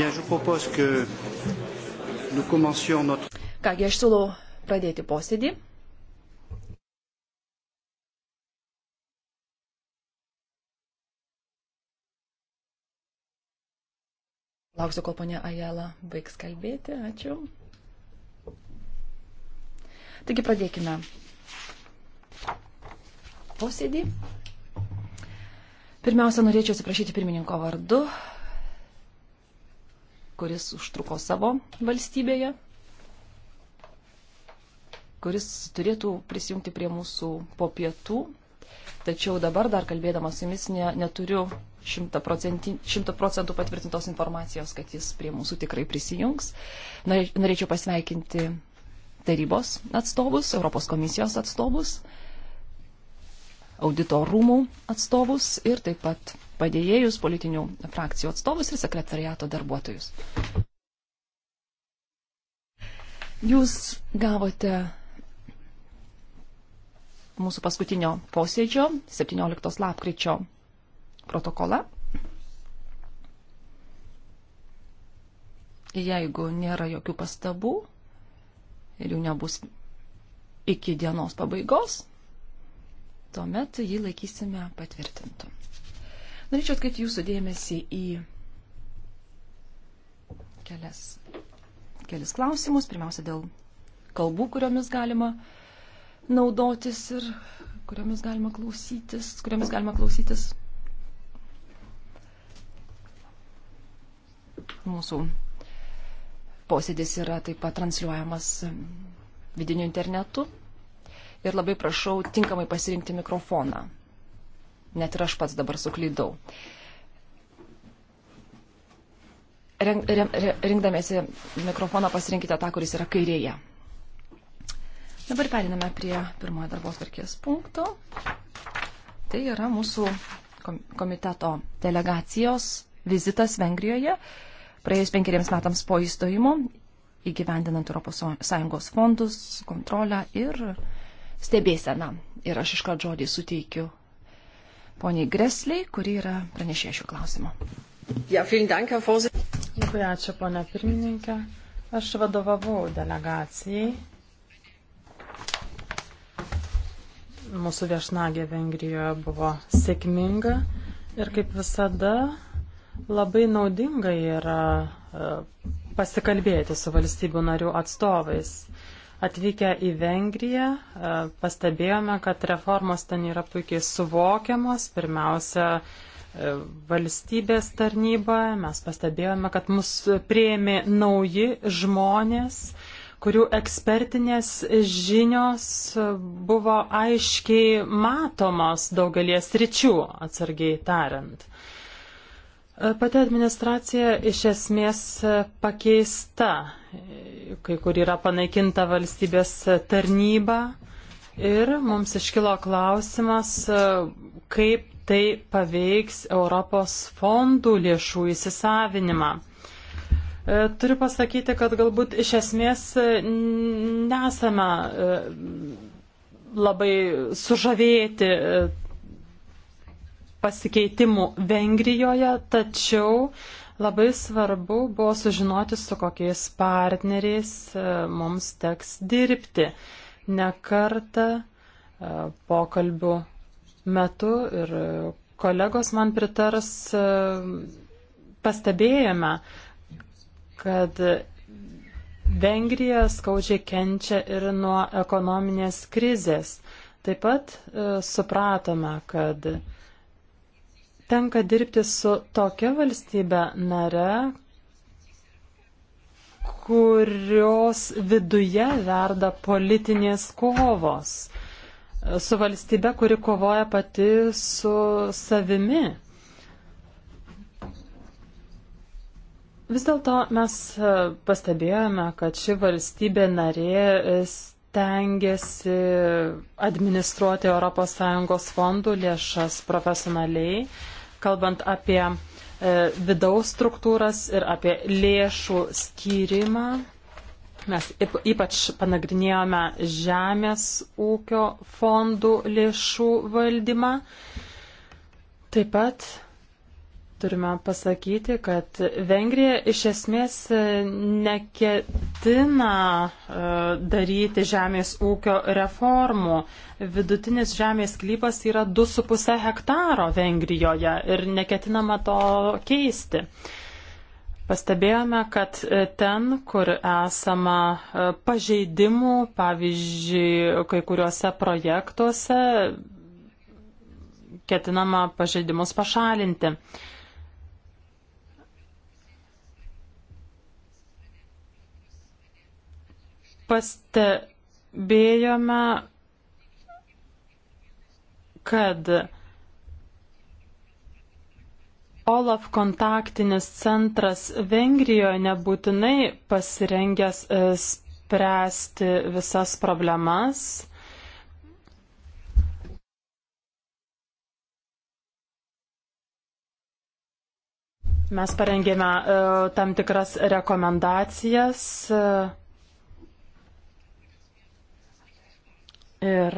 Bien, je propose que nous commencions notre. Kągi, aš siūlau pradėti posėdį. Lauksiu, kol ponia Ajela baigs kalbėti. Ačiū. Taigi pradėkime posėdį. Pirmiausia, norėčiau atsiprašyti pirmininko vardu, kuris užtruko savo valstybėje, kuris turėtų prisijungti prie mūsų po pietų. Tačiau dabar, dar kalbėdamas su jumis, ne, neturiu 100 procentų patvirtintos informacijos, kad jis prie mūsų tikrai prisijungs. Norėčiau pasveikinti tarybos atstovus, Europos komisijos atstovus, audito rūmų atstovus ir taip pat padėjėjus, politinių frakcijų atstovus ir sekretariato darbuotojus. Jūs gavote mūsų paskutinio posėdžio 17 lapkričio protokolą. Jeigu nėra jokių pastabų ir jų nebus iki dienos pabaigos, tuomet jį laikysime patvirtintų. Norėčiau atkreipti jūsų dėmesį į kelias, kelias klausimus. Pirmiausia, dėl kalbų, kuriomis galima naudotis ir kuriomis galima klausytis, kuriomis galima klausytis mūsų posėdis yra taip pat transliuojamas vidiniu internetu. Ir labai prašau tinkamai pasirinkti mikrofoną. Net ir aš pats dabar suklydau. Rinkdamėsi mikrofoną pasirinkite tą, kuris yra kairėje. Dabar periname prie pirmojo darbos tvarkės punkto. Tai yra mūsų komiteto delegacijos vizitas Vengrijoje praėjus penkeriems metams po įstojimo, įgyvendinant ES fondus, kontrolę ir stebėseną. Ir aš iškart žodį suteikiu poniai Gresliai, kuri yra pranešė šiuo klausimu. Ja, dank, Labai ačiū, ponia pirmininkė. Aš vadovavau delegacijai. Mūsų viešnagė Vengrijoje buvo sėkminga ir kaip visada labai naudinga yra e, pasikalbėti su valstybių narių atstovais. Atvykę į Vengriją e, pastebėjome, kad reformos ten yra puikiai suvokiamos. Pirmiausia, e, valstybės tarnyboje mes pastebėjome, kad mus prieimė nauji žmonės, kurių ekspertinės žinios buvo aiškiai matomos daugelies ryčių, atsargiai tariant. Pati administracija iš esmės pakeista, kai kur yra panaikinta valstybės tarnyba ir mums iškilo klausimas, kaip tai paveiks Europos fondų lėšų įsisavinimą. E, turiu pasakyti, kad galbūt iš esmės nesame e, labai sužavėti e, pasikeitimų Vengrijoje, tačiau labai svarbu buvo sužinoti, su kokiais partneriais e, mums teks dirbti. Nekartą e, pokalbių metu ir kolegos man pritars e, pastebėjome, kad Vengrija skaudžiai kenčia ir nuo ekonominės krizės. Taip pat supratome, kad tenka dirbti su tokia valstybe nare, kurios viduje verda politinės kovos, su valstybe, kuri kovoja pati su savimi. Vis dėlto mes pastebėjome, kad ši valstybė narė stengiasi administruoti ES fondų lėšas profesionaliai kalbant apie e, vidaus struktūras ir apie lėšų skyrimą. Mes ypač panagrinėjome žemės ūkio fondų lėšų valdymą. Taip pat turime pasakyti, kad Vengrija iš esmės e, neketina e, daryti žemės ūkio reformų. Vidutinis žemės sklypas yra 2,5 hektaro Vengrijoje ir neketinama to keisti. Pastebėjome, kad e, ten, kur esama pažeidimų, pavyzdžiui, kai kuriuose projektuose, ketinama pažeidimus pašalinti. pastebėjome, kad Olaf kontaktinis centras Vengrijoje nebūtinai pasirengęs e, spręsti visas problemas. Mes parengėme e, tam tikras rekomendacijas e, Ir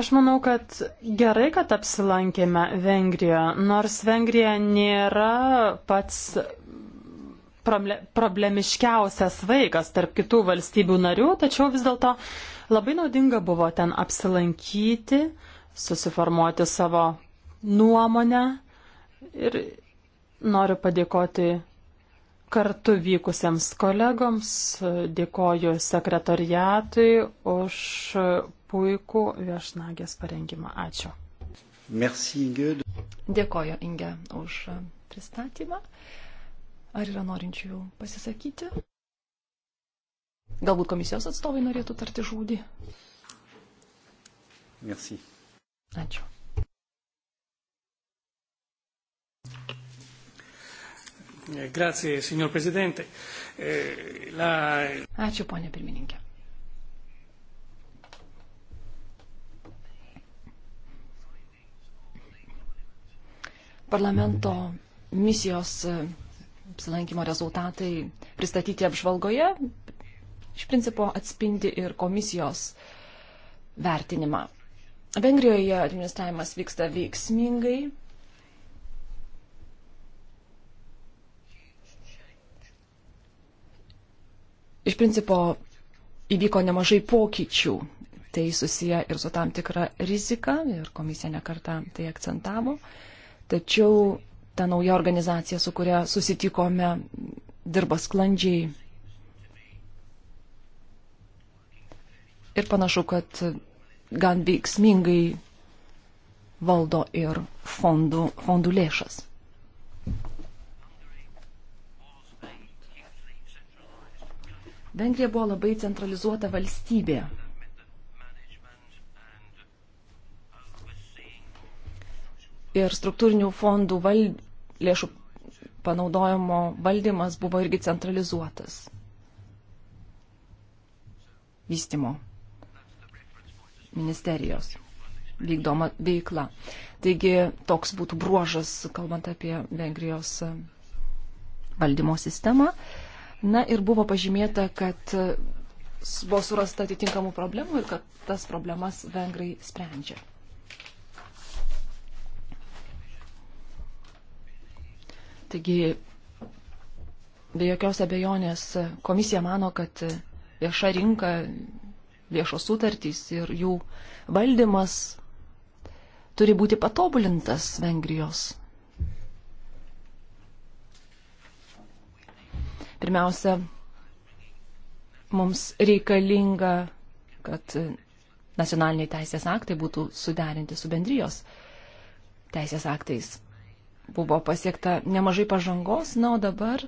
aš manau, kad gerai, kad apsilankėme Vengrijoje, nors Vengrija nėra pats problemiškiausias vaikas tarp kitų valstybių narių, tačiau vis dėlto labai naudinga buvo ten apsilankyti, susiformuoti savo nuomonę ir noriu padėkoti kartu vykusiems kolegoms, dėkoju sekretariatui už puikų viešnagės parengimą. Ačiū. Merci, Inge. Dėkoju, Inge, už pristatymą. Ar yra norinčių pasisakyti? Galbūt komisijos atstovai norėtų tarti žodį. Merci. Ačiū. Eh, grazie, signor Presidente. Eh, la... Ačiū, ponė pirmininkė. Parlamento misijos eh, apsilankimo rezultatai pristatyti apžvalgoje iš principo atspindi ir komisijos vertinimą. Vengrijoje administravimas vyksta veiksmingai, iš principo įvyko nemažai pokyčių. Tai susiję ir su tam tikra rizika, ir komisija nekartą tai akcentavo. Tačiau ta nauja organizacija, su kuria susitikome, dirba sklandžiai. Ir panašu, kad gan veiksmingai valdo ir fondų, fondų lėšas. Vengrija buvo labai centralizuota valstybė. Ir struktūrinių fondų val... lėšų panaudojimo valdymas buvo irgi centralizuotas. Vystimo ministerijos vykdoma veikla. Taigi toks būtų bruožas, kalbant apie Vengrijos valdymo sistemą. Uh, Na ir buvo pažymėta, kad e, buvo surasta atitinkamų problemų ir kad tas problemas vengrai sprendžia. Taigi, be jokios abejonės, komisija mano, kad vieša rinka, viešos sutartys ir jų valdymas turi būti patobulintas Vengrijos Pirmiausia, mums reikalinga, kad nacionaliniai teisės aktai būtų suderinti su bendrijos teisės aktais. Buvo pasiekta nemažai pažangos, na, o dabar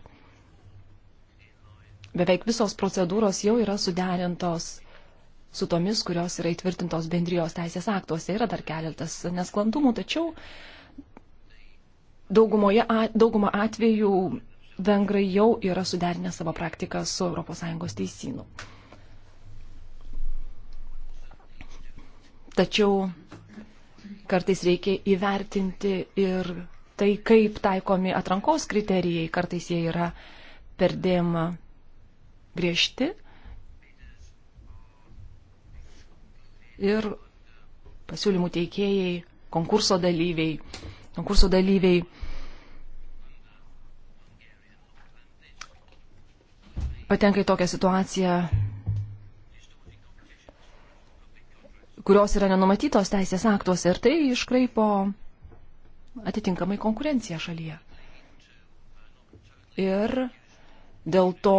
beveik visos procedūros jau yra suderintos su tomis, kurios yra įtvirtintos bendrijos teisės aktuose. Yra dar keletas nesklandumų, tačiau daugumoje, daugumą atvejų vengrai jau yra suderinę savo praktiką su ES teisynu. Tačiau kartais reikia įvertinti ir tai, kaip taikomi atrankos kriterijai, kartais jie yra perdėm griežti. Ir pasiūlymų teikėjai, konkurso dalyviai, konkurso dalyviai patenka į tokią situaciją, kurios yra nenumatytos teisės aktuose ir tai iškraipo atitinkamai konkurenciją šalyje. Ir dėl to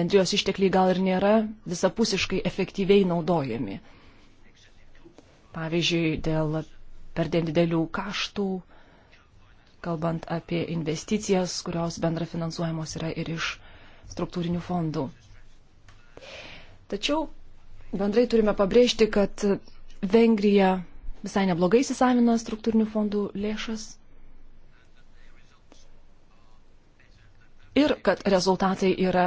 bendrijos ištekliai gal ir nėra visapusiškai efektyviai naudojami. Pavyzdžiui, dėl per didelių kaštų, kalbant apie investicijas, kurios bendrafinansuojamos yra ir iš struktūrinių fondų. Tačiau bendrai turime pabrėžti, kad Vengrija visai neblogai įsisavina struktūrinių fondų lėšas ir kad rezultatai yra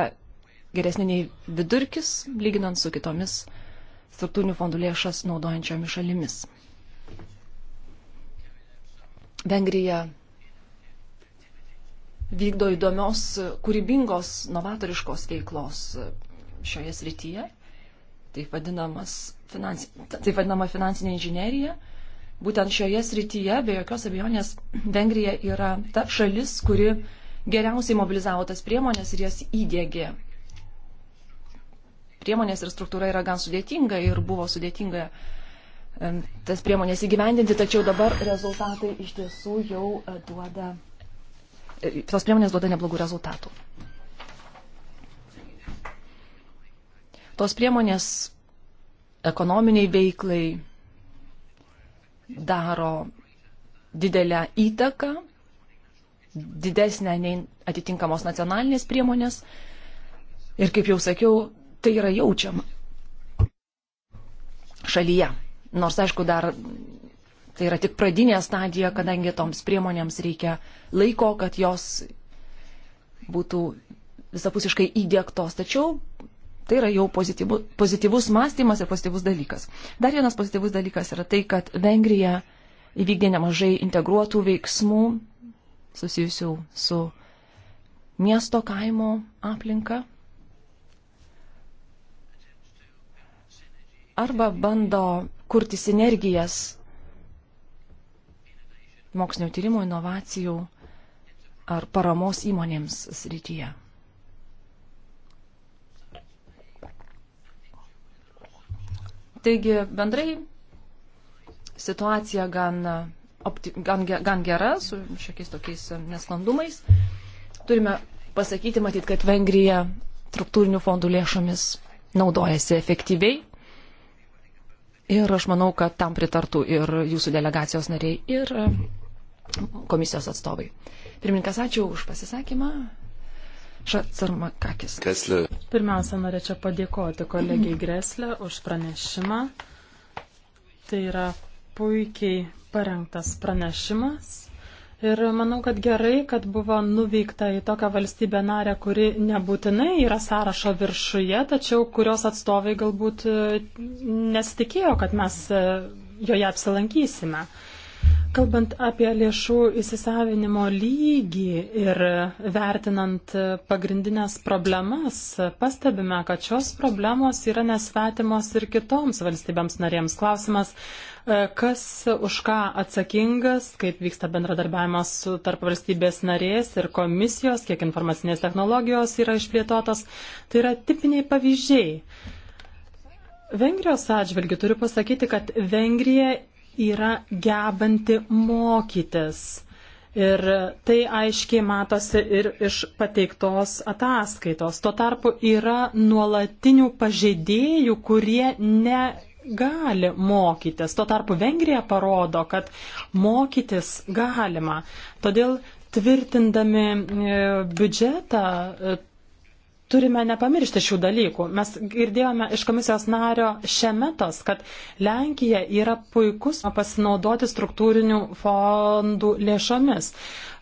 geresni nei vidurkis, lyginant su kitomis struktūrinių fondų lėšas naudojančiomis šalimis. Vengrija vykdo įdomios, kūrybingos, novatoriškos veiklos šioje srityje. Taip, finans, taip vadinama finansinė inžinierija. Būtent šioje srityje, be jokios abejonės, Vengrija yra ta šalis, kuri geriausiai mobilizavo tas priemonės ir jas įdėgė. Priemonės ir struktūra yra gan sudėtinga ir buvo sudėtinga tas priemonės įgyvendinti, tačiau dabar rezultatai iš tiesų jau e, duoda tos priemonės duoda neblogų rezultatų. Tos priemonės ekonominiai veiklai daro didelę įtaką, didesnę nei atitinkamos nacionalinės priemonės. Ir kaip jau sakiau, tai yra jaučiama šalyje. Nors, aišku, dar Tai yra tik pradinė stadija, kadangi toms priemonėms reikia laiko, kad jos būtų visapusiškai įdėktos. Tačiau tai yra jau pozityvu, pozityvus mąstymas ir pozityvus dalykas. Dar vienas pozityvus dalykas yra tai, kad Vengrija įvykdė nemažai integruotų veiksmų susijusių su miesto kaimo aplinka. Arba bando kurti sinergijas mokslinio tyrimo, inovacijų ar paramos įmonėms srityje. Taigi bendrai situacija gan, opti, gan, gan gera, su šiokiais tokiais nesklandumais. Turime pasakyti, matyt, kad Vengrija struktūrinių fondų lėšomis naudojasi efektyviai. Ir aš manau, kad tam pritartų ir jūsų delegacijos nariai, ir komisijos atstovai. Pirmininkas, ačiū už pasisakymą. Šatsarmakakis. Greslė. Pirmiausia, norėčiau padėkoti kolegijai Greslė už pranešimą. Tai yra puikiai parengtas pranešimas. Ir manau, kad gerai, kad buvo nuveikta į tokią valstybę narę, kuri nebūtinai yra sąrašo viršuje, tačiau kurios atstovai galbūt e, nesitikėjo, kad mes e, joje apsilankysime. Uh, Kalbant apie lėšų įsisavinimo lygį ir vertinant pagrindinės problemas, pastebime, kad šios problemos yra nesvetimos ir kitoms valstybėms narėms. Klausimas, e, kas už ką atsakingas, kaip vyksta bendradarbiavimas tarp valstybės narės ir komisijos, kiek informacinės technologijos yra išplėtotos, tai yra tipiniai pavyzdžiai. Vengrijos atžvilgių turiu pasakyti, kad Vengrija yra gebanti mokytis. Ir tai aiškiai matosi ir iš pateiktos ataskaitos. Tuo tarpu yra nuolatinių pažeidėjų, kurie negali mokytis. Tuo tarpu Vengrija parodo, kad mokytis galima. Todėl tvirtindami e, biudžetą turime nepamiršti šių dalykų. Mes girdėjome iš komisijos nario Šemetos, kad Lenkija yra puikus pasinaudoti struktūrinių fondų lėšomis.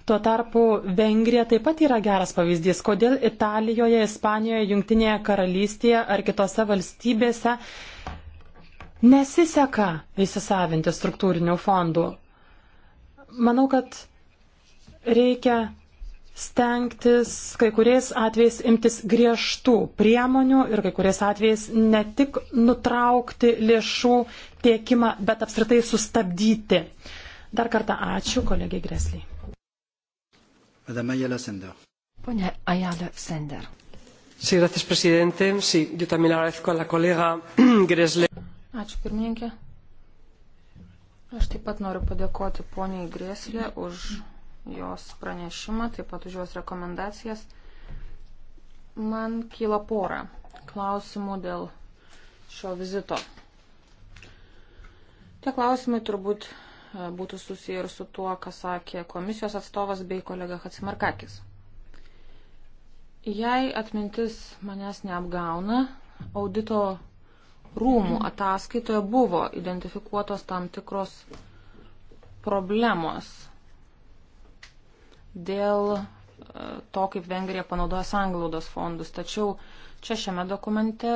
Tuo tarpu Vengrija taip pat yra geras pavyzdys, kodėl Italijoje, Ispanijoje, Junktinėje karalystėje ar kitose valstybėse nesiseka įsisavinti struktūrinių fondų. Manau, kad reikia stengtis kai kuriais atvejais imtis griežtų priemonių ir kai kuriais atvejais ne tik nutraukti lėšų tiekimą, bet apskritai sustabdyti. Dar kartą ačiū kolegiai Gresliai. Madame Ayala Sender. Pone Ayala Sender. Sí, gracias, presidente. Sí, yo también agradezco a la colega Gresle. Ačiū, pirmininkė. Aš taip pat noriu padėkoti poniai Greslė už jos pranešimą, taip pat už jos rekomendacijas. Man kyla pora klausimų dėl šio vizito. Tie klausimai turbūt e, būtų susiję ir su tuo, ką sakė komisijos atstovas bei kolega Hatsimarkakis. Jei atmintis manęs neapgauna, audito rūmų ataskaitoje buvo identifikuotos tam tikros problemos dėl e, to, kaip Vengrija panaudoja sanglaudos fondus. Tačiau čia šiame dokumente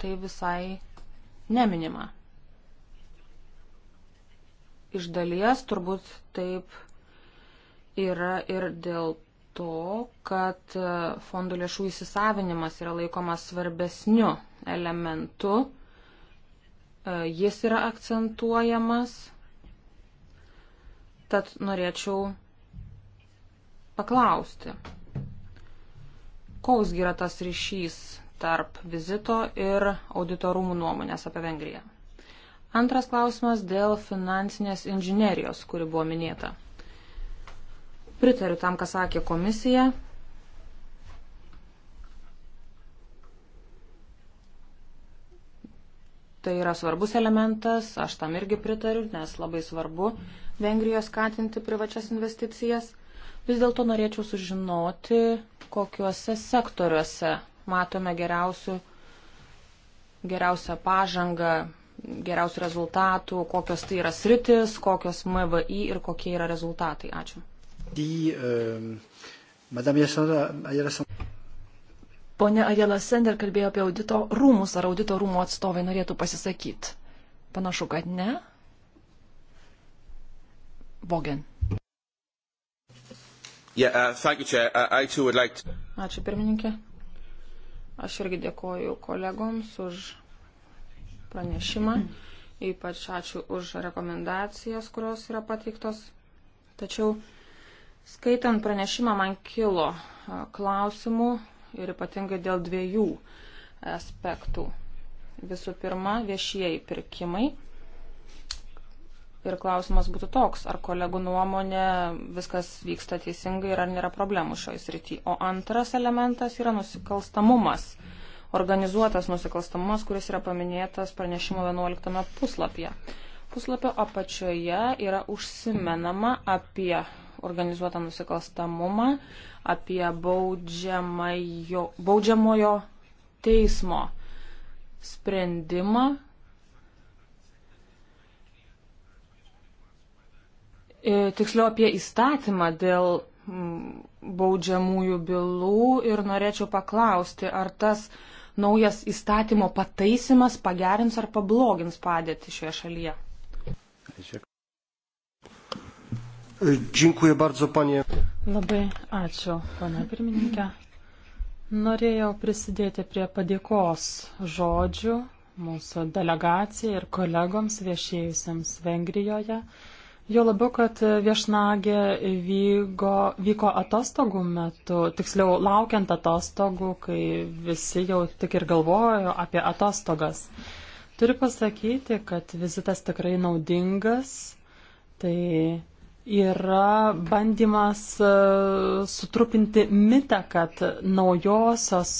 tai visai neminima. Iš dalies turbūt taip yra ir dėl to, kad e, fondų lėšų įsisavinimas yra laikomas svarbesniu elementu. E, jis yra akcentuojamas. Tad norėčiau paklausti, koksgi yra tas ryšys tarp vizito ir auditorumų nuomonės apie Vengriją. Antras klausimas dėl finansinės inžinerijos, kuri buvo minėta. Pritariu tam, ką sakė komisija. Tai yra svarbus elementas, aš tam irgi pritariu, nes labai svarbu Vengrijoje skatinti privačias investicijas. Vis dėlto norėčiau sužinoti, kokiuose sektoriuose matome geriausių, geriausią pažangą, geriausių rezultatų, kokios tai yra sritis, kokios MVI ir kokie yra rezultatai. Ačiū. Die, ehm, uh, Pone Ajela Sender kalbėjo apie audito rūmus, ar audito rūmų atstovai norėtų pasisakyti. Panašu, kad ne. Bogen. Yeah, uh, you, Chair. I, uh, I too would like to... Ačiū pirmininkė. Aš irgi dėkoju kolegoms už pranešimą. Ypač ačiū už rekomendacijas, kurios yra pateiktos. Tačiau skaitant pranešimą man kilo uh, klausimų ir ypatingai dėl dviejų aspektų. Visų pirma, viešieji pirkimai Ir klausimas būtų toks, ar kolegų nuomonė viskas vyksta teisingai ir ar nėra problemų šioje srityje. O antras elementas yra nusikalstamumas. Organizuotas nusikalstamumas, kuris yra paminėtas pranešimo 11 puslapyje. Puslapio apačioje yra užsimenama apie organizuotą nusikalstamumą, apie baudžiamojo teismo sprendimą E, tiksliau apie įstatymą dėl baudžiamųjų bylų ir norėčiau paklausti, ar tas naujas įstatymo pataisimas pagerins ar pablogins padėtį šioje šalyje. Dziękuję bardzo, panie. Labai ačiū, pana pirmininkė. Norėjau prisidėti prie padėkos žodžių mūsų delegacijai ir kolegoms viešėjusiems Vengrijoje. Jo labiau, kad viešnagė vyko, vyko atostogų metu, tiksliau laukiant atostogų, kai visi jau tik ir galvojo apie atostogas. Turiu pasakyti, kad vizitas tikrai naudingas. Tai yra bandymas e, sutrupinti mitą, kad naujosios,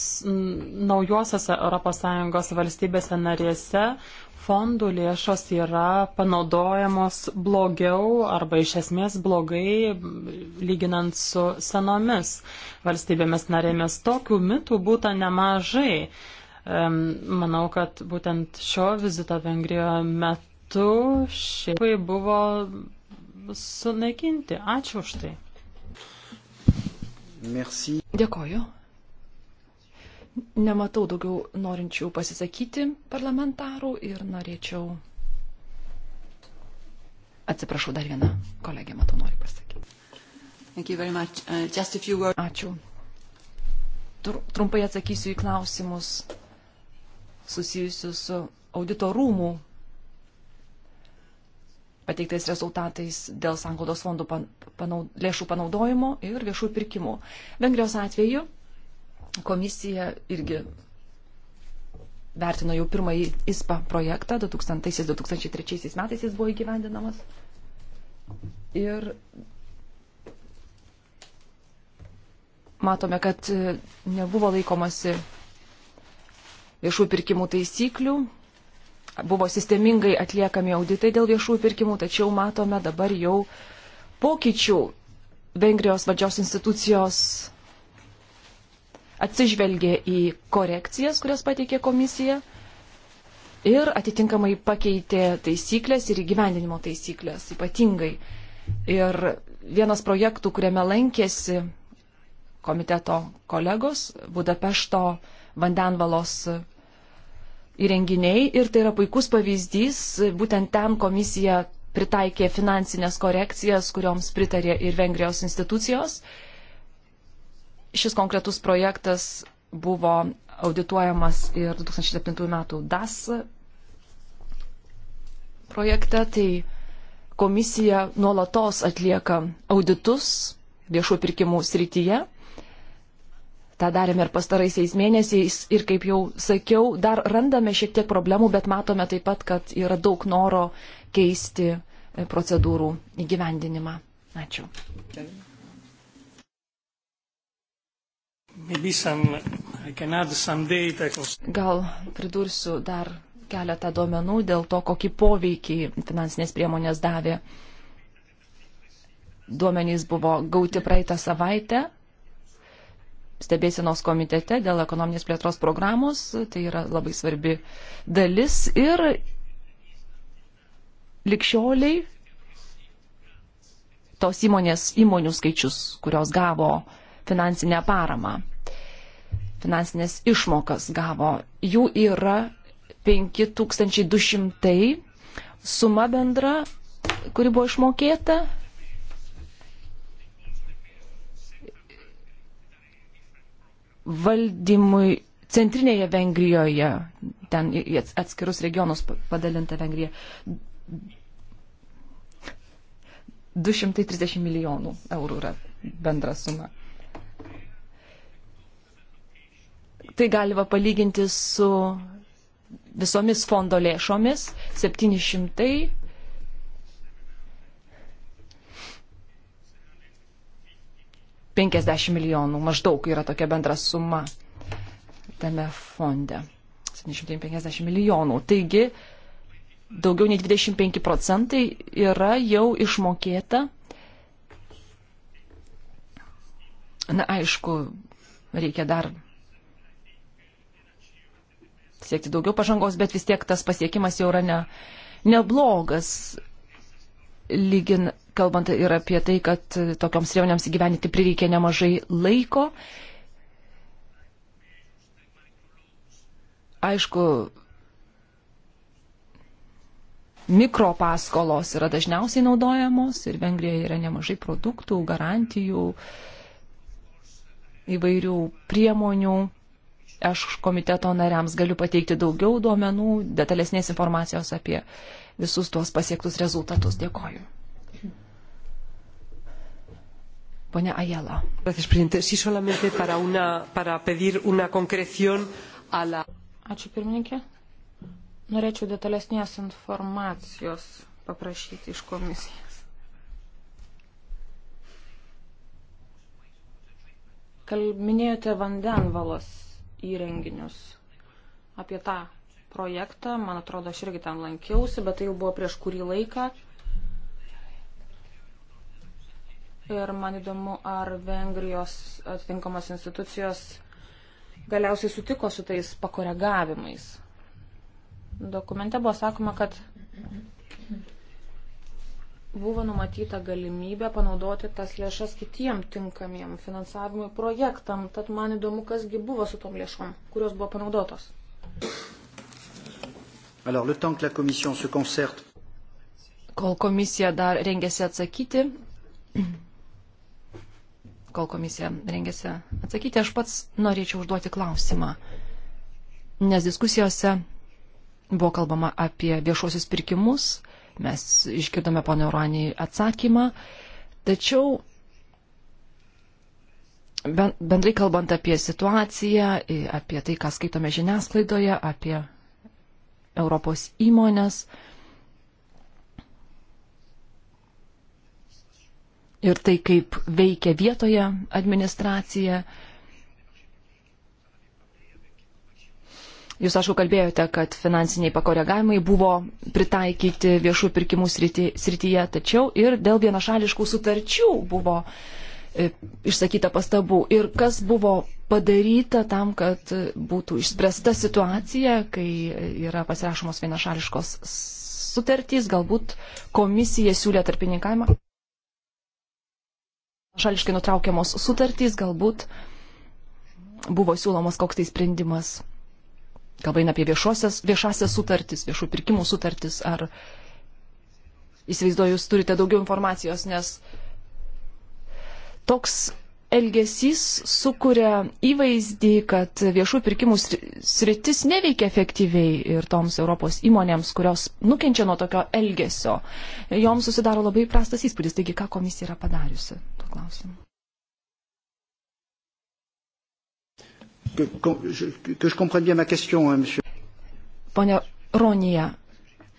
naujosiose ES valstybėse narėse fondų lėšos yra panaudojamos blogiau arba iš esmės blogai lyginant su senomis valstybėmis narėmis. Tokių mitų būta nemažai. Manau, kad būtent šio vizito Vengrijoje metu šiepai buvo sunaikinti. Ačiū už tai. Merci. Dėkoju. Nematau daugiau norinčių pasisakyti parlamentarų ir norėčiau. Atsiprašau, dar vieną kolegę matau nori pasakyti. Uh, Ačiū. Tur, trumpai atsakysiu į klausimus susijusius su audito rūmų pateiktais rezultatais dėl sanglaudos fondų pan, panau, lėšų panaudojimo ir viešų pirkimų. Vengrijos atveju komisija irgi vertino jau pirmąjį ISPA projektą, 2000-2003 metais jis buvo įgyvendinamas. Ir matome, kad nebuvo laikomasi viešų pirkimų taisyklių, buvo sistemingai atliekami auditai dėl viešų pirkimų, tačiau matome dabar jau pokyčių Vengrijos valdžios institucijos atsižvelgė į korekcijas, kurias pateikė komisija ir atitinkamai pakeitė taisyklės ir įgyvendinimo taisyklės ypatingai. Ir vienas projektų, kuriame lankėsi komiteto kolegos Budapešto vandenvalos įrenginiai ir tai yra puikus pavyzdys, būtent ten komisija pritaikė finansinės korekcijas, kurioms pritarė ir Vengrijos institucijos. Šis konkretus projektas buvo audituojamas ir 2007 metų DAS projekte, tai komisija nuolatos atlieka auditus viešų pirkimų srityje. Ta darėme ir pastaraisiais mėnesiais ir, kaip jau sakiau, dar randame šiek tiek problemų, bet matome taip pat, kad yra daug noro keisti procedūrų įgyvendinimą. Ačiū. Some, data... Gal pridursiu dar keletą duomenų dėl to, kokį poveikį finansinės priemonės davė. Duomenys buvo gauti praeitą savaitę stebėsinos komitete dėl ekonominės plėtros programos, tai yra labai svarbi dalis ir likščioliai tos įmonės įmonių skaičius, kurios gavo finansinę paramą finansinės išmokas gavo. Jų yra 5200 suma bendra, kuri buvo išmokėta. Valdymui centrinėje Vengrijoje, ten į atskirus regionus padalinta Vengrija, 230 milijonų eurų yra bendra suma. tai galima palyginti su visomis fondo lėšomis 700. Penkiasdešimt milijonų maždaug yra tokia bendra suma tame fonde. 750 milijonų. Taigi daugiau nei 25 procentai yra jau išmokėta. Na, aišku, reikia dar siekti daugiau pažangos, bet vis tiek tas pasiekimas jau yra ne, neblogas, lygin, kalbant ir apie tai, kad tokioms priemonėms įgyveninti prireikė nemažai laiko. Aišku, mikropaskolos yra dažniausiai naudojamos ir Vengrijoje yra nemažai produktų, garantijų, įvairių priemonių Aš komiteto nariams galiu pateikti daugiau duomenų, detalesnės informacijos apie visus tuos pasiektus rezultatus. Dėkoju. Pone Ayala. Gracias, presidente. Sí, solamente para, una, para pedir una concreción a la. Ačiū pirmininkė. Norėčiau detalesnės informacijos paprašyti iš komisijos. Kalb, minėjote vandenvalos įrenginius. Apie tą projektą, man atrodo, aš irgi ten lankiausi, bet tai jau buvo prieš kurį laiką. Ir man įdomu, ar Vengrijos atitinkamos institucijos galiausiai sutiko su tais pakoregavimais. Dokumente buvo sakoma, kad buvo numatyta galimybė panaudoti tas lėšas kitiem tinkamiem finansavimui projektam. Tad man įdomu, kasgi buvo su tom lėšom, kurios buvo panaudotos. Alors, le temps que la commission se concerte. Kol komisija dar rengėsi atsakyti, kol komisija rengėsi atsakyti, aš pats norėčiau užduoti klausimą. Nes diskusijose buvo kalbama apie viešuosius pirkimus, Mes iškirdome ponio Ruanį atsakymą, tačiau bendrai kalbant apie situaciją, apie tai, ką skaitome žiniasklaidoje, apie Europos įmonės ir tai, kaip veikia vietoje administracija, Jūs, aišku, kalbėjote, kad finansiniai pakoregavimai buvo pritaikyti viešų pirkimų srity, srityje, tačiau ir dėl vienašališkų sutarčių buvo e, išsakyta pastabų. Ir kas buvo padaryta tam, kad būtų išspręsta situacija, kai yra pasirašomos vienašališkos sutartys, galbūt komisija siūlė tarpininkavimą. Šališkai nutraukiamos sutartys, galbūt buvo siūlomas koks tai sprendimas kalbant apie viešosias, viešasias sutartis, viešų pirkimų sutartis, ar įsivaizduoju, jūs turite daugiau informacijos, nes toks elgesys sukuria įvaizdį, kad viešų pirkimų sritis neveikia efektyviai ir toms Europos įmonėms, kurios nukenčia nuo tokio elgesio, joms susidaro labai prastas įspūdis. Taigi, ką komisija yra padariusi tuo klausimu? que, que, que je comprenne bien ma question, hein, monsieur. Pone Ronija,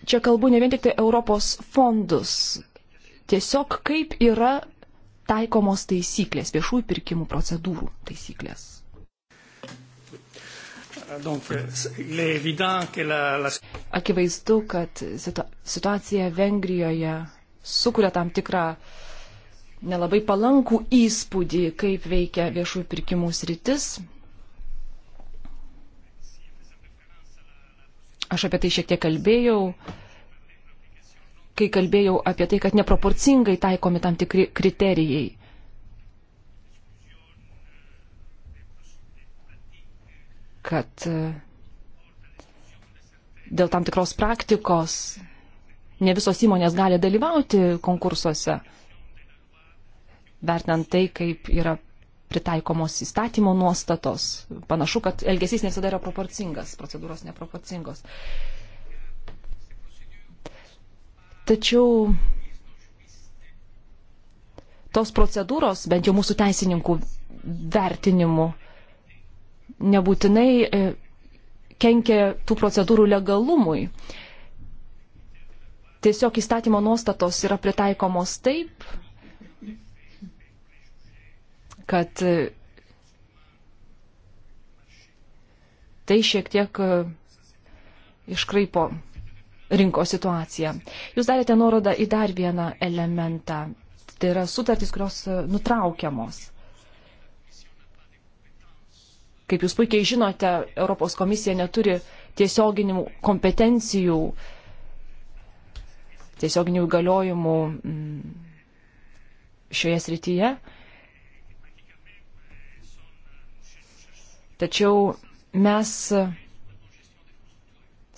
čia kalbu ne vien tik tai Europos fondus. Tiesiog kaip yra taikomos taisyklės, viešųjų pirkimų procedūrų taisyklės. Akivaizdu, kad situacija Vengrijoje sukuria tam tikrą nelabai palankų įspūdį, kaip veikia viešųjų pirkimų sritis, Aš apie tai šiek tiek kalbėjau, kai kalbėjau apie tai, kad neproporcingai taikomi tam tikri kriterijai. Kad e, dėl tam tikros praktikos ne visos įmonės gali dalyvauti konkursuose, vertinant tai, kaip yra pritaikomos įstatymo nuostatos. Panašu, kad elgesys ne visada yra proporcingas, procedūros neproporcingos. Tačiau tos procedūros, bent jau mūsų teisininkų vertinimu, nebūtinai e, kenkia tų procedūrų legalumui. Tiesiog įstatymo nuostatos yra pritaikomos taip, kad tai šiek tiek e, iškraipo rinkos situaciją. Jūs darėte nuorodą į dar vieną elementą. Tai yra sutartys, kurios e, nutraukiamos. Kaip jūs puikiai žinote, Europos komisija neturi tiesioginių kompetencijų, tiesioginių įgaliojimų mm, šioje srityje. Tačiau mes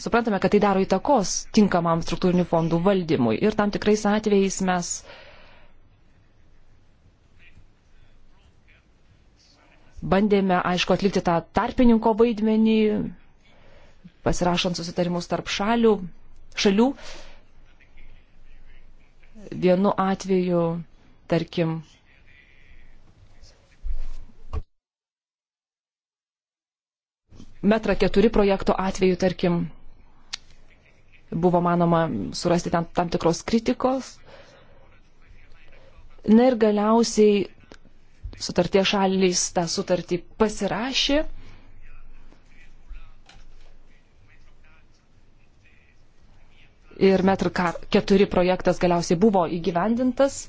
suprantame, kad tai daro įtakos tinkamam struktūrinių fondų valdymui ir tam tikrais atvejais mes bandėme, aišku, atlikti tą tarpininko vaidmenį, pasirašant susitarimus tarp šalių, šalių. Vienu atveju, tarkim, metra keturi projekto atveju, tarkim, buvo manoma surasti ten tam tikros kritikos. Na ir galiausiai sutartie šalys tą sutartį pasirašė. Ir metr keturi projektas galiausiai buvo įgyvendintas.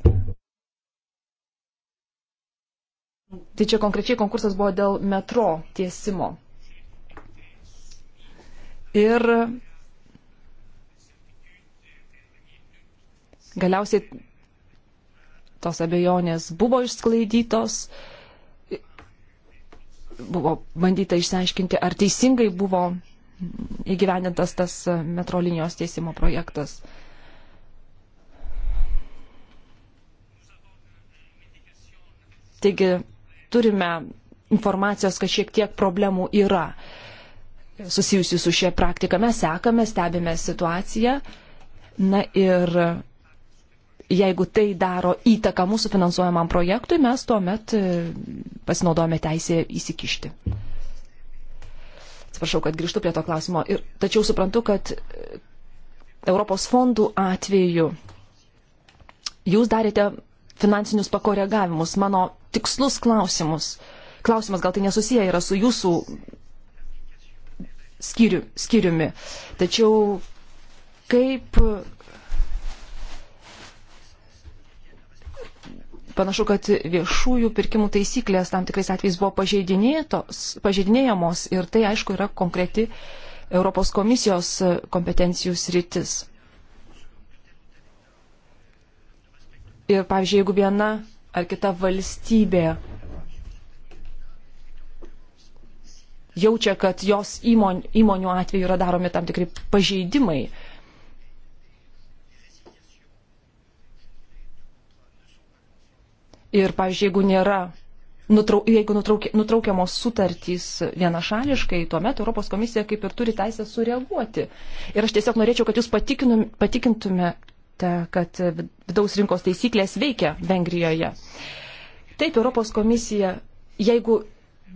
Tai čia konkrečiai konkursas buvo dėl metro tiesimo. Ir galiausiai tos abejonės buvo išsklaidytos, buvo bandyta išsiaiškinti, ar teisingai buvo įgyvendintas tas metro linijos teisimo projektas. Taigi turime informacijos, kad šiek tiek problemų yra susijusių su šia praktika. Mes sekame, stebime situaciją. Na ir jeigu tai daro įtaką mūsų finansuojamam projektui, mes tuomet e, pasinaudojame teisę įsikišti. Atsiprašau, kad grįžtu prie to klausimo. Ir, tačiau suprantu, kad Europos fondų atveju jūs darėte finansinius pakoregavimus, mano tikslus klausimus. Klausimas gal tai nesusiję yra su jūsų skyriu, skyriumi. Tačiau kaip panašu, kad viešųjų pirkimų taisyklės tam tikrais atvejais buvo pažeidinėjamos ir tai aišku yra konkreti Europos komisijos kompetencijų sritis. Ir pavyzdžiui, jeigu viena ar kita valstybė jaučia, kad jos įmon, įmonių atveju yra daromi tam tikri pažeidimai. Ir, pavyzdžiui, jeigu nėra, nutrauk, jeigu nutrauk, nutraukiamos sutartys vienašališkai, tuomet Europos komisija kaip ir turi teisę sureaguoti. Ir aš tiesiog norėčiau, kad jūs patikintumėte, kad vidaus rinkos taisyklės veikia Vengrijoje. Taip, Europos komisija, jeigu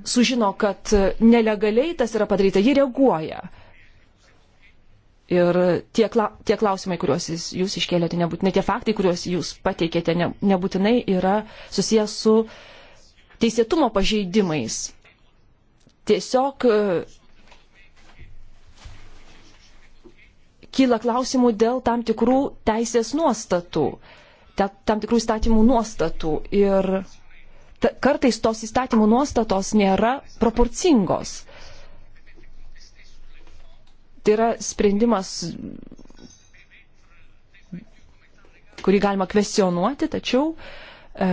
sužino, kad nelegaliai tas yra padaryta, ji reaguoja. Ir tie, kla, tie klausimai, kuriuos jūs iškėlėte, nebūtinai tie faktai, kuriuos jūs pateikėte, ne, nebūtinai yra susijęs su teisėtumo pažeidimais. Tiesiog e, kyla klausimų dėl tam tikrų teisės nuostatų, tam tikrų įstatymų nuostatų. Ir kartais tos įstatymų nuostatos nėra proporcingos. Tai yra sprendimas, kurį galima kvestionuoti, tačiau e,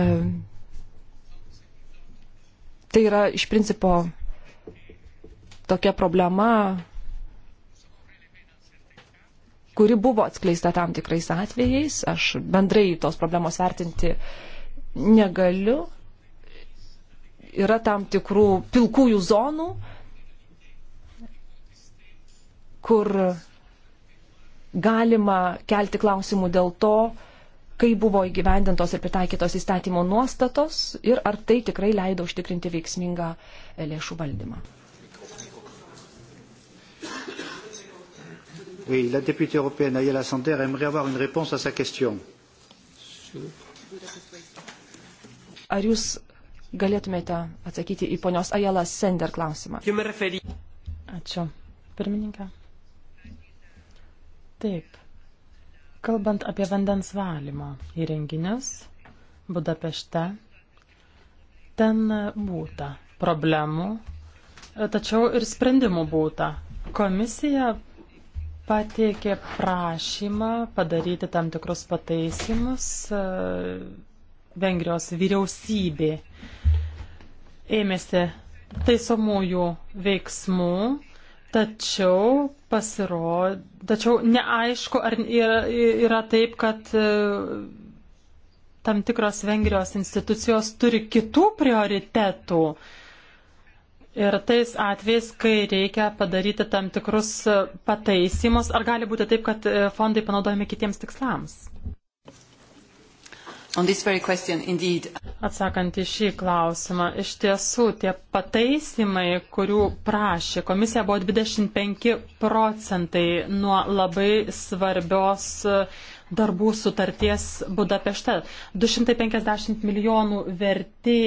tai yra iš principo tokia problema, kuri buvo atskleista tam tikrais atvejais. Aš bendrai tos problemos vertinti negaliu, yra tam tikrų pilkųjų zonų, kur galima kelti klausimų dėl to, kaip buvo įgyvendintos ir pritaikytos įstatymo nuostatos ir ar tai tikrai leido užtikrinti veiksmingą e, lėšų valdymą. Oui, la députée européenne Ayala Sander aimerait avoir une réponse à sa question. Ar jūs galėtumėte atsakyti į ponios Ajelas Sender klausimą. Ačiū. Pirmininkė. Taip. Kalbant apie vandens valymo įrenginius Budapešte, ten būta problemų, tačiau ir sprendimų būta. Komisija pateikė prašymą padaryti tam tikrus pataisimus e, Vengrijos vyriausybė ėmėsi taisomųjų veiksmų, tačiau pasirodė, tačiau neaišku, ar yra, yra taip, kad e, tam tikros Vengrijos institucijos turi kitų prioritetų. Ir tais atvejais, kai reikia padaryti tam tikrus pataisimus, ar gali būti taip, kad e, fondai panaudojami kitiems tikslams? Question, Atsakant į šį klausimą, iš tiesų tie pataisimai, kurių prašė komisija, buvo 25 procentai nuo labai svarbios uh, darbų sutarties Budapešte. 250 milijonų vertė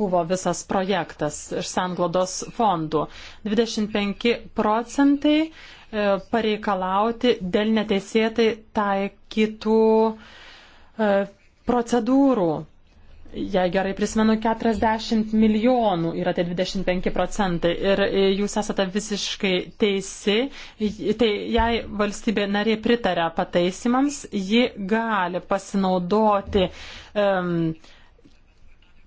buvo visas projektas iš Sanglodos fondų. 25 procentai uh, pareikalauti dėl neteisėtai taikytų uh, procedūrų. Jei gerai prisimenu, 40 milijonų yra tie 25 procentai ir e, jūs esate visiškai teisi. Tai jei valstybė narė pritarė pataisimams, ji gali pasinaudoti um,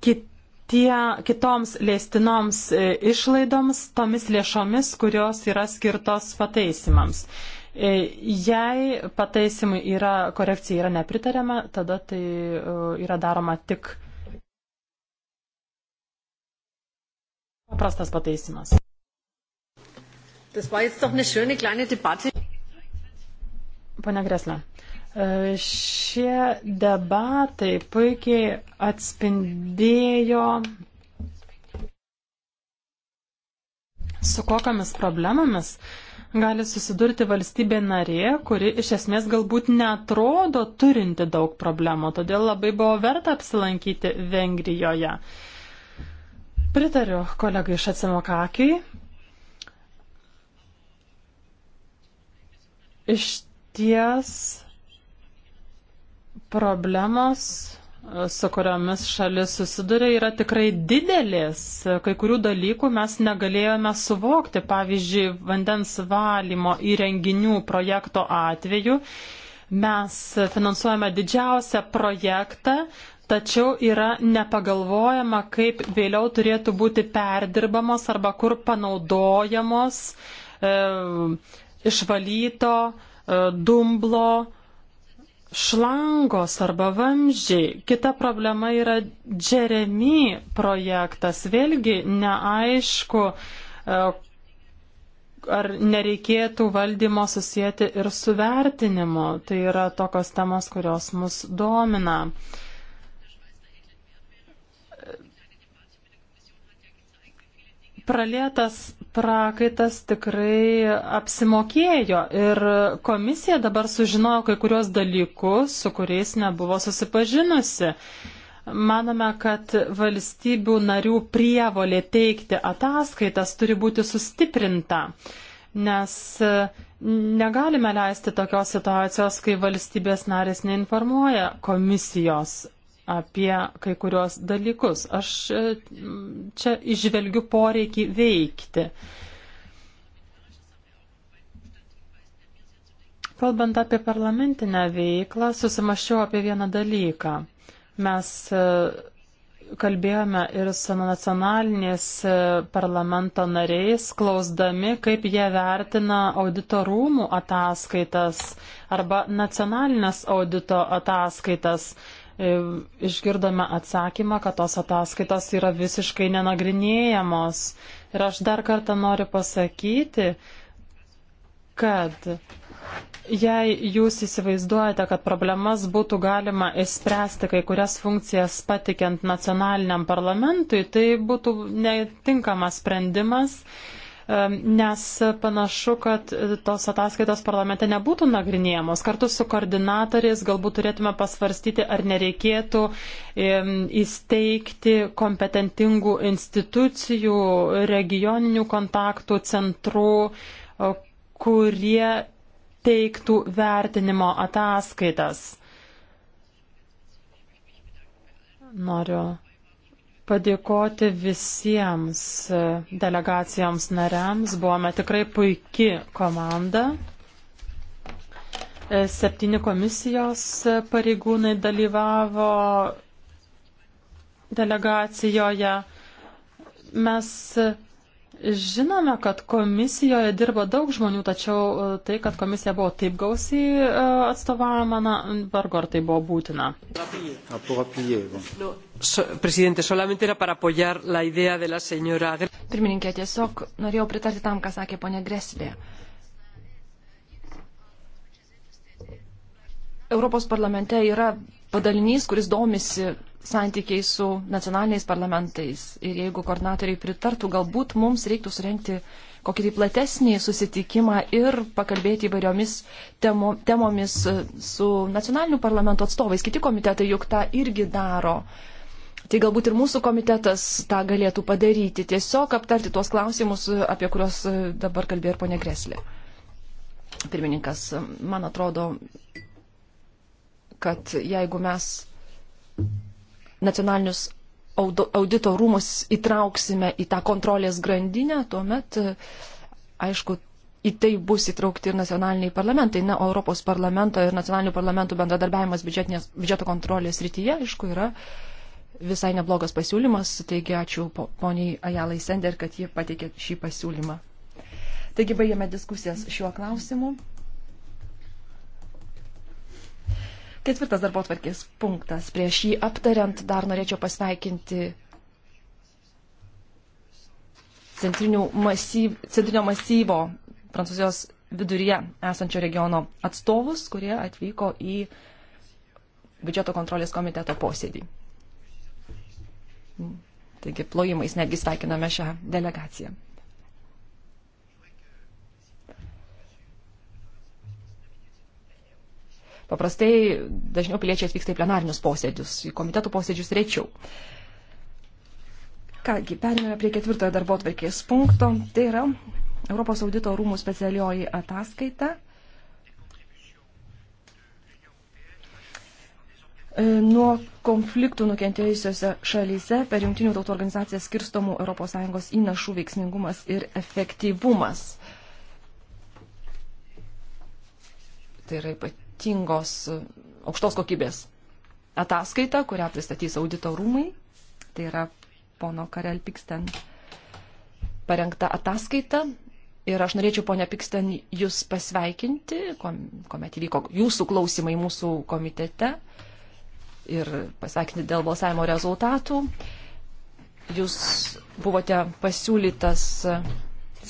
kitie, kitoms leistinoms e, išlaidoms tomis lėšomis, kurios yra skirtos pataisimams. Uh, E, jei pataisimui yra korekcija yra nepritariama, tada tai e, yra daroma tik paprastas pataisimas. Das war jetzt doch eine schöne kleine Debatte. Pane Gresle, e, šie debatai puikiai atspindėjo, su kokiamis problemomis gali susidurti valstybė narė, kuri iš esmės galbūt netrodo turinti daug problemų, todėl labai buvo verta apsilankyti Vengrijoje. Pritariu kolegai Šacimokakiai. Iš ties problemos su kuriomis šalis susiduria, yra tikrai didelės. Kai kurių dalykų mes negalėjome suvokti. Pavyzdžiui, vandens valymo įrenginių projekto atveju mes finansuojame didžiausią projektą, tačiau yra nepagalvojama, kaip vėliau turėtų būti perdirbamos arba kur panaudojamos e, išvalyto e, dumblo šlangos arba vamzdžiai. Kita problema yra Jeremy projektas. Vėlgi neaišku, e, ar nereikėtų valdymo susijęti ir su vertinimu. Tai yra tokios temos, kurios mus domina. Pralėtas prakaitas tikrai apsimokėjo ir komisija dabar sužinojo kai kurios dalykus, su kuriais nebuvo susipažinusi. Manome, kad valstybių narių prievolė teikti ataskaitas turi būti sustiprinta, nes negalime leisti tokios situacijos, kai valstybės narės neinformuoja komisijos apie kai kurios dalykus. Aš e, čia išvelgiu poreikį veikti. Kalbant apie parlamentinę veiklą, susimaščiau apie vieną dalyką. Mes e, kalbėjome ir su nacionalinės e, parlamento nariais, klausdami, kaip jie vertina audito rūmų ataskaitas arba nacionalinės audito ataskaitas. E, išgirdome atsakymą, kad tos ataskaitos yra visiškai nenagrinėjamos. Ir aš dar kartą noriu pasakyti, kad jei jūs įsivaizduojate, kad problemas būtų galima išspręsti kai kurias funkcijas patikiant nacionaliniam parlamentui, tai būtų netinkamas sprendimas. Uh, nes panašu, kad e, tos ataskaitos parlamente nebūtų nagrinėjamos. Kartu su koordinatoriais galbūt turėtume pasvarstyti, ar nereikėtų įsteigti kompetentingų institucijų, regioninių kontaktų centrų, e, kurie teiktų vertinimo ataskaitas. Noriu padėkoti visiems delegacijoms nariams. Buvome tikrai puiki komanda. E, septyni komisijos pareigūnai dalyvavo delegacijoje. Mes Žinome, kad komisijoje dirba daug žmonių, tačiau e, tai, kad komisija buvo taip gausiai e, atstovavama, na, vargu ar tai buvo būtina. Pirmininkė, tiesiog norėjau pritarti tam, ką sakė ponė Greslė. Europos parlamente yra padalinys, kuris domisi santykiai su nacionaliniais parlamentais ir jeigu koordinatoriai pritartų, galbūt mums reiktų surenkti kokį tai platesnį susitikimą ir pakalbėti įvairiomis temo, temomis e, su nacionaliniu parlamento atstovais. Kiti komitetai juk tą irgi daro. Tai galbūt ir mūsų komitetas tą galėtų padaryti, tiesiog aptarti tuos klausimus, e, apie kuriuos e, dabar kalbėjo ir ponė Greslė. Pirmininkas, man atrodo, kad jeigu mes nacionalinius audito rūmus įtrauksime į tą kontrolės grandinę, tuomet, aišku, į tai bus įtraukti ir nacionaliniai parlamentai. Na, Europos parlamento ir nacionalinių parlamentų bendradarbiavimas biudžeto kontrolės rytyje, aišku, yra visai neblogas pasiūlymas. Taigi, ačiū poniai Ajalai Sender, kad ji pateikė šį pasiūlymą. Taigi, baigėme diskusijas šiuo klausimu. Ketvirtas darbo tvarkės punktas. Prieš jį aptariant dar norėčiau pasveikinti masyv, centrinio masyvo Prancūzijos viduryje esančio regiono atstovus, kurie atvyko į biudžeto kontrolės komiteto posėdį. Taigi plojimais netgi sveikiname šią delegaciją. Paprastai dažniau piliečiai atvyksta į plenarinius posėdžius, į komitetų posėdžius rečiau. Kągi, perėmėme prie ketvirtojo darbo atvarkės punkto. Tai yra Europos audito rūmų specialioji ataskaita. E, nuo konfliktų nukentėjusiose šalyse per Junktinių tautų organizaciją skirstomų ES įnašų veiksmingumas ir efektyvumas. Tai yra ypač ypatingos e, aukštos kokybės ataskaitą, kurią pristatys audito rūmai. Tai yra pono Karel Piksten parengta ataskaita. Ir aš norėčiau, ponia Piksten, jūs pasveikinti, kuomet įvyko jūsų klausimai mūsų komitete ir pasveikinti dėl balsavimo rezultatų. Jūs buvote pasiūlytas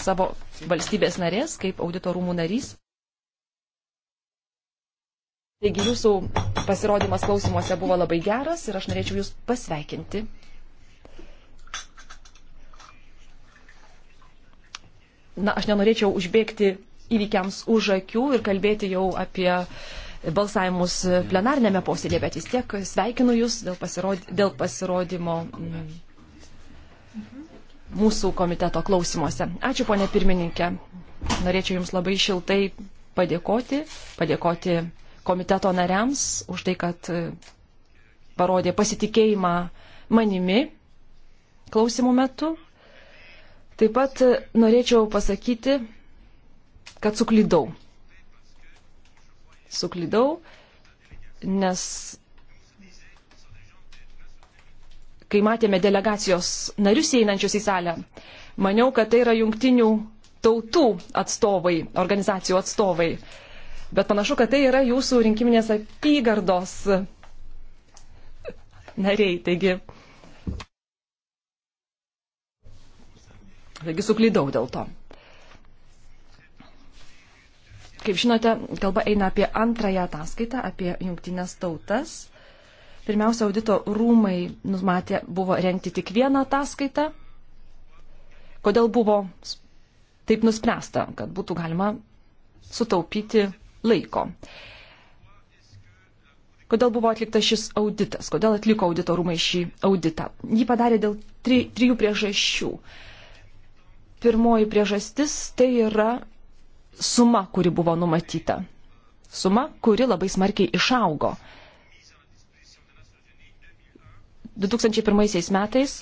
savo valstybės narės kaip auditorumų narys. Taigi jūsų pasirodymas klausimuose buvo labai geras ir aš norėčiau jūs pasveikinti. Na, aš nenorėčiau užbėgti įvykiams už akių ir kalbėti jau apie balsavimus plenarnėme posėdėje, bet vis tiek sveikinu Jūs dėl, pasirod... dėl pasirodymo mm, mūsų komiteto klausimuose. Ačiū, ponė pirmininkė. Norėčiau Jums labai šiltai padėkoti, padėkoti komiteto nariams už tai, kad e, parodė pasitikėjimą manimi klausimų metu. Taip pat e, norėčiau pasakyti, kad suklydau. Suklydau, nes kai matėme delegacijos narius einančius į salę, maniau, kad tai yra jungtinių tautų atstovai, organizacijų atstovai. Bet panašu, kad tai yra jūsų rinkiminės apygardos nariai. Taigi, taigi suklydau dėl to. Kaip žinote, kalba eina apie antrąją ataskaitą, apie jungtinės tautas. Pirmiausia, audito rūmai numatė buvo renkti tik vieną ataskaitą. Kodėl buvo taip nuspręsta, kad būtų galima sutaupyti laiko. Kodėl buvo atliktas šis auditas? Kodėl atliko audito rūmai šį auditą? Jį padarė dėl tri, trijų priežasčių. Pirmoji priežastis tai yra suma, kuri buvo numatyta. Suma, kuri labai smarkiai išaugo. 2001 metais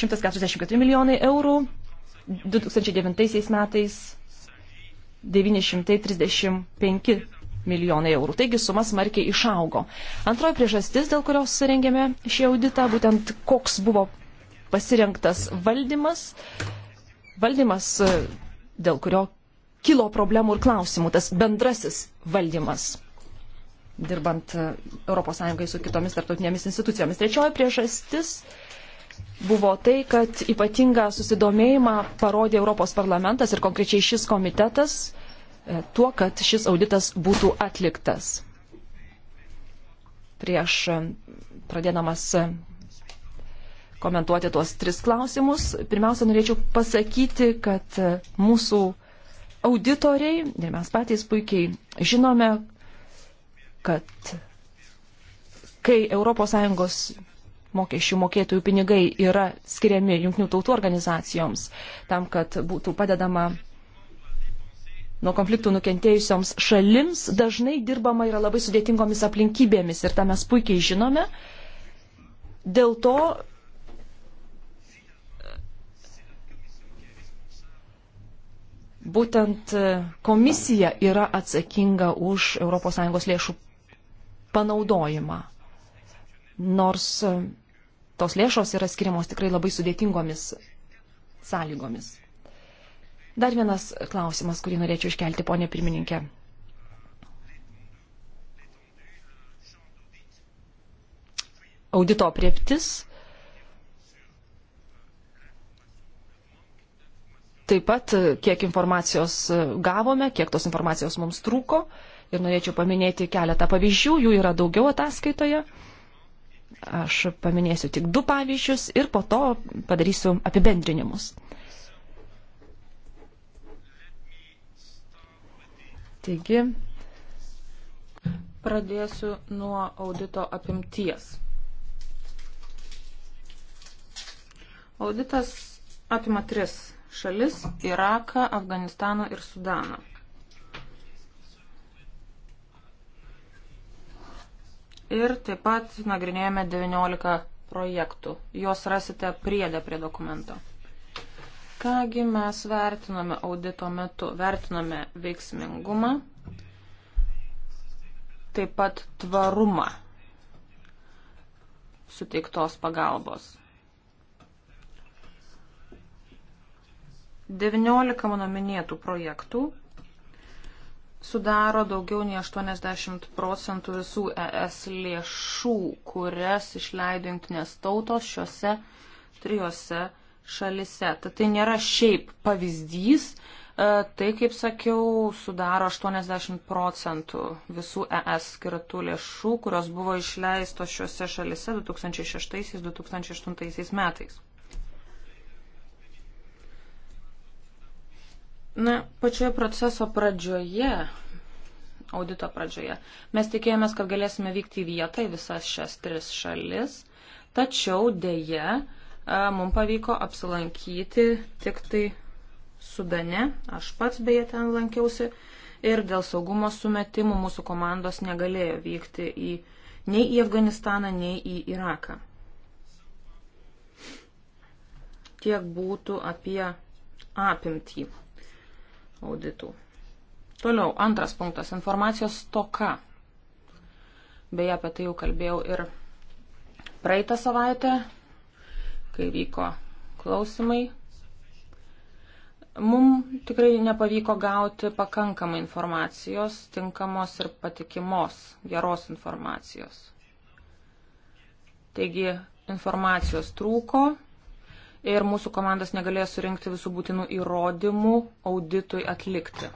144 milijonai eurų, 2009 metais 935 milijonai eurų. Taigi suma smarkiai išaugo. Antroji priežastis, dėl kurios rengėme šį auditą, būtent koks buvo pasirinktas valdymas, valdymas, dėl kurio kilo problemų ir klausimų, tas bendrasis valdymas dirbant ES su kitomis tarptautinėmis institucijomis. Trečioji priežastis buvo tai, kad ypatingą susidomėjimą parodė Europos parlamentas ir konkrečiai šis komitetas e, tuo, kad šis auditas būtų atliktas. Prieš e, pradėdamas e, komentuoti tuos tris klausimus, pirmiausia, norėčiau pasakyti, kad mūsų auditoriai, ir mes patys puikiai žinome, kad kai ES mokesčių mokėtojų pinigai yra skiriami jungtinių tautų organizacijoms tam, kad būtų padedama nuo konfliktų nukentėjusioms šalims, dažnai dirbama yra labai sudėtingomis aplinkybėmis ir tą mes puikiai žinome. Dėl to būtent komisija yra atsakinga už ES lėšų panaudojimą. Nors tos lėšos yra skiriamos tikrai labai sudėtingomis sąlygomis. Dar vienas klausimas, kurį norėčiau iškelti, ponė pirmininkė. Audito prieptis. Taip pat, kiek informacijos gavome, kiek tos informacijos mums trūko. Ir norėčiau paminėti keletą pavyzdžių, jų yra daugiau ataskaitoje. Aš paminėsiu tik du pavyzdžius ir po to padarysiu apibendrinimus. Taigi. Pradėsiu nuo audito apimties. Auditas apima tris šalis - Iraką, Afganistaną ir Sudaną. ir taip pat nagrinėjame 19 projektų. Juos rasite priedę prie dokumento. Kągi mes vertiname audito metu? Vertiname veiksmingumą, taip pat tvarumą suteiktos pagalbos. 19 mano minėtų projektų sudaro daugiau nei 80 procentų visų ES lėšų, kurias išleido jungtinės tautos šiuose trijose šalise. Tad tai nėra šiaip pavyzdys, e, tai, kaip sakiau, sudaro 80 procentų visų ES skirtų lėšų, kurios buvo išleistos šiuose šalise 2006-2008 metais. Na, pačioje proceso pradžioje, audito pradžioje, mes tikėjomės, kad galėsime vykti į vietą į visas šias tris šalis, tačiau dėje mums pavyko apsilankyti tik tai Sudane, aš pats beje ten lankiausi ir dėl saugumo sumetimų mūsų komandos negalėjo vykti į, nei į Afganistaną, nei į Iraką. Tiek būtų apie apimtį auditų. Toliau, antras punktas - informacijos toka. Beje, apie tai jau kalbėjau ir praeitą savaitę, kai vyko klausimai. Mums tikrai nepavyko gauti pakankamai informacijos, tinkamos ir patikimos, geros informacijos. Taigi informacijos trūko, ir mūsų komandos negalėjo surinkti visų būtinų įrodymų auditui atlikti.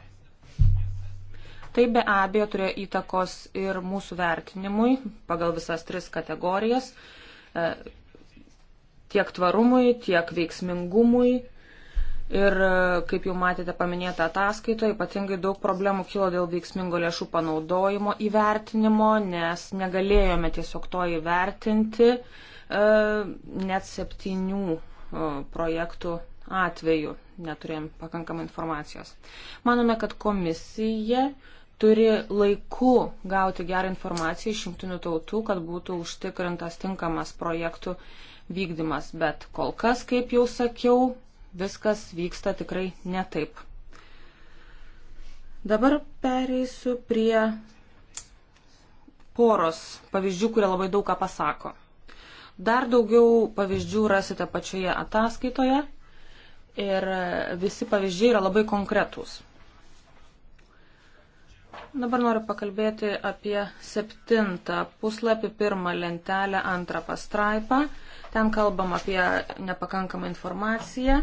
Tai be abejo turėjo įtakos ir mūsų vertinimui pagal visas tris kategorijas e, - tiek tvarumui, tiek veiksmingumui. Ir e, kaip jau matėte paminėtą ataskaitoje, ypatingai daug problemų kilo dėl veiksmingo lėšų panaudojimo įvertinimo, nes negalėjome tiesiog to įvertinti e, net septynių projektų atveju neturėjom pakankamai informacijos. Manome, kad komisija turi laiku gauti gerą informaciją iš jungtinių tautų, kad būtų užtikrintas tinkamas projektų vykdymas, bet kol kas, kaip jau sakiau, viskas vyksta tikrai netaip. Dabar pereisiu prie poros pavyzdžių, kurie labai daug ką pasako. Dar daugiau pavyzdžių rasite pačioje ataskaitoje ir visi pavyzdžiai yra labai konkretūs. Dabar noriu pakalbėti apie septintą puslapį, pirmą lentelę, antrą pastraipą. Ten kalbam apie nepakankamą informaciją,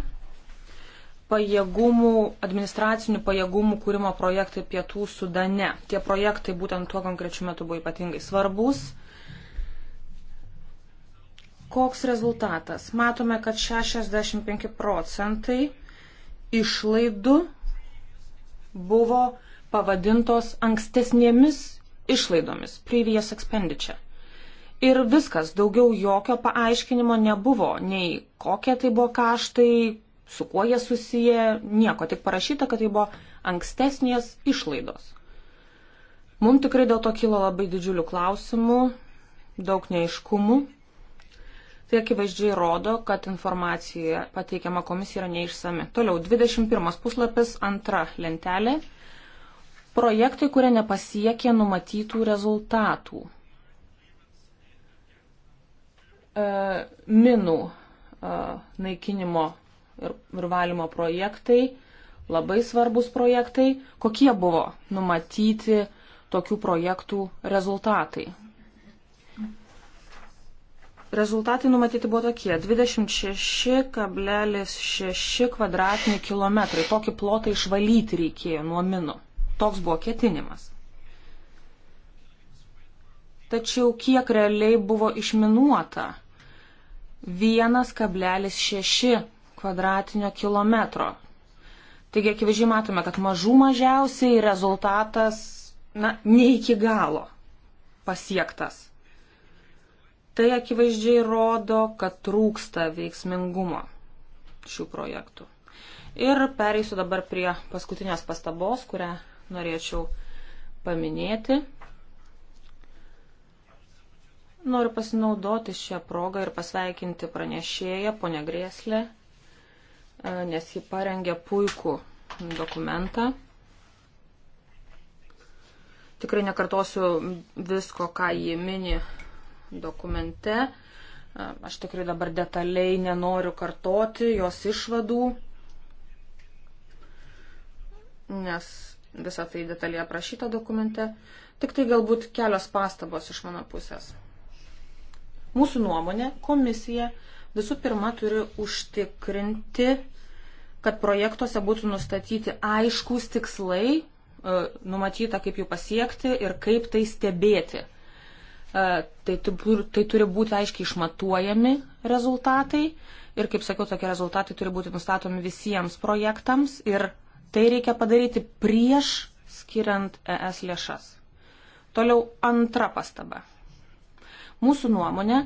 pajėgumų, administracinių pajėgumų kūrimo projektai pietų sudane. Tie projektai būtent tuo konkrečiu metu buvo ypatingai svarbus. Koks rezultatas? Matome, kad 65 procentai išlaidų buvo pavadintos ankstesnėmis išlaidomis, previous expenditure. Ir viskas, daugiau jokio paaiškinimo nebuvo, nei kokie tai buvo kaštai, su kuo jie susiję, nieko, tik parašyta, kad tai buvo ankstesnės išlaidos. Mums tikrai dėl to kilo labai didžiulių klausimų, daug neiškumų, Tai akivaizdžiai rodo, kad informacija pateikiama komisija yra neišsami. Toliau, 21 puslapis, antra lentelė. Projektai, kurie nepasiekė numatytų rezultatų. E, minų e, naikinimo ir, ir valymo projektai, labai svarbus projektai. Kokie buvo numatyti tokių projektų rezultatai? Rezultatai numatyti buvo tokie - 26,6 kvadratiniai kilometrai. Tokį plotą išvalyti reikėjo nuo minų. Toks buvo ketinimas. Tačiau kiek realiai buvo išminuota? 1,6 kvadratinio kilometro. Taigi akivaizdžiai matome, kad mažų mažiausiai rezultatas, na, ne iki galo pasiektas. Tai akivaizdžiai rodo, kad trūksta veiksmingumo šių projektų. Ir pereisiu dabar prie paskutinės pastabos, kurią norėčiau paminėti. Noriu pasinaudoti šią progą ir pasveikinti pranešėją, ponę Grėslę, nes ji parengė puikų dokumentą. Tikrai nekartosiu visko, ką jį mini dokumente. Aš tikrai dabar detaliai nenoriu kartoti jos išvadų, nes visą tai detaliai aprašyta dokumente. Tik tai galbūt kelios pastabos iš mano pusės. Mūsų nuomonė, komisija visų pirma turi užtikrinti, kad projektuose būtų nustatyti aiškus tikslai, e, numatyta, kaip jų pasiekti ir kaip tai stebėti. E, tai, tai turi būti aiškiai išmatuojami rezultatai ir, kaip sakiau, tokie rezultatai turi būti nustatomi visiems projektams ir tai reikia padaryti prieš skiriant ES lėšas. Toliau antra pastaba. Mūsų nuomonė,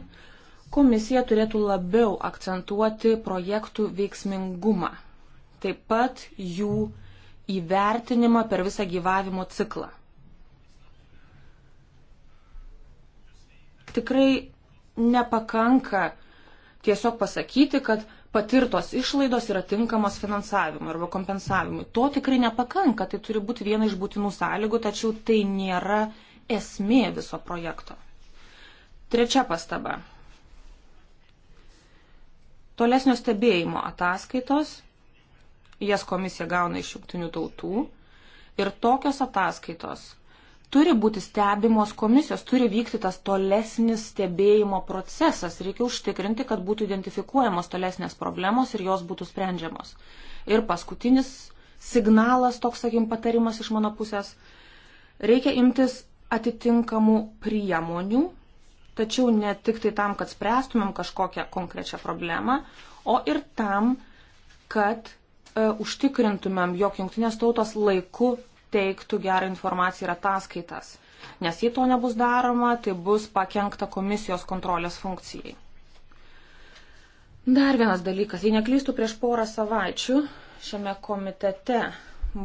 komisija turėtų labiau akcentuoti projektų veiksmingumą, taip pat jų įvertinimą per visą gyvavimo ciklą. tikrai nepakanka tiesiog pasakyti, kad patirtos išlaidos yra tinkamos finansavimui arba kompensavimui. To tikrai nepakanka, tai turi būti viena iš būtinų sąlygų, tačiau tai nėra esmė viso projekto. Trečia pastaba. Tolesnio stebėjimo ataskaitos, jas komisija gauna iš jungtinių tautų ir tokios ataskaitos turi būti stebimos komisijos, turi vykti tas tolesnis stebėjimo procesas. Reikia užtikrinti, kad būtų identifikuojamos tolesnės problemos ir jos būtų sprendžiamos. Ir paskutinis signalas, toks, sakim, patarimas iš mano pusės, reikia imtis atitinkamų priemonių, tačiau ne tik tai tam, kad spręstumėm kažkokią konkrečią problemą, o ir tam, kad e, užtikrintumėm, jog jungtinės tautos laiku teiktų gerą informaciją ir ataskaitas. Nes jei to nebus daroma, tai bus pakengta komisijos kontrolės funkcijai. Dar vienas dalykas. Jei neklystų prieš porą savaičių, šiame komitete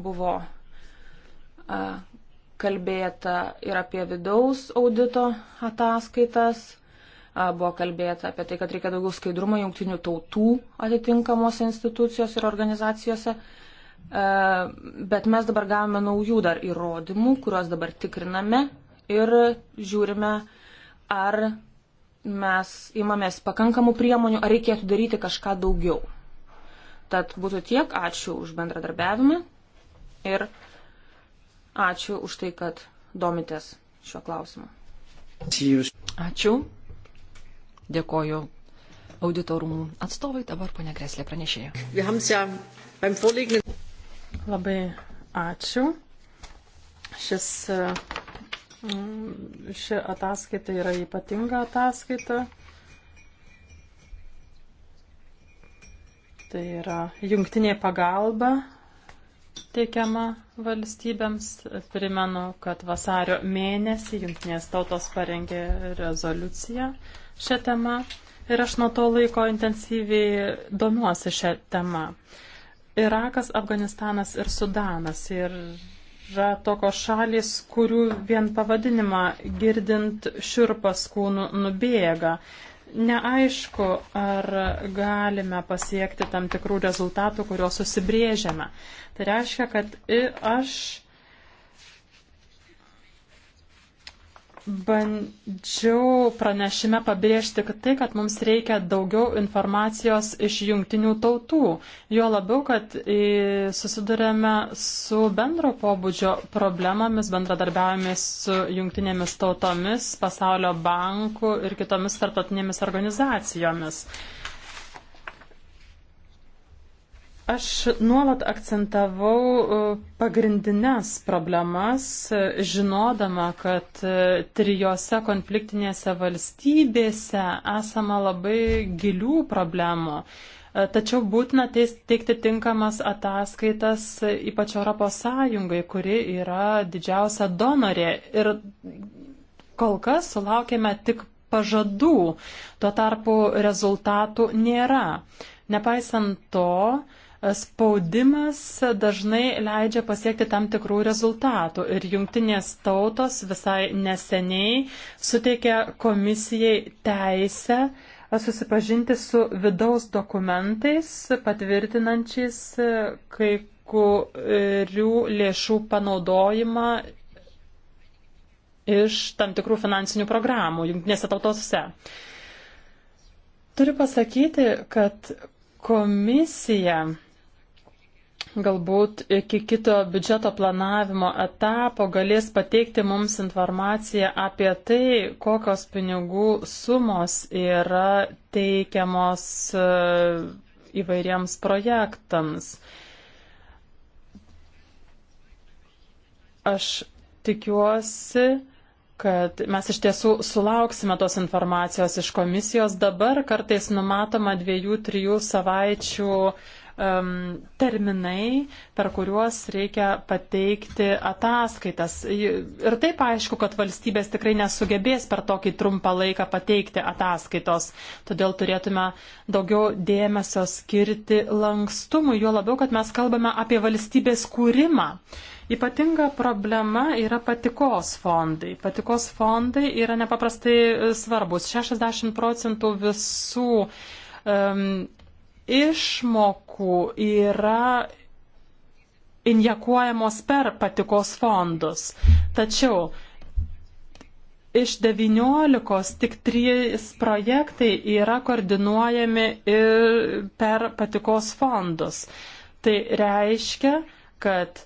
buvo a, kalbėta ir apie vidaus audito ataskaitas, buvo kalbėta apie tai, kad reikia daugiau skaidrumo jungtinių tautų atitinkamos institucijos ir organizacijose bet mes dabar gavome naujų dar įrodymų, kuriuos dabar tikriname ir žiūrime, ar mes imamės pakankamų priemonių, ar reikėtų daryti kažką daugiau. Tad būtų tiek, ačiū už bendradarbiavimą ir ačiū už tai, kad domitės šiuo klausimu. Ačiū. Dėkoju auditorumų atstovai, dabar ponia Kreslė pranešėja. Labai ačiū. Šis, mm, ši ataskaita yra ypatinga ataskaita. Tai yra jungtinė pagalba teikiama valstybėms. Primenu, kad vasario mėnesį jungtinės tautos parengė rezoliuciją šią temą ir aš nuo to laiko intensyviai domiuosi šią temą. Irakas, Afganistanas ir Sudanas. Ir yra tokios šalis, kurių vien pavadinimą girdint širpas kūnų nubėga. Neaišku, ar galime pasiekti tam tikrų rezultatų, kuriuos susibrėžiame. Tai reiškia, kad aš bandžiau pranešime pabrėžti kad tai, kad mums reikia daugiau informacijos iš jungtinių tautų. Jo labiau, kad e, susidurėme su bendro pobūdžio problemomis, bendradarbiavome su jungtinėmis tautomis, pasaulio banku ir kitomis tarptautinėmis organizacijomis. Aš nuolat akcentavau e, pagrindinės problemas, e, žinodama, kad e, trijose konfliktinėse valstybėse esama labai gilių problemų. Tačiau būtina teikti tinkamas ataskaitas, ypač ES, kuri yra didžiausia donorė. Ir kol kas sulaukėme tik pažadų, tuo tarpu rezultatų nėra. Nepaisant to, spaudimas dažnai leidžia pasiekti tam tikrų rezultatų ir jungtinės tautos visai neseniai suteikė komisijai teisę susipažinti su vidaus dokumentais patvirtinančiais kai kurių lėšų panaudojimą iš tam tikrų finansinių programų jungtinėse tautose. Turiu pasakyti, kad komisija galbūt iki kito biudžeto planavimo etapo galės pateikti mums informaciją apie tai, kokios pinigų sumos yra teikiamos e, įvairiems projektams. Aš tikiuosi, kad mes iš tiesų sulauksime tos informacijos iš komisijos. Dabar kartais numatoma dviejų, trijų savaičių uh, um, terminai, per kuriuos reikia pateikti ataskaitas. Ir taip aišku, kad valstybės tikrai nesugebės per tokį trumpą laiką pateikti ataskaitos. Todėl turėtume daugiau dėmesio skirti lankstumui, juo labiau, kad mes kalbame apie valstybės kūrimą. Ypatinga problema yra patikos fondai. Patikos fondai yra nepaprastai svarbus. 60 procentų visų um, išmokų yra injekuojamos per patikos fondus. Tačiau iš 19 tik 3 projektai yra koordinuojami per patikos fondus. Tai reiškia, kad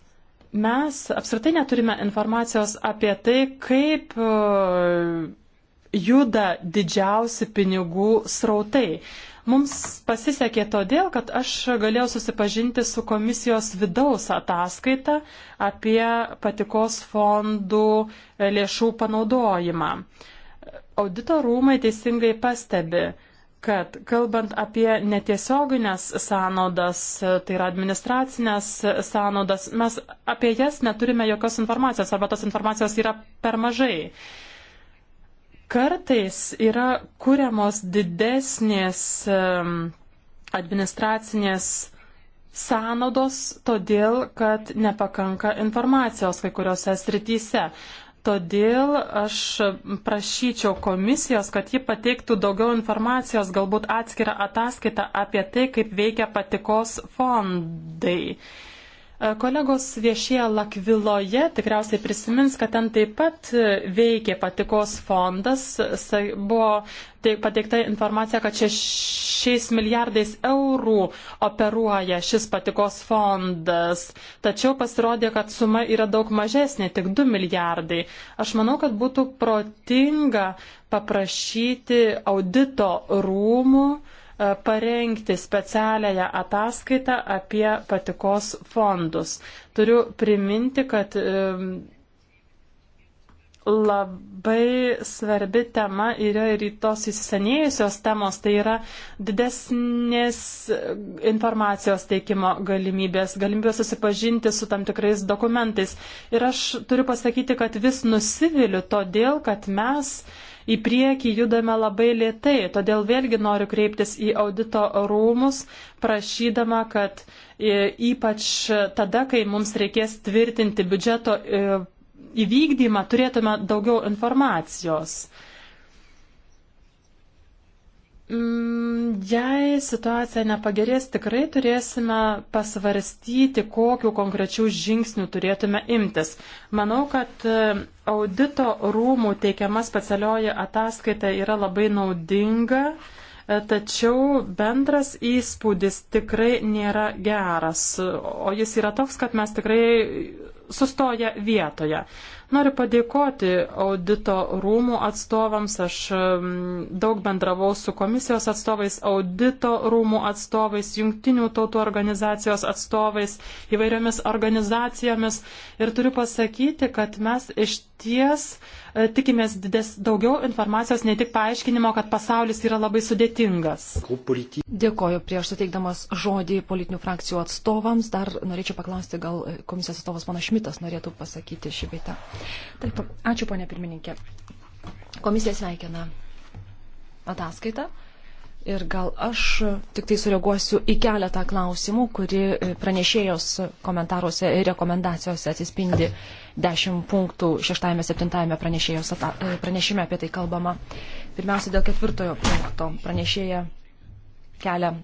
mes apskritai neturime informacijos apie tai, kaip e, juda didžiausi pinigų srautai. Mums pasisekė todėl, kad aš galėjau susipažinti su komisijos vidaus ataskaita apie patikos fondų e, lėšų panaudojimą. Audito rūmai teisingai pastebi, kad kalbant apie netiesioginės sąnaudas, e, tai yra administracinės sąnaudas, mes apie jas neturime jokios informacijos arba tos informacijos yra per mažai. Kartais yra kuriamos didesnės administracinės sąnaudos, todėl kad nepakanka informacijos kai kuriuose srityse. Todėl aš prašyčiau komisijos, kad ji pateiktų daugiau informacijos, galbūt atskirą ataskaitą apie tai, kaip veikia patikos fondai. Uh, E, kolegos viešie Lakviloje tikriausiai prisimins, kad ten taip pat veikė patikos fondas. Buvo pateikta informacija, kad šešiais milijardais eurų operuoja šis patikos fondas. Tačiau pasirodė, kad suma yra daug mažesnė, tik 2 milijardai. Aš manau, kad būtų protinga paprašyti audito rūmų parengti specialiąją ataskaitą apie patikos fondus. Turiu priminti, kad labai svarbi tema yra ir tos įsisenėjusios temos, tai yra didesnės informacijos teikimo galimybės, galimybės susipažinti su tam tikrais dokumentais. Ir aš turiu pasakyti, kad vis nusiviliu todėl, kad mes uh, į priekį judame labai lėtai, todėl vėlgi noriu kreiptis į audito rūmus, prašydama, kad e, ypač tada, kai mums reikės tvirtinti biudžeto e, įvykdymą, turėtume daugiau informacijos. Mm, jei situacija nepagerės, tikrai turėsime pasvarstyti, kokiu konkrečių žingsnių turėtume imtis. Manau, kad e, audito rūmų teikiama specialioji ataskaita yra labai naudinga, e, tačiau bendras įspūdis tikrai nėra geras, o jis yra toks, kad mes tikrai sustoja vietoje. Noriu padėkoti audito rūmų atstovams. Aš daug bendravau su komisijos atstovais, audito rūmų atstovais, jungtinių tautų organizacijos atstovais, įvairiomis organizacijomis. Ir turiu pasakyti, kad mes iš ties e, tikimės didės, daugiau informacijos, ne tik paaiškinimo, kad pasaulis yra labai sudėtingas. Dėkoju. Prieš suteikdamas žodį politinių frakcijų atstovams, dar norėčiau paklausti, gal komisijos atstovas pana Šmitas norėtų pasakyti šį beitą. Taip, ačiū ponė pirmininkė. Komisija sveikina ataskaitą. Ir gal aš tik tai sureaguosiu į keletą klausimų, kuri pranešėjos komentaruose ir rekomendacijose atsispindi 10 punktų 6-7 pranešėjos ata, pranešime apie tai kalbama. Pirmiausia, dėl ketvirtojo punkto pranešėja kelia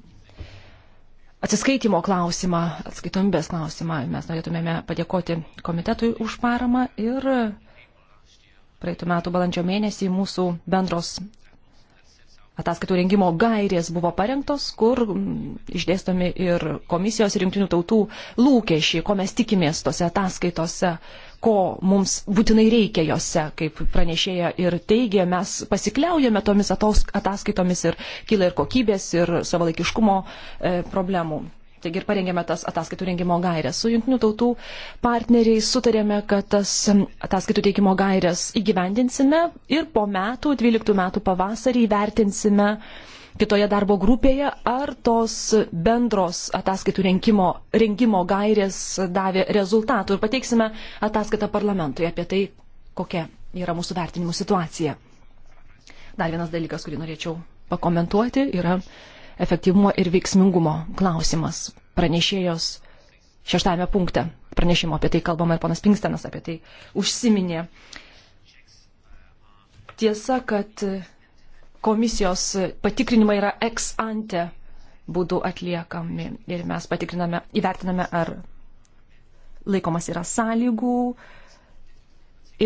atsiskaitimo klausimą, atskaitomybės klausimą. Mes norėtumėme padėkoti komitetui už paramą ir praeitų metų balandžio mėnesį mūsų bendros ataskaitų rengimo gairės buvo parengtos, kur mm, išdėstomi ir komisijos ir jungtinių tautų lūkesčiai, ko mes tikimės tose ataskaitose ko mums būtinai reikia jose, kaip pranešėja ir teigia, mes pasikliaujame tomis ataskaitomis ir kyla ir kokybės, ir savalaikiškumo e, problemų. Taigi ir parengėme tas ataskaitų rengimo gairias. Su jungtinių tautų partneriais sutarėme, kad tas ataskaitų teikimo gairias įgyvendinsime ir po metų, 12 metų pavasarį įvertinsime, uh, kitoje darbo grupėje, ar tos bendros ataskaitų rengimo, rengimo gairės davė rezultatų ir pateiksime ataskaitą parlamentui apie tai, kokia yra mūsų vertinimų situacija. Dar vienas dalykas, kurį norėčiau pakomentuoti, yra efektyvumo ir veiksmingumo klausimas pranešėjos šeštame punkte. Pranešimo apie tai kalbama ir ponas Pinkstenas apie tai užsiminė. Tiesa, kad komisijos patikrinimai yra ex ante būdu atliekami ir mes patikriname, įvertiname, ar laikomas yra sąlygų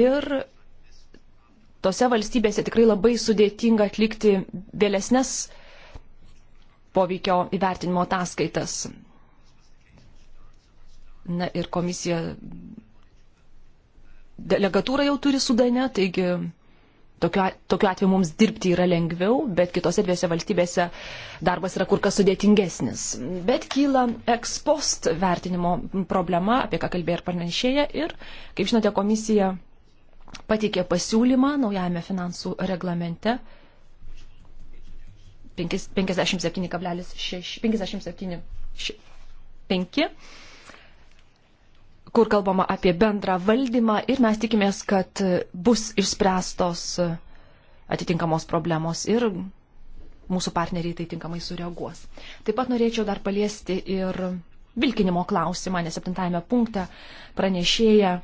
ir tose valstybėse tikrai labai sudėtinga atlikti vėlesnes poveikio įvertinimo ataskaitas. Na ir komisija delegatūra jau turi sudane, taigi Tokiu, tokiu atveju mums dirbti yra lengviau, bet kitose dviese valstybėse darbas yra kur kas sudėtingesnis. Bet kyla ekspost vertinimo problema, apie ką kalbėjo ir pranešėja. Ir, kaip žinote, komisija pateikė pasiūlymą naujame finansų reglamente 57,6. 57, 5 kur kalbama apie bendrą valdymą ir mes tikimės, kad bus išspręstos atitinkamos problemos ir mūsų partneriai tai tinkamai sureaguos. Taip pat norėčiau dar paliesti ir vilkinimo klausimą, nes septintame punkte pranešėja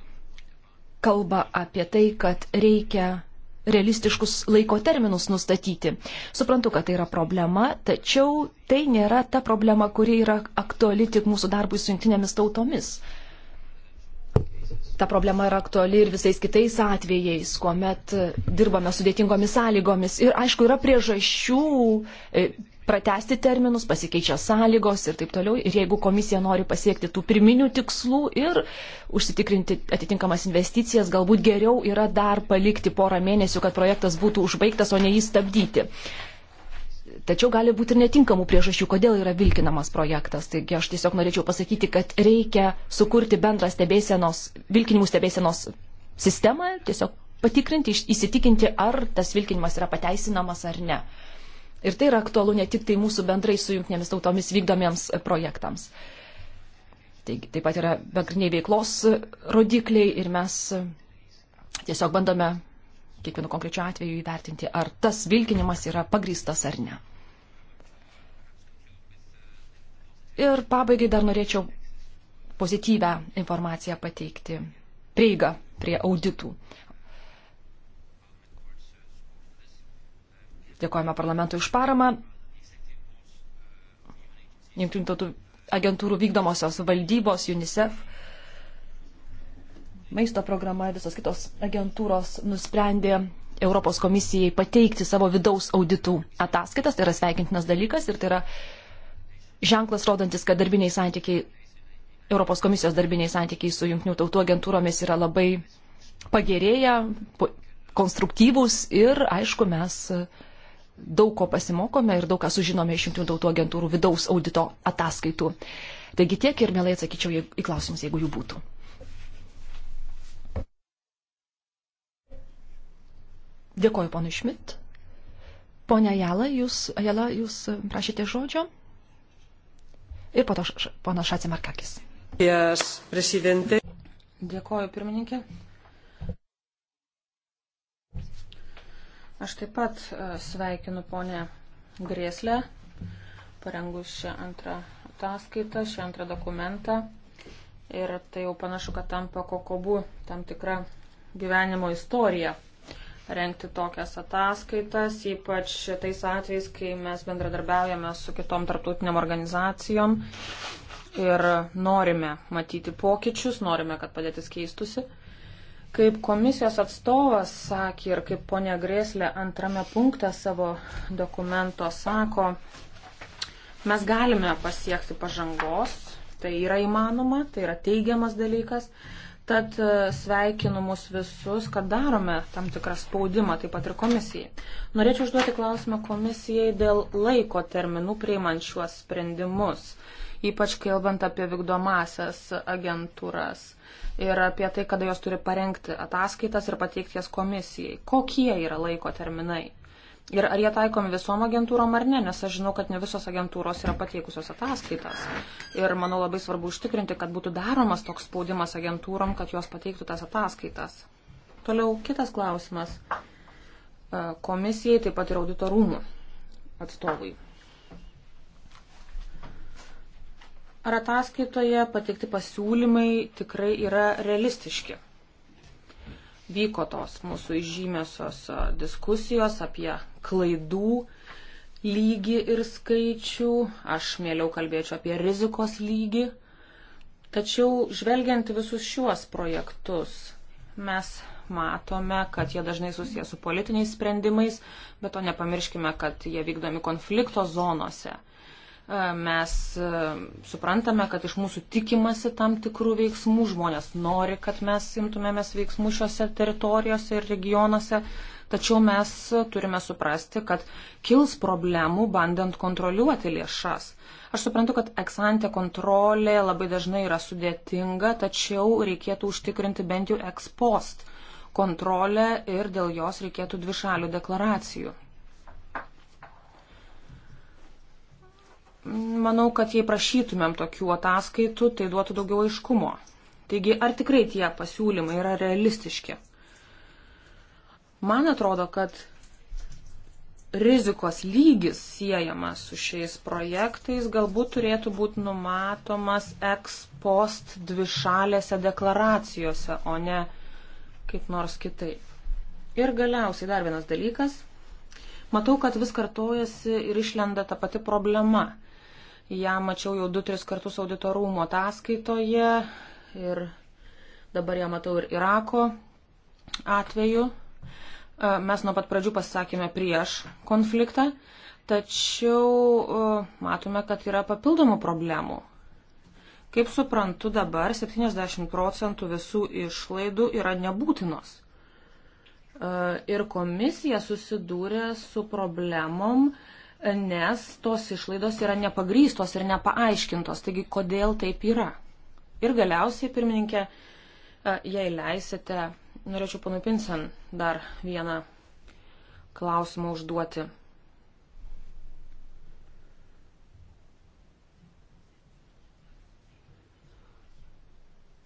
kalba apie tai, kad reikia realistiškus laiko terminus nustatyti. Suprantu, kad tai yra problema, tačiau tai nėra ta problema, kuri yra aktuali tik mūsų darbui su jungtinėmis tautomis ta problema yra aktuali ir visais kitais atvejais, kuomet e, dirbame sudėtingomis sąlygomis. Ir aišku, yra priežasčių e, pratesti terminus, pasikeičia sąlygos ir taip toliau. Ir jeigu komisija nori pasiekti tų pirminių tikslų ir užsitikrinti atitinkamas investicijas, galbūt geriau yra dar palikti porą mėnesių, kad projektas būtų užbaigtas, o ne jį stabdyti. Tačiau gali būti ir netinkamų priežasčių, kodėl yra vilkinamas projektas. Taigi aš tiesiog norėčiau pasakyti, kad reikia sukurti bendrą stebėsenos, vilkinimų stebėsenos sistemą, tiesiog patikrinti, įsitikinti, ar tas vilkinimas yra pateisinamas ar ne. Ir tai yra aktualu ne tik tai mūsų bendrai su jungtinėmis tautomis vykdomiems projektams. Taigi taip pat yra bendriniai veiklos rodikliai ir mes tiesiog bandome kiekvienu konkrečiu atveju įvertinti, ar tas vilkinimas yra pagristas ar ne. Ir pabaigai dar norėčiau pozityvę informaciją pateikti. Prieiga prie auditų. Dėkojame parlamentui už paramą. Junktinių tautų agentūrų vykdomosios valdybos UNICEF, maisto programa ir visos kitos agentūros nusprendė Europos komisijai pateikti savo vidaus auditų ataskaitas. Tai yra sveikintinas dalykas ir tai yra ženklas rodantis, kad darbiniai santykiai, Europos komisijos darbiniai santykiai su jungtinių tautų agentūromis yra labai pagerėję, konstruktyvūs ir, aišku, mes e, daug ko pasimokome ir daug ką sužinome iš jungtinių tautų agentūrų vidaus audito ataskaitų. Taigi tiek ir mielai atsakyčiau į klausimus, jeigu jų būtų. Dėkoju, ponui Šmit. Pone Jala, jūs, Jala, jūs e, prašėte žodžio? ir po to pono Šacimarkakis. Dėkoju, pirmininkė. Aš taip pat e, sveikinu ponę Grėslę, parengus šią antrą ataskaitą, šią antrą dokumentą. Ir tai jau panašu, kad tampa kokobu tam tikra gyvenimo istorija renkti tokias ataskaitas, ypač tais atvejais, kai mes bendradarbiaujame su kitom tarptautiniam organizacijom ir norime matyti pokyčius, norime, kad padėtis keistusi. Kaip komisijos atstovas sakė ir kaip ponia Grėslė antrame punkte savo dokumento sako, mes galime pasiekti pažangos, tai yra įmanoma, tai yra teigiamas dalykas, Tad e, sveikinu mus visus, kad darome tam tikrą spaudimą, taip pat ir komisijai. Norėčiau užduoti klausimą komisijai dėl laiko terminų priimant šiuos sprendimus, ypač kalbant apie vykdomasias agentūras ir apie tai, kada jos turi parengti ataskaitas ir pateikti jas komisijai. Kokie yra laiko terminai? ir ar jie taikomi visom agentūrom ar ne, nes aš žinau, kad ne visos agentūros yra pateikusios ataskaitas. Ir manau labai svarbu užtikrinti, kad būtų daromas toks spaudimas agentūrom, kad jos pateiktų tas ataskaitas. Toliau kitas klausimas e, komisijai, taip pat ir auditorumų atstovui. Ar ataskaitoje pateikti pasiūlymai tikrai yra realistiški? vyko tos mūsų žymiosios diskusijos apie klaidų lygį ir skaičių. Aš mieliau kalbėčiau apie rizikos lygį. Tačiau žvelgiant visus šiuos projektus, mes matome, kad jie dažnai susijęs su politiniais sprendimais, bet to nepamirškime, kad jie vykdomi konflikto zonose. E, mes e, suprantame, kad iš mūsų tikimasi tam tikrų veiksmų, žmonės nori, kad mes imtumėmės veiksmų šiuose teritorijose ir regionuose, tačiau mes e, turime suprasti, kad kils problemų bandant kontroliuoti lėšas. Aš suprantu, kad eksantė kontrolė labai dažnai yra sudėtinga, tačiau reikėtų užtikrinti bent jau ekspost kontrolę ir dėl jos reikėtų dvišalių deklaracijų. manau, kad jei prašytumėm tokių ataskaitų, tai duotų daugiau aiškumo. Taigi, ar tikrai tie pasiūlymai yra realistiški? Man atrodo, kad rizikos lygis siejamas su šiais projektais galbūt turėtų būti numatomas ex post dvišalėse deklaracijose, o ne kaip nors kitaip. Ir galiausiai dar vienas dalykas. Matau, kad vis kartojasi ir išlenda ta pati problema – ją mačiau jau 2-3 kartus auditorumo ataskaitoje ir dabar ją matau ir Irako atveju. E, mes nuo pat pradžių pasisakėme prieš konfliktą, tačiau e, matome, kad yra papildomų problemų. Kaip suprantu, dabar 70 procentų visų išlaidų yra nebūtinos. E, ir komisija susidūrė su problemom, uh, nes tos išlaidos yra nepagrystos ir nepaaiškintos. Taigi, kodėl taip yra? Ir galiausiai, pirmininkė, e, jei leisite, norėčiau panupinsen dar vieną klausimą užduoti.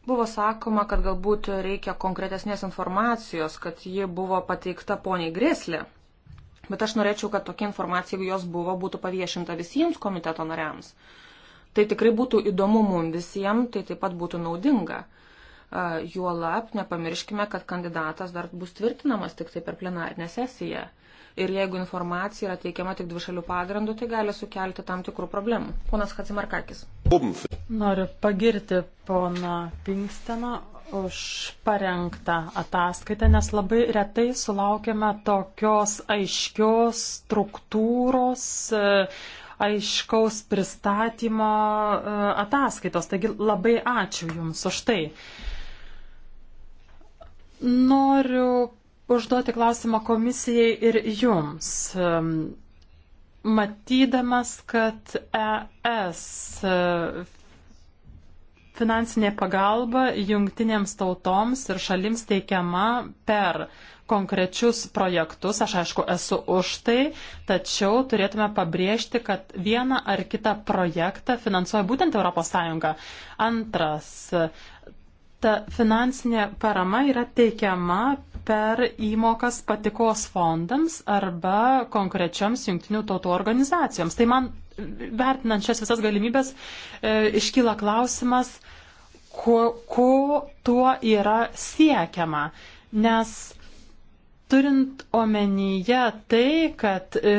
Buvo sakoma, kad galbūt reikia konkretesnės informacijos, kad ji buvo pateikta poniai Greslė. Bet aš norėčiau, kad tokia informacija, jeigu jos buvo, būtų paviešinta visiems komiteto nariams. Tai tikrai būtų įdomu mums visiems, tai taip pat būtų naudinga. Juolab, nepamirškime, kad kandidatas dar bus tvirtinamas tik tai per plenarinę sesiją. Ir jeigu informacija yra teikiama tik dvišalių pagrindų, tai gali sukelti tam tikrų problemų. Ponas Hatsimarkakis. Noriu pagirti poną Pinksteną už parengtą ataskaitą, nes labai retai sulaukėme tokios aiškios struktūros, e, aiškaus pristatymo e, ataskaitos. Taigi labai ačiū Jums už tai. Noriu užduoti klausimą komisijai ir Jums. Matydamas, kad ES Finansinė pagalba jungtinėms tautoms ir šalims teikiama per konkrečius projektus. Aš aišku esu už tai, tačiau turėtume pabrėžti, kad vieną ar kitą projektą finansuoja būtent ES. Antras, ta finansinė parama yra teikiama per įmokas patikos fondams arba konkrečioms jungtinių tautų organizacijoms. Tai man vertinant šias visas galimybės, e, iškyla klausimas, ko, ko tuo yra siekiama. Nes turint omenyje tai, kad e,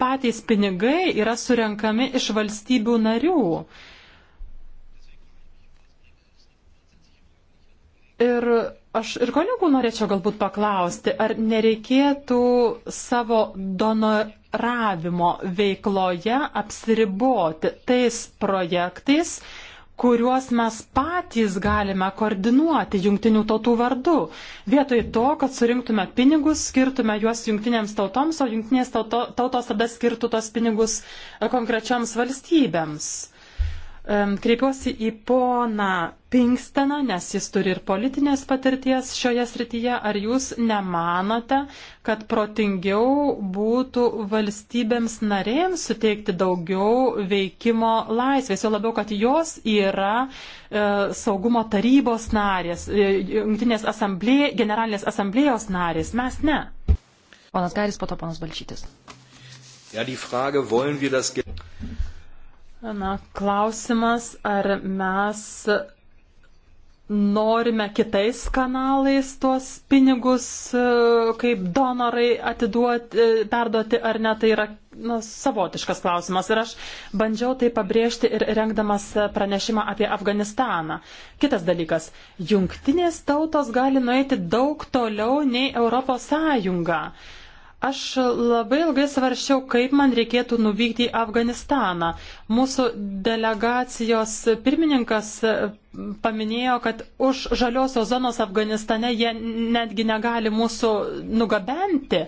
patys pinigai yra surenkami iš valstybių narių. Ir aš ir kolegų norėčiau galbūt paklausti, ar nereikėtų savo donor, administravimo veikloje apsiriboti tais projektais, kuriuos mes patys galime koordinuoti jungtinių tautų vardu. Vietoj to, kad surinktume pinigus, skirtume juos jungtinėms tautoms, o jungtinės tautos tada skirtų tos pinigus konkrečioms valstybėms. Kreipiuosi į poną Pinksteną, nes jis turi ir politinės patirties šioje srityje. Ar jūs nemanote, kad protingiau būtų valstybėms narėms suteikti daugiau veikimo laisvės, jo labiau, kad jos yra e, saugumo tarybos narės, e, jungtinės e, asamblė, generalinės asamblėjos narės, mes ne. Ponas Garis, po to ponas Balčytis. Ja, die Frage, wollen wir das... Na, klausimas, ar mes norime kitais kanalais tuos pinigus e, kaip donorai atiduoti, e, perduoti ar ne, tai yra nu, savotiškas klausimas. Ir aš bandžiau tai pabrėžti ir rengdamas pranešimą apie Afganistaną. Kitas dalykas, jungtinės tautos gali nueiti daug toliau nei Europos Sąjunga. Uh, Aš labai ilgai svaršiau, kaip man reikėtų nuvykti į Afganistaną. Mūsų delegacijos pirmininkas paminėjo, kad už žaliosios zonos Afganistane jie netgi negali mūsų nugabenti.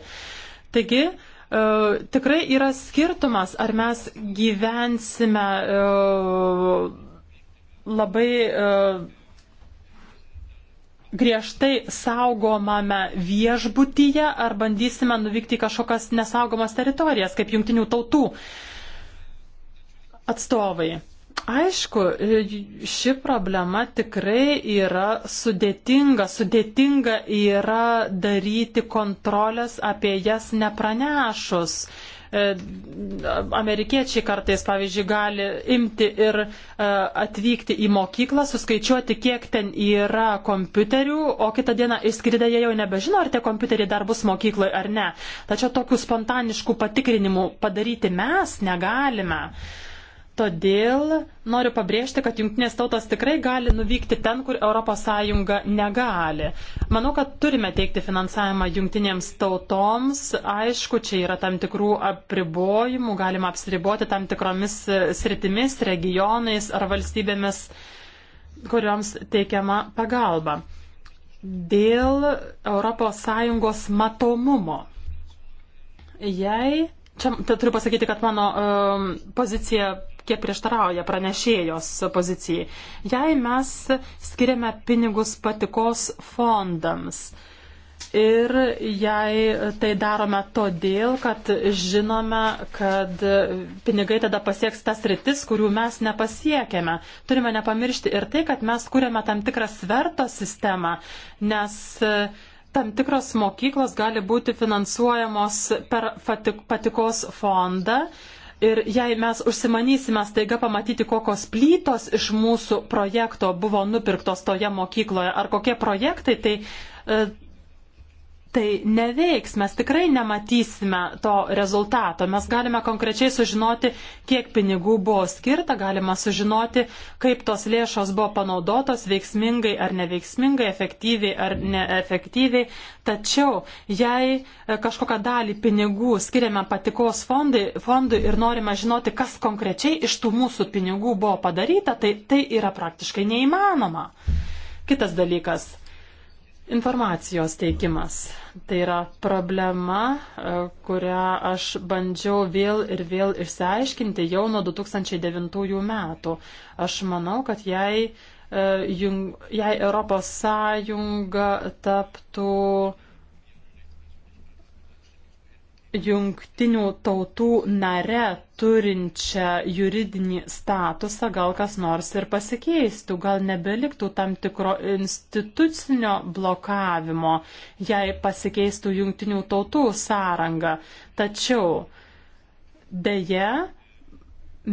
Taigi, e, tikrai yra skirtumas, ar mes gyvensime e, labai. E, griežtai saugomame viešbutyje ar bandysime nuvykti į kažkokias nesaugomas teritorijas, kaip jungtinių tautų atstovai. Aišku, ši problema tikrai yra sudėtinga. Sudėtinga yra daryti kontrolės apie jas nepranešus. E, amerikiečiai kartais, pavyzdžiui, gali imti ir e, atvykti į mokyklą, suskaičiuoti, kiek ten yra kompiuterių, o kitą dieną išskridę jie jau nebežino, ar tie kompiuteriai dar bus mokykloje ar ne. Tačiau tokių spontaniškų patikrinimų padaryti mes negalime. Uh, Todėl noriu pabrėžti, kad jungtinės tautos tikrai gali nuvykti ten, kur ES negali. Manau, kad turime teikti finansavimą jungtinėms tautoms. Aišku, čia yra tam tikrų apribojimų, galima apsiriboti tam tikromis e, sritimis, regionais ar valstybėmis, kurioms teikiama pagalba. Dėl ES matomumo. Jei Čia turiu pasakyti, kad mano um, pozicija kiek prieštarauja pranešėjos pozicijai. Jei mes skiriame pinigus patikos fondams ir jei tai darome todėl, kad žinome, kad pinigai tada pasieks tas rytis, kurių mes nepasiekėme, turime nepamiršti ir tai, kad mes kuriame tam tikrą sverto sistemą, nes e, tam tikros mokyklos gali būti finansuojamos per patikos fondą Ir jei mes užsimanysime staiga pamatyti, kokios plytos iš mūsų projekto buvo nupirktos toje mokykloje ar kokie projektai, tai e, tai neveiks, mes tikrai nematysime to rezultato. Mes galime konkrečiai sužinoti, kiek pinigų buvo skirta, galima sužinoti, kaip tos lėšos buvo panaudotos veiksmingai ar neveiksmingai, efektyviai ar neefektyviai. Tačiau, jei e, kažkokią dalį pinigų skiriame patikos fondai, fondui ir norime žinoti, kas konkrečiai iš tų mūsų pinigų buvo padaryta, tai tai yra praktiškai neįmanoma. Kitas dalykas Informacijos teikimas. Tai yra problema, e, kurią aš bandžiau vėl ir vėl išsiaiškinti jau nuo 2009 metų. Aš manau, kad jei, e, jei Europos Sąjunga taptų jungtinių tautų nare turinčią juridinį statusą, gal kas nors ir pasikeistų, gal nebeliktų tam tikro institucinio blokavimo, jei pasikeistų jungtinių tautų sąranga. Tačiau dėje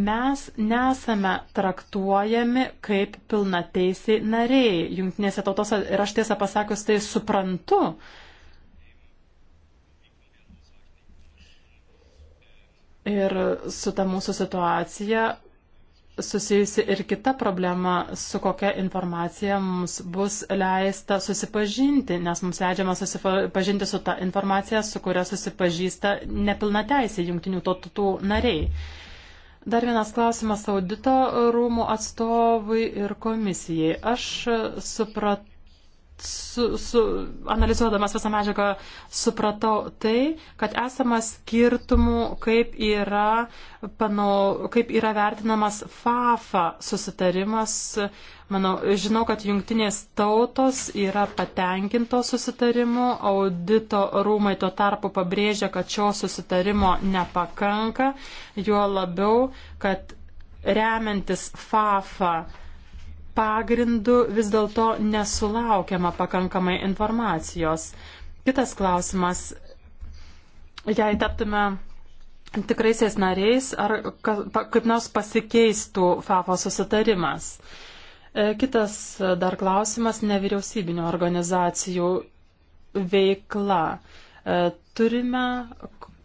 mes nesame traktuojami kaip pilnateisiai nariai jungtinėse tautose ir aš tiesą pasakius tai suprantu. Ir su ta mūsų situacija susijusi ir kita problema, su kokia informacija mums bus leista susipažinti, nes mums leidžiama susipažinti su ta informacija, su kuria susipažįsta nepilnateisiai jungtinių tautų nariai. Dar vienas klausimas audito rūmų atstovui ir komisijai. Aš supratau, su, su, analizuodamas visą medžiagą supratau tai, kad esama skirtumų, kaip yra, panau, kaip yra vertinamas FAFA susitarimas. Manau, žinau, kad jungtinės tautos yra patenkinto susitarimu, audito rūmai tuo tarpu pabrėžia, kad šio susitarimo nepakanka, juo labiau, kad remiantis FAFA pagrindu vis dėlto nesulaukiama pakankamai informacijos. Kitas klausimas, jei taptume tikraisiais nariais, ar kaip nors pasikeistų FAFO susitarimas. E, kitas e, dar klausimas - nevyriausybinio organizacijų veikla. E, turime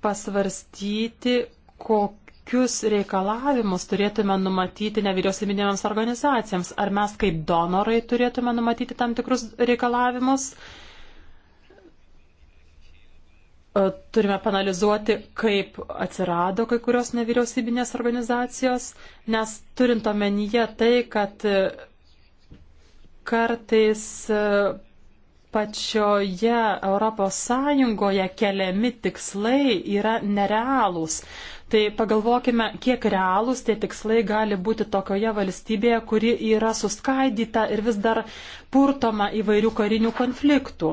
pasvarstyti, kokiu kokius reikalavimus turėtume numatyti nevyriausybinėms organizacijams? Ar mes kaip donorai turėtume numatyti tam tikrus reikalavimus? E, turime panalizuoti, kaip atsirado kai kurios nevyriausybinės organizacijos, nes turint omenyje tai, kad e, kartais e, pačioje Europos Sąjungoje keliami tikslai yra nerealūs. Tai pagalvokime, kiek realūs tie tikslai gali būti tokioje valstybėje, kuri yra suskaidyta ir vis dar purtoma įvairių karinių konfliktų.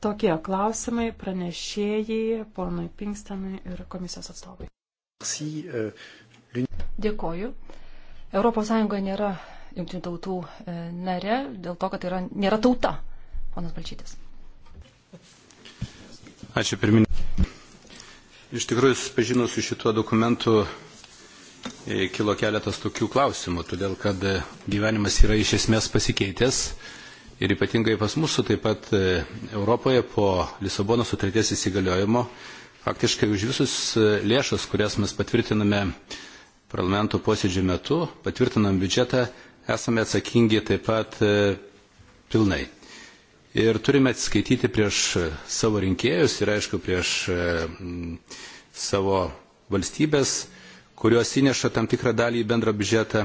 Tokie klausimai pranešėjai, ponui Pinkstenui ir komisijos atstovai. Euh, Dėkoju. ES nėra jungtinių tautų e, nare dėl to, kad tai yra, nėra tauta, ponas Balčytis. Ačiū pirmininkai. Iš tikrųjų, susipažinus su šituo dokumentu, e, kilo keletas tokių klausimų, todėl kad e, gyvenimas yra iš esmės pasikeitęs ir ypatingai pas mūsų taip pat e, Europoje po Lisabono sutarties įsigaliojimo faktiškai už visus lėšas, kurias mes patvirtiname parlamento posėdžio metu, patvirtinam biudžetą, esame atsakingi taip pat pilnai ir turime atsiskaityti prieš e, savo rinkėjus ir aišku prieš e, savo valstybės, kurios įneša tam tikrą dalį į bendrą biudžetą.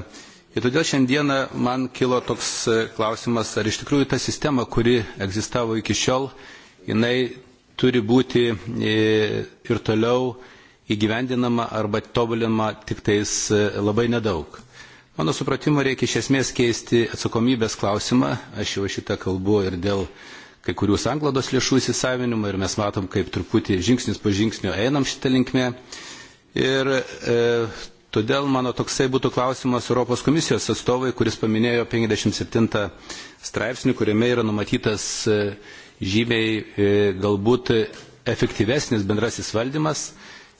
Ir todėl šiandieną man kilo toks e, klausimas, ar iš tikrųjų ta sistema, kuri egzistavo iki šiol, jinai turi būti ir toliau įgyvendinama arba tobulinama tik tais labai nedaug. Mano supratimu, reikia iš esmės keisti atsakomybės klausimą. Aš jau šitą kalbu ir dėl kai kurių sanglados lėšų įsisavinimo ir mes matom, kaip truputį žingsnis po žingsnio einam šitą linkmę. Ir e, todėl mano toksai būtų klausimas Europos komisijos atstovai, kuris paminėjo 57 straipsnį, kuriame yra numatytas e, žymiai e, galbūt efektyvesnis bendrasis valdymas.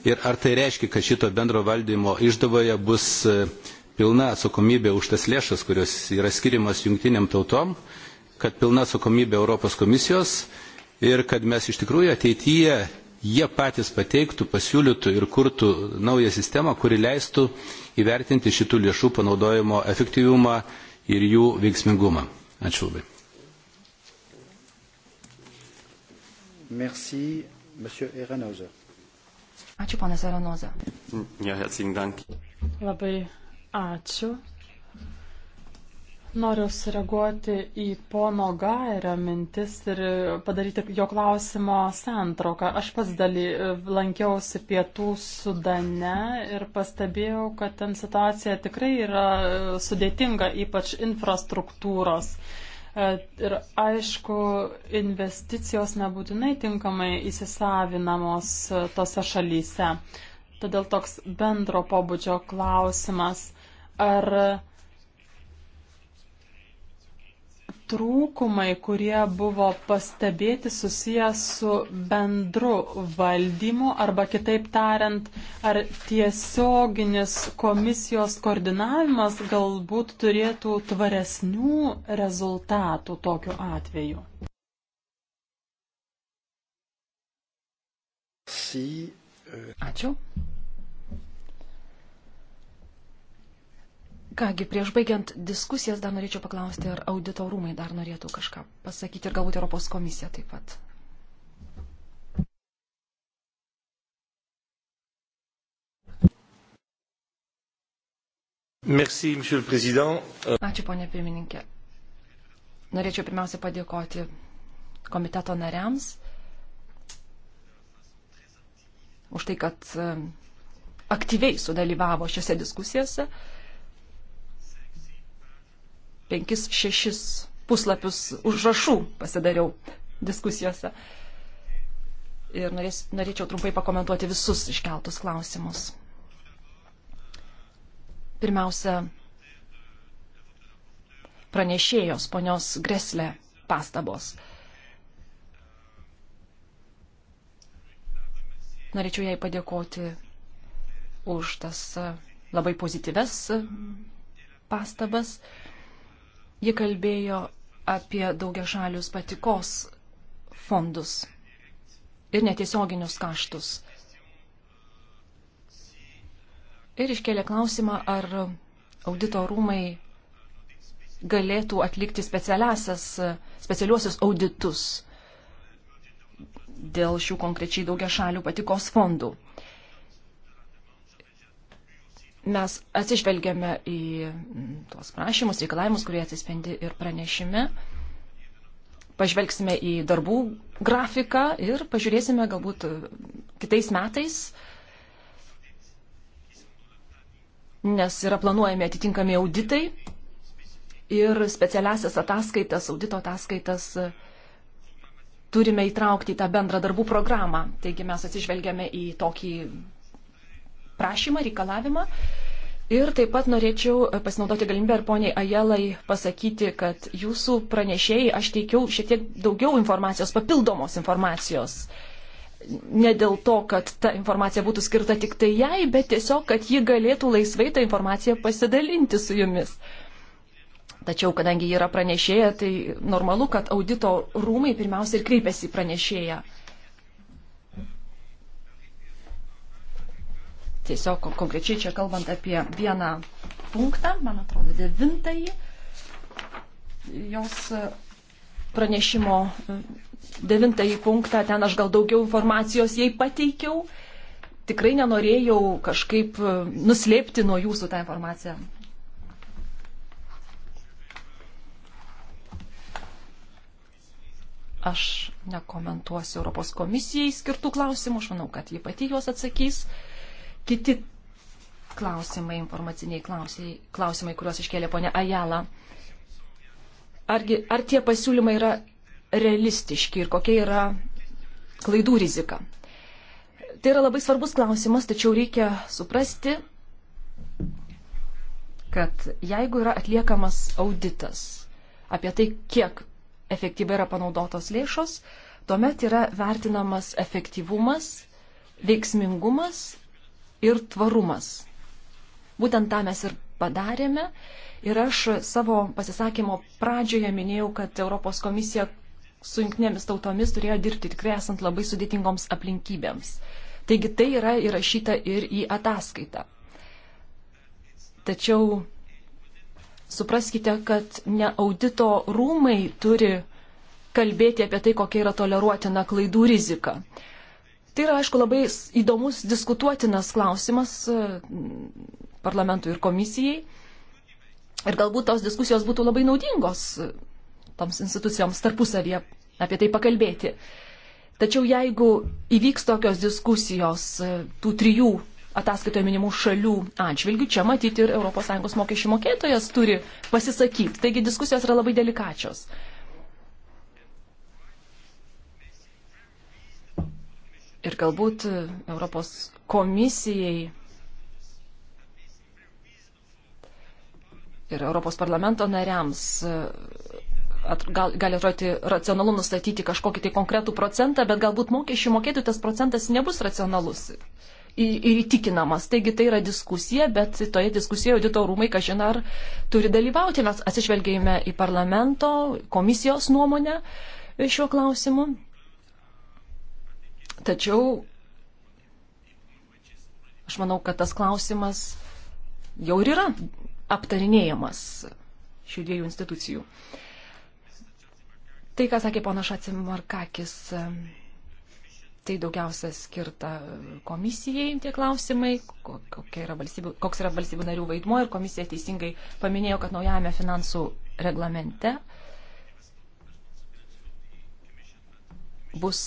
Ir ar tai reiškia, kad šito bendro valdymo išdavoje bus e, pilna atsakomybė už tas lėšas, kurios yra skirimas jungtiniam tautom, kad pilna atsakomybė Europos komisijos ir kad mes iš tikrųjų ateityje jie patys pateiktų, pasiūlytų ir kurtų naują sistemą, kuri leistų įvertinti šitų lėšų panaudojimo efektyvumą ir jų veiksmingumą. Ačiū labai. Merci, Monsieur Erenhauser. Ačiū, ponas Aranoza. Mm, ja, herzlichen Dank. Labai Ačiū. Noriu sureaguoti į pono Gairio mintis ir padaryti jo klausimo santrauką. Aš pats daly, lankiausi pietų Sudane ir pastebėjau, kad ten situacija tikrai yra sudėtinga, ypač infrastruktūros. E, ir aišku, investicijos nebūtinai tinkamai įsisavinamos e, tose šalyse. Todėl toks bendro pobūdžio klausimas ar trūkumai, kurie buvo pastebėti susijęs su bendru valdymu arba kitaip tariant, ar tiesioginis komisijos koordinavimas galbūt turėtų tvaresnių rezultatų tokiu atveju. Eh. Ačiū. Kągi, prieš baigiant diskusijas dar norėčiau paklausti, ar audito rūmai dar norėtų kažką pasakyti ir galbūt Europos komisija taip pat. Merci, monsieur le président. Euh, Ačiū, ponė pirmininkė. Norėčiau pirmiausia padėkoti komiteto nariams už tai, kad e, aktyviai sudalyvavo šiose diskusijose. 5-6 puslapius užrašų pasidariau diskusijose. Ir norės, norėčiau trumpai pakomentuoti visus iškeltus klausimus. Pirmiausia, pranešėjos ponios Greslė pastabos. Norėčiau jai padėkoti už tas labai pozityves pastabas. Uh, Ji kalbėjo apie daugiašalius patikos fondus ir netiesioginius kaštus. Ir iškėlė klausimą, ar audito rūmai galėtų atlikti specialiuosius auditus dėl šių konkrečiai daugiašalių patikos fondų mes atsižvelgiame į mm, tuos prašymus, reikalavimus, kurie atsispindi ir pranešime. Pažvelgsime į darbų grafiką ir pažiūrėsime galbūt kitais metais, nes yra planuojami atitinkami auditai ir specialiasias ataskaitas, audito ataskaitas turime įtraukti į tą bendrą darbų programą. Taigi mes atsižvelgiame į tokį prašymą, reikalavimą. Ir taip pat norėčiau e, pasinaudoti galimybę ir poniai Ajelai pasakyti, kad jūsų pranešėjai aš teikiau šiek tiek daugiau informacijos, papildomos informacijos. Ne dėl to, kad ta informacija būtų skirta tik tai jai, bet tiesiog, kad ji galėtų laisvai tą informaciją pasidalinti su jumis. Tačiau, kadangi ji yra pranešėja, tai normalu, kad audito rūmai pirmiausia ir kreipiasi į pranešėją. Tiesiog konkrečiai čia kalbant apie vieną punktą, man atrodo, devintąjį jos e, pranešimo e, devintąjį punktą, ten aš gal daugiau informacijos jai pateikiau. Tikrai nenorėjau kažkaip e, nuslėpti nuo jūsų tą informaciją. Aš nekomentuosiu Europos komisijai skirtų klausimų, aš manau, kad ji pati juos atsakys kiti klausimai, informaciniai klausimai, klausimai kuriuos iškėlė ponia Ajala. Argi, ar tie pasiūlymai yra realistiški ir kokia yra klaidų rizika? Tai yra labai svarbus klausimas, tačiau reikia suprasti, kad jeigu yra atliekamas auditas apie tai, kiek efektyviai yra panaudotos lėšos, tuomet yra vertinamas efektyvumas, veiksmingumas ir tvarumas. Būtent tą mes ir padarėme. Ir aš savo pasisakymo pradžioje minėjau, kad Europos komisija su jungtinėmis tautomis turėjo dirbti tikrai esant labai sudėtingoms aplinkybėms. Taigi tai yra įrašyta ir į ataskaitą. Tačiau supraskite, kad ne audito rūmai turi kalbėti apie tai, kokia yra toleruotina klaidų rizika. Tai yra, aišku, labai įdomus diskutuotinas klausimas e, parlamentui ir komisijai. Ir galbūt tos diskusijos būtų labai naudingos e, toms institucijoms tarpusavyje apie tai pakalbėti. Tačiau jeigu įvyks tokios diskusijos e, tų trijų ataskaitoje minimų šalių atžvilgių, čia matyti ir ES mokesčių mokėtojas turi pasisakyti. Taigi diskusijos yra labai delikačios. Uh, ir galbūt e, Europos komisijai ir Europos parlamento nariams e, at, gal, gali atrodyti racionalu nustatyti kažkokį tai konkretų procentą, bet galbūt mokesčių mokėtų tas procentas nebus racionalus ir įtikinamas. Taigi tai yra diskusija, bet toje diskusijoje audito rūmai, kažin ar turi dalyvauti. Mes atsižvelgėjome į parlamento komisijos nuomonę šiuo klausimu. Tačiau aš manau, kad tas klausimas jau ir yra aptarinėjamas šių dviejų institucijų. Tai, ką sakė ponas Šacimarkakis, tai daugiausia skirta komisijai tie klausimai, yra valstybių, koks yra valstybių narių vaidmo ir komisija teisingai paminėjo, kad naujame finansų reglamente bus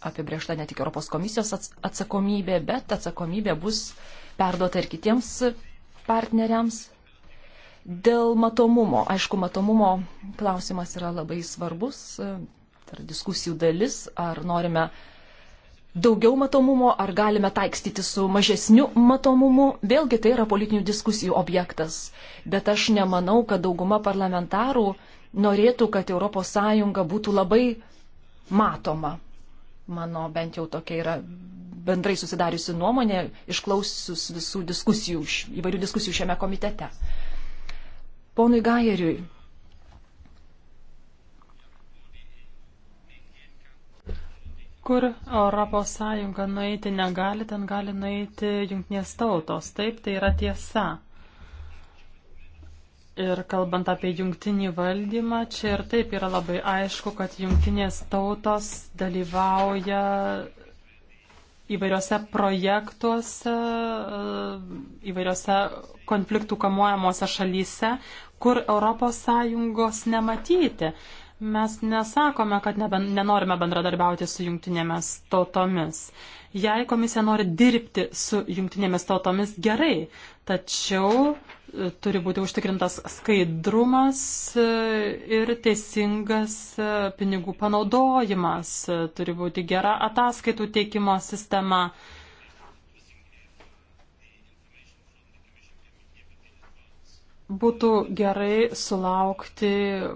apibriešta ne tik Europos komisijos atsakomybė, bet atsakomybė bus perduota ir kitiems partneriams. Dėl matomumo, aišku, matomumo klausimas yra labai svarbus, tai yra diskusijų dalis, ar norime daugiau matomumo, ar galime taikstyti su mažesniu matomumu, vėlgi tai yra politinių diskusijų objektas. Bet aš nemanau, kad dauguma parlamentarų norėtų, kad ES būtų labai matoma. Mano bent jau tokia yra bendrai susidariusi nuomonė, išklausius visų diskusijų, įvairių diskusijų šiame komitete. Ponui Gajeriui. Kur ES nueiti negali, ten gali nueiti jungtinės tautos. Taip, tai yra tiesa. Ir kalbant apie jungtinį valdymą, čia ir taip yra labai aišku, kad jungtinės tautos dalyvauja įvairiose projektuose, e, įvairiose konfliktų kamuojamose šalyse, kur ES nematyti. Mes nesakome, kad neben, nenorime bendradarbiauti su jungtinėmis tautomis. Jei komisija nori dirbti su jungtinėmis tautomis, gerai, tačiau e, turi būti užtikrintas skaidrumas e, ir teisingas e, pinigų panaudojimas, turi būti gera ataskaitų teikimo sistema. būtų gerai sulaukti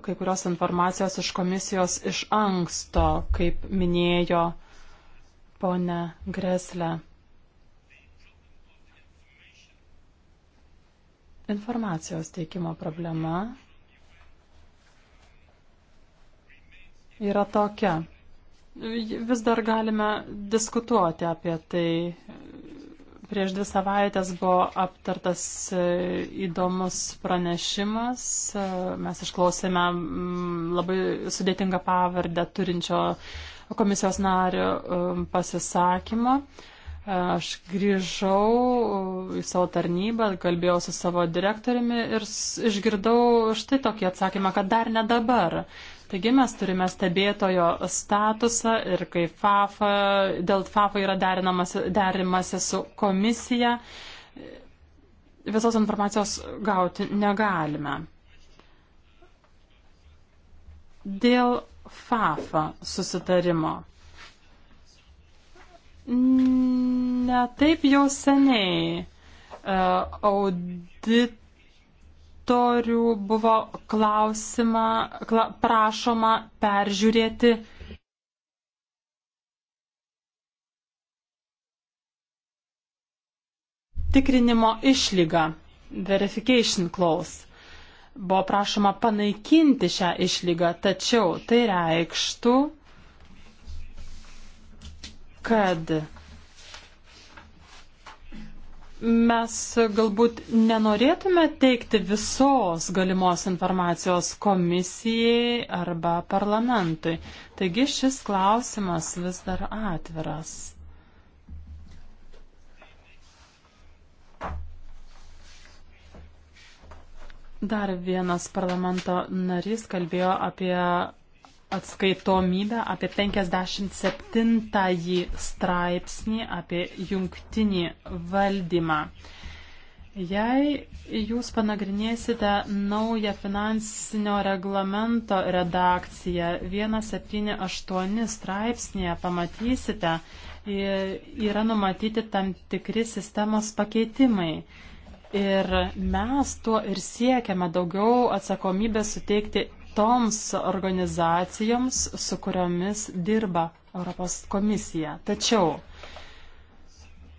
kai kurios informacijos iš komisijos iš anksto, kaip minėjo ponė Greslė. Informacijos teikimo problema yra tokia. Vis dar galime diskutuoti apie tai, Prieš dvi savaitės buvo aptartas e, įdomus pranešimas. E, mes išklausėme mm, labai sudėtingą pavardę turinčio komisijos nario e, pasisakymą. Aš grįžau į savo tarnybą, kalbėjau su savo direktoriumi ir išgirdau štai tokį atsakymą, kad dar ne dabar. Taigi mes turime stebėtojo statusą ir kai FAFA, dėl FAFA yra derimasi su komisija, visos informacijos gauti negalime. Dėl FAFA susitarimo. Ne taip jau seniai e, audit auditorių buvo klausima, kla, prašoma peržiūrėti tikrinimo išlygą, verification clause. Buvo prašoma panaikinti šią išlygą, tačiau tai reikštų, kad mes galbūt nenorėtume teikti visos galimos informacijos komisijai arba parlamentui. Taigi šis klausimas vis dar atviras. Dar vienas parlamento narys kalbėjo apie atskaitomybę, apie 57 straipsnį, apie jungtinį valdymą. Jei jūs panagrinėsite naują finansinio reglamento redakciją 178 straipsnėje, pamatysite, yra numatyti tam tikri sistemos pakeitimai. Ir mes tuo ir siekiame daugiau atsakomybės suteikti toms organizacijoms, su kuriomis dirba Europos komisija. Tačiau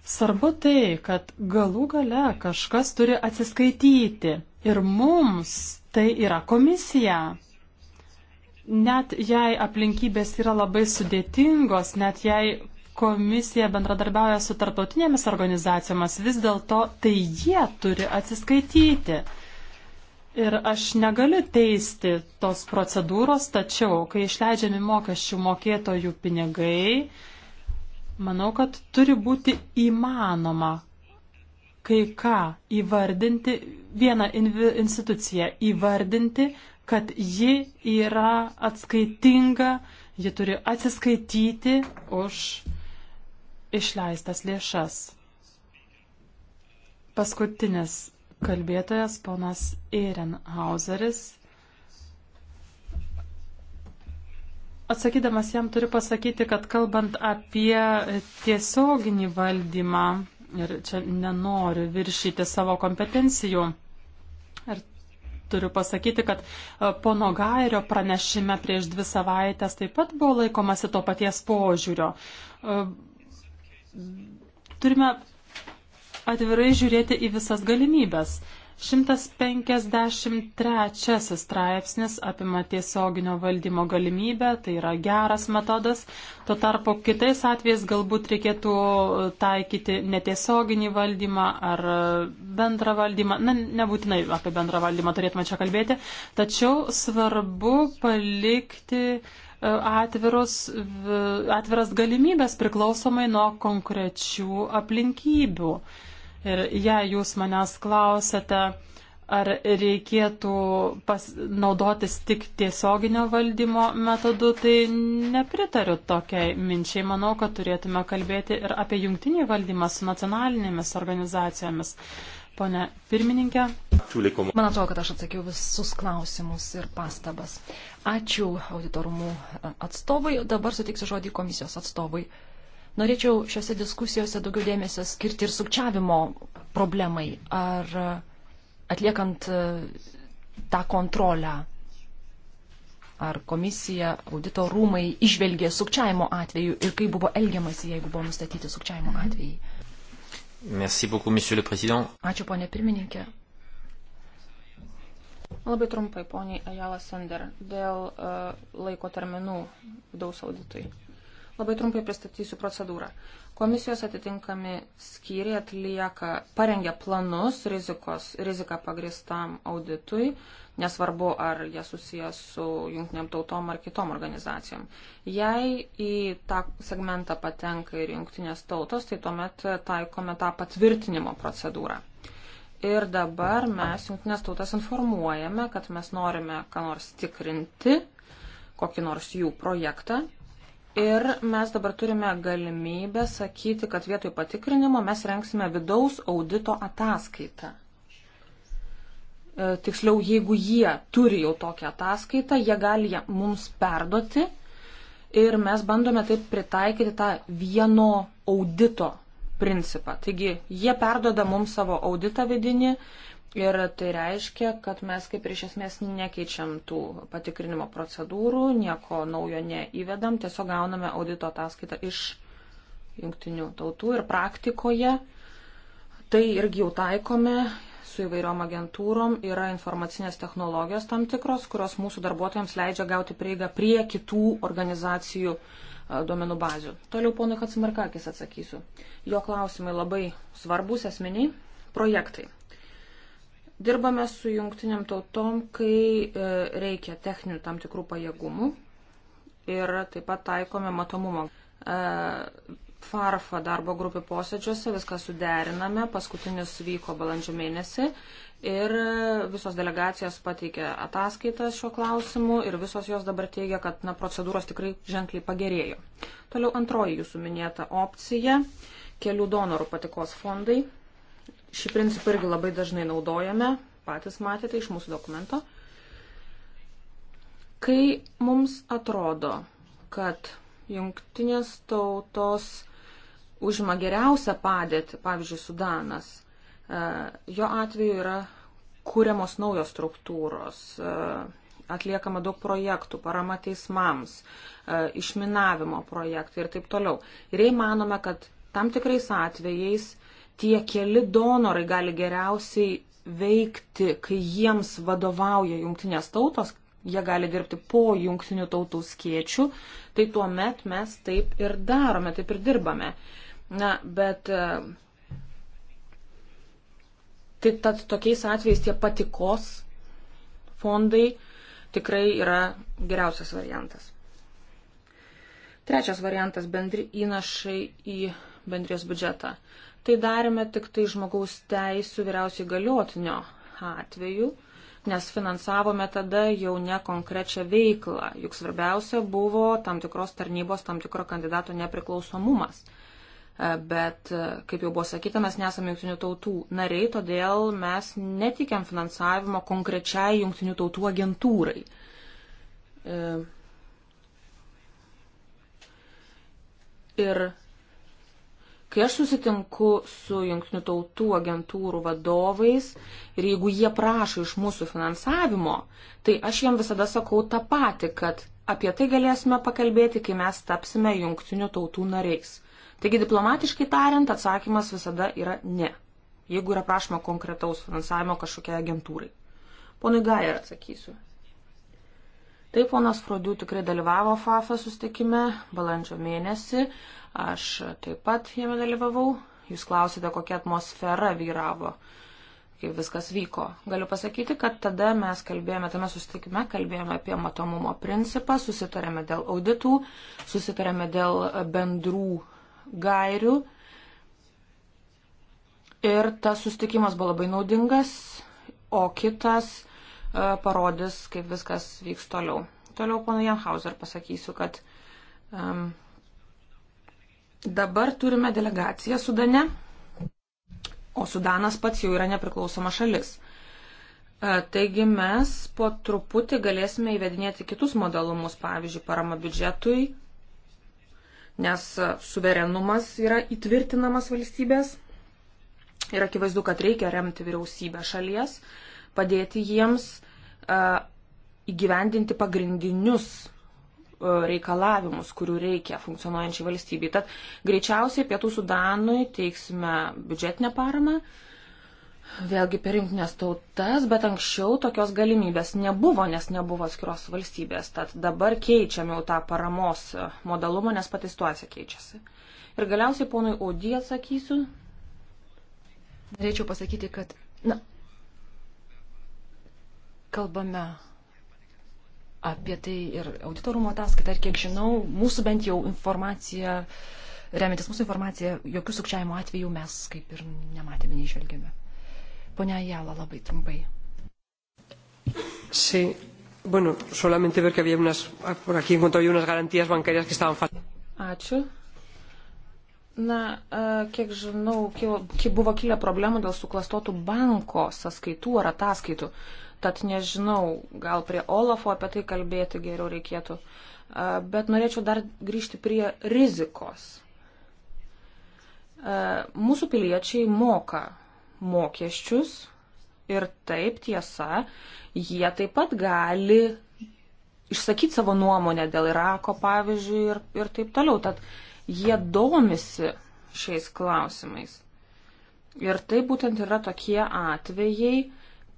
svarbu tai, kad galų gale kažkas turi atsiskaityti ir mums tai yra komisija. Net jei aplinkybės yra labai sudėtingos, net jei komisija bendradarbiauja su tarptautinėmis organizacijomis, vis dėlto tai jie turi atsiskaityti. Ir aš negaliu teisti tos procedūros, tačiau, kai išleidžiami mokesčių mokėtojų pinigai, manau, kad turi būti įmanoma kai ką įvardinti, vieną instituciją įvardinti, kad ji yra atskaitinga, ji turi atsiskaityti už išleistas lėšas. Paskutinis kalbėtojas ponas Ehrenhauseris. Atsakydamas jam turiu pasakyti, kad kalbant apie tiesioginį valdymą, ir čia nenoriu viršyti savo kompetencijų, ir turiu pasakyti, kad e, pono Gairio pranešime prieš dvi savaitės taip pat buvo laikomasi to paties požiūrio. E, turime atvirai žiūrėti į visas galimybės. 153 straipsnis apima tiesioginio valdymo galimybę, tai yra geras metodas. Tuo tarpu kitais atvejais galbūt reikėtų e, taikyti netiesioginį valdymą ar e, bendrą valdymą. Na, nebūtinai apie bendrą valdymą turėtume čia kalbėti, tačiau svarbu palikti e, atvirus, atviras galimybės priklausomai nuo konkrečių aplinkybių. Ir jei jūs manęs klausėte, ar reikėtų naudotis tik tiesioginio valdymo metodu, tai nepritariu tokiai minčiai. Manau, kad turėtume kalbėti ir apie jungtinį valdymą su nacionalinėmis organizacijomis. Pone pirmininkė. Man atrodo, kad aš atsakiau visus klausimus ir pastabas. Ačiū auditorumų atstovui. Dabar sutiksiu žodį komisijos atstovui Norėčiau šiuose diskusijose daugiau dėmesio skirti ir sukčiavimo problemai, ar e, atliekant e, tą kontrolę, ar komisija, audito rūmai išvelgė sukčiavimo atveju ir kaip buvo elgiamasi, jeigu buvo nustatyti sukčiavimo mhm. atvejai. Merci beaucoup, monsieur le président. Ačiū, ponė pirmininkė. Labai trumpai, poniai Ajala Sender, dėl uh, laiko terminų vidaus auditui. Labai trumpai pristatysiu procedūrą. Komisijos atitinkami skyriai atlieka, parengia planus rizikos, riziką pagristam auditui, nesvarbu, ar jie susijęs su jungtiniam tautom ar kitom organizacijom. Jei į tą segmentą patenka ir jungtinės tautos, tai tuomet taikome tą patvirtinimo procedūrą. Ir dabar mes jungtinės tautas informuojame, kad mes norime ką nors tikrinti, kokį nors jų projektą Ir mes dabar turime galimybę sakyti, kad vietoj patikrinimo mes renksime vidaus audito ataskaitą. E, tiksliau, jeigu jie turi jau tokią ataskaitą, jie gali ją mums perduoti ir mes bandome taip pritaikyti tą vieno audito principą. Taigi jie perdoda mums savo auditą vidinį, Ir tai reiškia, kad mes kaip ir iš esmės nekeičiam tų patikrinimo procedūrų, nieko naujo neįvedam, tiesiog gauname audito ataskaitą iš jungtinių tautų ir praktikoje. Tai irgi jau taikome su įvairiom agentūrom, yra informacinės technologijos tam tikros, kurios mūsų darbuotojams leidžia gauti prieigą prie kitų organizacijų duomenų bazių. Toliau ponui Hatsimarkakis atsakysiu. Jo klausimai labai svarbus esminiai projektai Dirbame su jungtiniam tautom, kai e, reikia techninių tam tikrų pajėgumų ir taip pat taikome matomumą. E, Farfa darbo grupių posėdžiuose viską suderiname, paskutinis vyko balandžio mėnesį ir e, visos delegacijos pateikė ataskaitas šiuo klausimu ir visos jos dabar teigia, kad na, procedūros tikrai ženkliai pagerėjo. Toliau antroji jūsų minėta opcija - kelių donorų patikos fondai. Šį principą irgi labai dažnai naudojame, patys matėte iš mūsų dokumento. Kai mums atrodo, kad jungtinės tautos užima geriausią padėtį, pavyzdžiui, Sudanas, e, jo atveju yra kūriamos naujos struktūros, e, atliekama daug projektų, parama teismams, e, išminavimo projektai ir taip toliau. Ir jei manome, kad tam tikrais atvejais tie keli donorai gali geriausiai veikti, kai jiems vadovauja jungtinės tautos, jie gali dirbti po jungtinių tautų skiečių, tai tuo met mes taip ir darome, taip ir dirbame. Na, bet e, tai tad tokiais atvejais tie patikos fondai tikrai yra geriausias variantas. Trečias variantas - bendri įnašai į bendrijos biudžetą. Tai darėme tik tai žmogaus teisų vyriausiai galiotinio atveju, nes finansavome tada jau ne konkrečią veiklą, juk svarbiausia buvo tam tikros tarnybos, tam tikro kandidato nepriklausomumas e, bet, e, kaip jau buvo sakyta, mes nesame jungtinių tautų nariai, todėl mes netikiam finansavimo konkrečiai jungtinių tautų agentūrai. E, ir Kai aš susitinku su jungtinių tautų agentūrų vadovais ir jeigu jie prašo iš mūsų finansavimo, tai aš jiem visada sakau tą patį, kad apie tai galėsime pakalbėti, kai mes tapsime jungtinių tautų nariais. Taigi diplomatiškai tariant, atsakymas visada yra ne, jeigu yra prašoma konkretaus finansavimo kažkokiai agentūrai. Ponui Gajer atsakysiu. Taip, ponas Frodiu tikrai dalyvavo FAFA sustikime balandžio mėnesį. Aš taip pat jame dalyvavau. Jūs klausėte, kokia atmosfera vyravo, kaip viskas vyko. Galiu pasakyti, kad tada mes kalbėjome, tame susitikime kalbėjome apie matomumo principą, susitarėme dėl auditų, susitarėme dėl bendrų gairių. Ir tas susitikimas buvo labai naudingas, o kitas e, parodys, kaip viskas vyks toliau. Toliau, pana Janhauser, pasakysiu, kad um, Dabar turime delegaciją Sudane, o Sudanas pats jau yra nepriklausoma šalis. E, taigi mes po truputį galėsime įvedinėti kitus modalumus, pavyzdžiui, parama biudžetui, nes suverenumas yra įtvirtinamas valstybės ir akivaizdu, kad reikia remti vyriausybę šalies, padėti jiems e, įgyvendinti pagrindinius E, reikalavimus, kurių reikia funkcionuojančiai valstybei. Tad greičiausiai Pietų Sudanui teiksime biudžetinę paramą, vėlgi per jungtinės tautas, bet anksčiau tokios galimybės nebuvo, nes nebuvo atskiros valstybės. Tad dabar keičiam jau tą paramos modalumą, nes pati situacija keičiasi. Ir galiausiai ponui Audį atsakysiu. Norėčiau pasakyti, kad, na, kalbame apie tai ir auditorumo ataskaita, ir kiek žinau, mūsų bent jau informacija, remiantis mūsų informacija, jokių sukčiavimo atvejų mes kaip ir nematėme, neižvelgėme. Pone Jala, labai trumpai. Sí. Bueno, solamente ver que había unas, por aquí encontré unas garantías bancarias que estaban faltando. Ačiū. Na, kiek žinau, kiek buvo kilę problemų dėl suklastotų banko sąskaitų ar ataskaitų. Uh, Tad nežinau, gal prie Olafo apie tai kalbėti geriau reikėtų. Bet norėčiau dar grįžti prie rizikos. Mūsų piliečiai moka mokesčius ir taip tiesa, jie taip pat gali išsakyti savo nuomonę dėl Irako, pavyzdžiui, ir, ir taip toliau. Tad jie domisi šiais klausimais. Ir tai būtent yra tokie atvejai,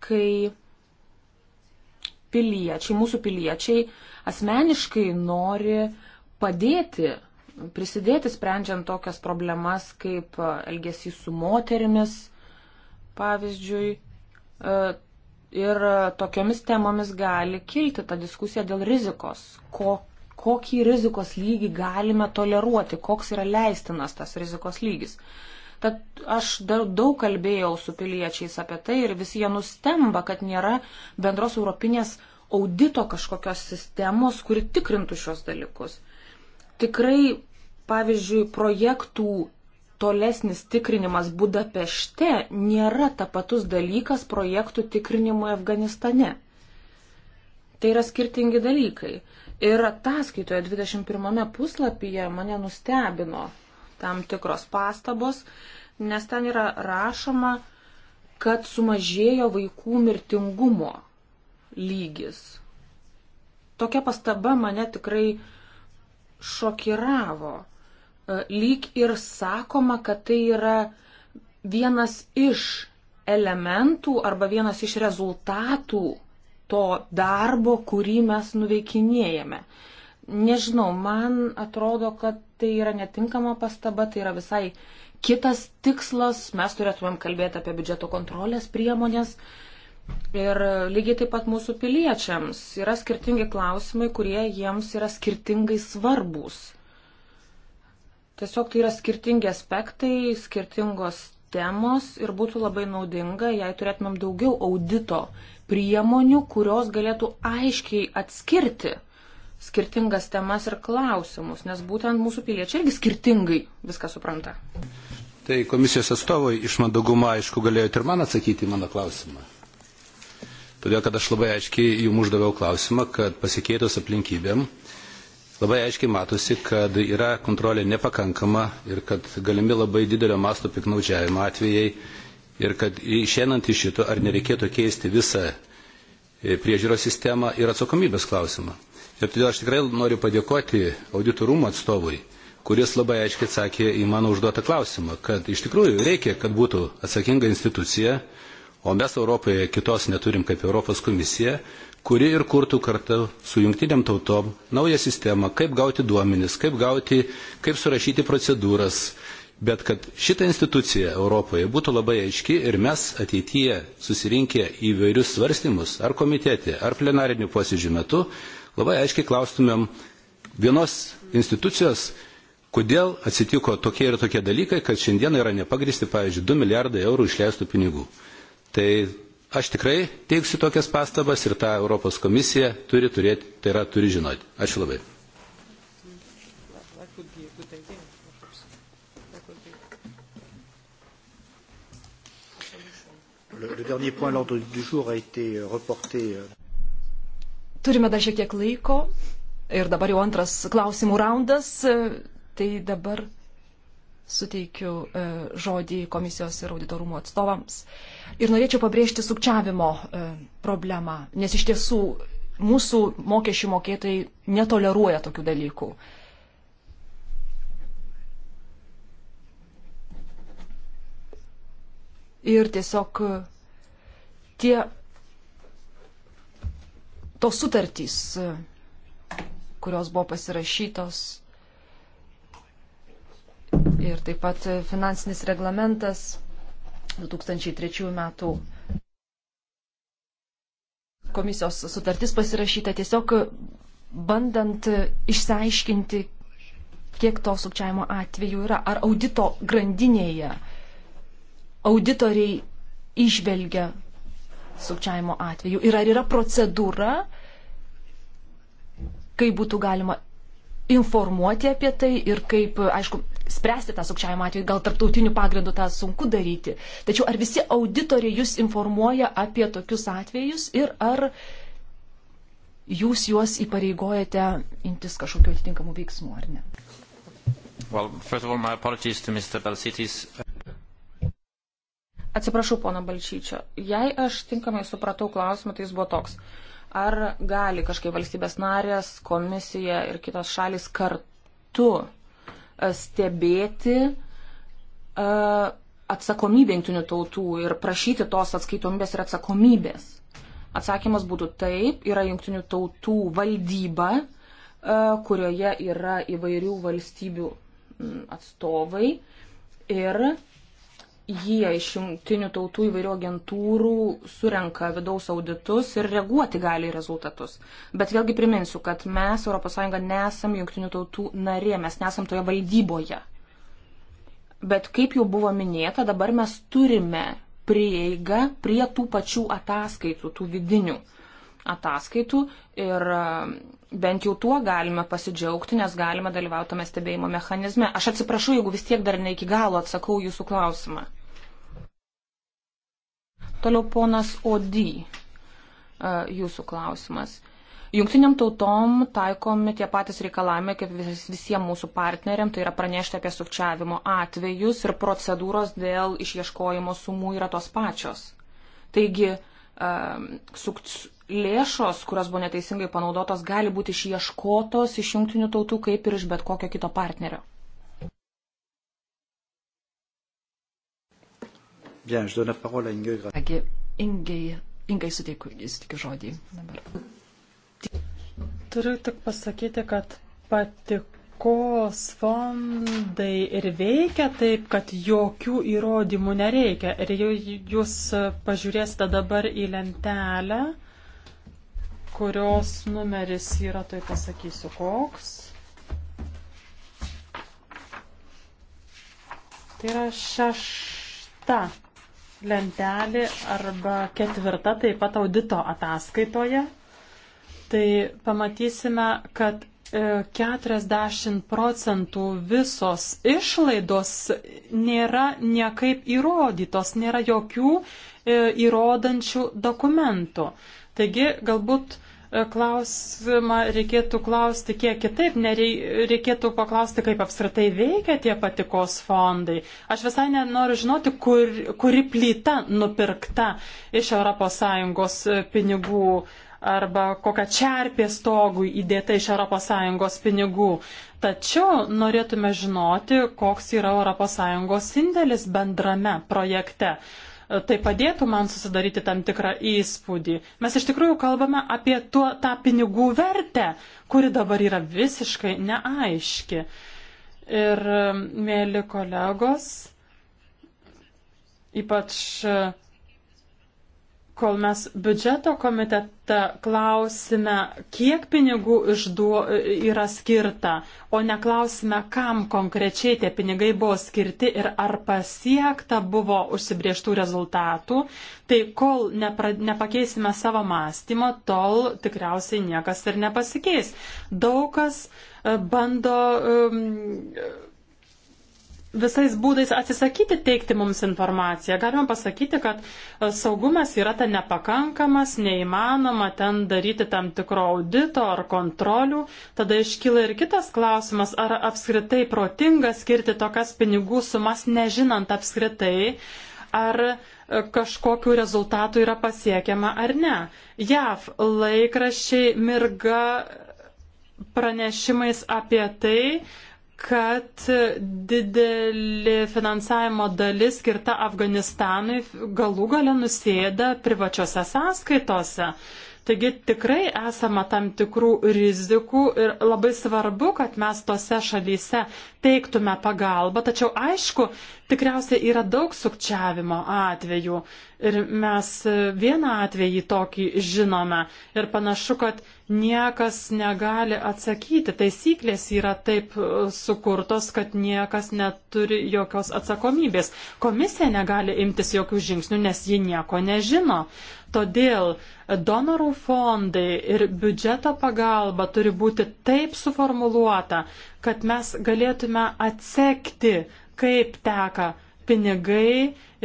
kai piliečiai, mūsų piliečiai asmeniškai nori padėti, prisidėti sprendžiant tokias problemas kaip e, elgesys su moterimis, pavyzdžiui. E, ir tokiomis temomis gali kilti ta diskusija dėl rizikos, ko, kokį rizikos lygį galime toleruoti, koks yra leistinas tas rizikos lygis. Uh, Tad aš dar daug kalbėjau su piliečiais apie tai ir visi jie nustemba, kad nėra bendros europinės audito kažkokios sistemos, kuri tikrintų šios dalykus. Tikrai, pavyzdžiui, projektų tolesnis tikrinimas Budapešte nėra tapatus dalykas projektų tikrinimui Afganistane. Tai yra skirtingi dalykai. Ir ataskaitoje 21 puslapyje mane nustebino tam tikros pastabos, nes ten yra rašoma, kad sumažėjo vaikų mirtingumo lygis. Tokia pastaba mane tikrai šokiravo. E, lyg ir sakoma, kad tai yra vienas iš elementų arba vienas iš rezultatų to darbo, kurį mes nuveikinėjame. Nežinau, man atrodo, kad tai yra netinkama pastaba, tai yra visai kitas tikslas, mes turėtumėm kalbėti apie biudžeto kontrolės priemonės. Ir lygiai taip pat mūsų piliečiams yra skirtingi klausimai, kurie jiems yra skirtingai svarbus. Tiesiog tai yra skirtingi aspektai, skirtingos temos ir būtų labai naudinga, jei turėtumėm daugiau audito priemonių, kurios galėtų aiškiai atskirti skirtingas temas ir klausimus, nes būtent mūsų piliečiai irgi skirtingai viską supranta. Tai komisijos atstovai iš mandagumo aišku galėjote ir man atsakyti į mano klausimą. Todėl, kad aš labai aiškiai jums uždaviau klausimą, kad pasikeitus aplinkybėm labai aiškiai matosi, kad yra kontrolė nepakankama ir kad galimi labai didelio masto piknaudžiavimo atvejai ir kad išėnant iš šito ar nereikėtų keisti visą e, priežiūros sistemą ir atsakomybės klausimą. Ir todėl aš tikrai noriu padėkoti auditorumo atstovui, kuris labai aiškiai atsakė į mano užduotą klausimą, kad iš tikrųjų reikia, kad būtų atsakinga institucija, o mes Europoje kitos neturim kaip Europos komisija, kuri ir kurtų kartu su jungtiniam tautom naują sistemą, kaip gauti duomenis, kaip gauti, kaip surašyti procedūras, bet kad šita institucija Europoje būtų labai aiški ir mes ateityje susirinkę įvairius svarstymus ar komitete, ar plenarinių posėdžių metu labai aiškiai klaustumėm vienos institucijos, kodėl atsitiko tokie ir tokie dalykai, kad šiandien yra nepagristi, pavyzdžiui, 2 milijardai eurų išleistų pinigų. Tai aš tikrai teiksiu tokias pastabas ir tą Europos komisija turi turėti, tai yra turi žinoti. Ačiū labai. Le, le dernier point à l'ordre du jour a été reporté. Euh, Turime dar šiek tiek laiko ir dabar jau antras klausimų raundas. Tai dabar suteikiu e, žodį komisijos ir auditorumo atstovams. Ir norėčiau pabrėžti sukčiavimo e, problemą, nes iš tiesų mūsų mokesčių mokėtai netoleruoja tokių dalykų. Ir tiesiog tie tos sutartys, kurios buvo pasirašytos ir taip pat finansinis reglamentas 2003 metų komisijos sutartis pasirašyta tiesiog bandant išsiaiškinti, kiek to sukčiavimo atveju yra. Ar audito grandinėje auditoriai išvelgia sukčiavimo atveju? Ir ar yra procedūra, kaip būtų galima informuoti apie tai ir kaip, aišku, spręsti tą sukčiavimo atveju, gal tarptautiniu pagrindu tą sunku daryti. Tačiau ar visi auditoriai jūs informuoja apie tokius atvejus ir ar jūs juos įpareigojate imtis kažkokiu atitinkamu veiksmu ar ne? Well, first of all, my apologies to Mr. Balsitis. Atsiprašau, pono Balčyčio, jei aš tinkamai supratau klausimą, tai jis buvo toks. Ar gali kažkaip valstybės narės, komisija ir kitos šalis kartu e, stebėti e, atsakomybę jungtinių tautų ir prašyti tos atskaitomybės ir atsakomybės? Atsakymas būtų taip, yra jungtinių tautų valdyba, e, kurioje yra įvairių valstybių atstovai ir jie iš jungtinių tautų įvairių agentūrų surenka vidaus auditus ir reaguoti gali į rezultatus. Bet vėlgi priminsiu, kad mes, ES, nesam jungtinių tautų narė, mes nesam toje valdyboje. Bet kaip jau buvo minėta, dabar mes turime prieigą prie tų pačių ataskaitų, tų vidinių ataskaitų ir bent jau tuo galime pasidžiaugti, nes galime dalyvauti tame stebėjimo mechanizme. Aš atsiprašau, jeigu vis tiek dar ne iki galo atsakau jūsų klausimą. Toliau ponas Odi, e, jūsų klausimas. Jungtiniam tautom taikomi tie patys reikalavimai kaip vis, visiems mūsų partneriam, tai yra pranešti apie sukčiavimo atvejus ir procedūros dėl išieškojimo sumų yra tos pačios. Taigi, e, sukčiavimo lėšos, kurios buvo neteisingai panaudotos, gali būti išieškotos iš jungtinių tautų kaip ir iš bet kokio kito partnerio. Bien, je donne la parole à Inge Kągi, Ingai, Ingai suteikiu, suteikiu žodį dabar. Turiu tik pasakyti, kad patikos fondai ir veikia taip, kad jokių įrodymų nereikia. Ir jūs pažiūrėsite dabar į lentelę kurios numeris yra, tai pasakysiu koks. Tai yra šešta lentelė arba ketvirta taip pat audito ataskaitoje. Tai pamatysime, kad 40 e, procentų visos išlaidos nėra niekaip įrodytos, nėra jokių e, įrodančių dokumentų. Taigi galbūt E, klausimą reikėtų klausti kiek kitaip, nereikėtų paklausti, kaip apskritai veikia tie patikos fondai. Aš visai nenoriu žinoti, kur, kuri plyta nupirkta iš ES e, pinigų arba kokia čerpė stogui įdėta iš ES pinigų. Tačiau norėtume žinoti, koks yra ES indėlis bendrame projekte tai padėtų man susidaryti tam tikrą įspūdį. Mes iš tikrųjų kalbame apie tuo, tą pinigų vertę, kuri dabar yra visiškai neaiški. Ir, mėly kolegos, ypač kol mes biudžeto komitete klausime, kiek pinigų išduo, yra skirta, o neklausime, kam konkrečiai tie pinigai buvo skirti ir ar pasiekta buvo užsibrieštų rezultatų, tai kol nepra, nepakeisime savo mąstymo, tol tikriausiai niekas ir nepasikeis. Daug kas e, bando um, visais būdais atsisakyti teikti mums informaciją. Galima pasakyti, kad e, saugumas yra ten nepakankamas, neįmanoma ten daryti tam tikro audito ar kontrolių. Tada iškyla ir kitas klausimas, ar apskritai protinga skirti tokias pinigų sumas, nežinant apskritai, ar e, kažkokiu rezultatu yra pasiekiama ar ne. JAV laikrašiai mirga pranešimais apie tai, kad didelį finansavimo dalis skirta Afganistanui galų gale nusėda privačiose sąskaitose. Taigi tikrai esama tam tikrų rizikų ir labai svarbu, kad mes tose šalyse teiktume pagalbą, tačiau aišku, tikriausiai yra daug sukčiavimo atvejų ir mes vieną atvejį tokį žinome ir panašu, kad niekas negali atsakyti. Taisyklės yra taip sukurtos, kad niekas neturi jokios atsakomybės. Komisija negali imtis jokių žingsnių, nes ji nieko nežino. Todėl donorų fondai ir biudžeto pagalba turi būti taip suformuluota, kad mes galėtume atsekti, kaip teka pinigai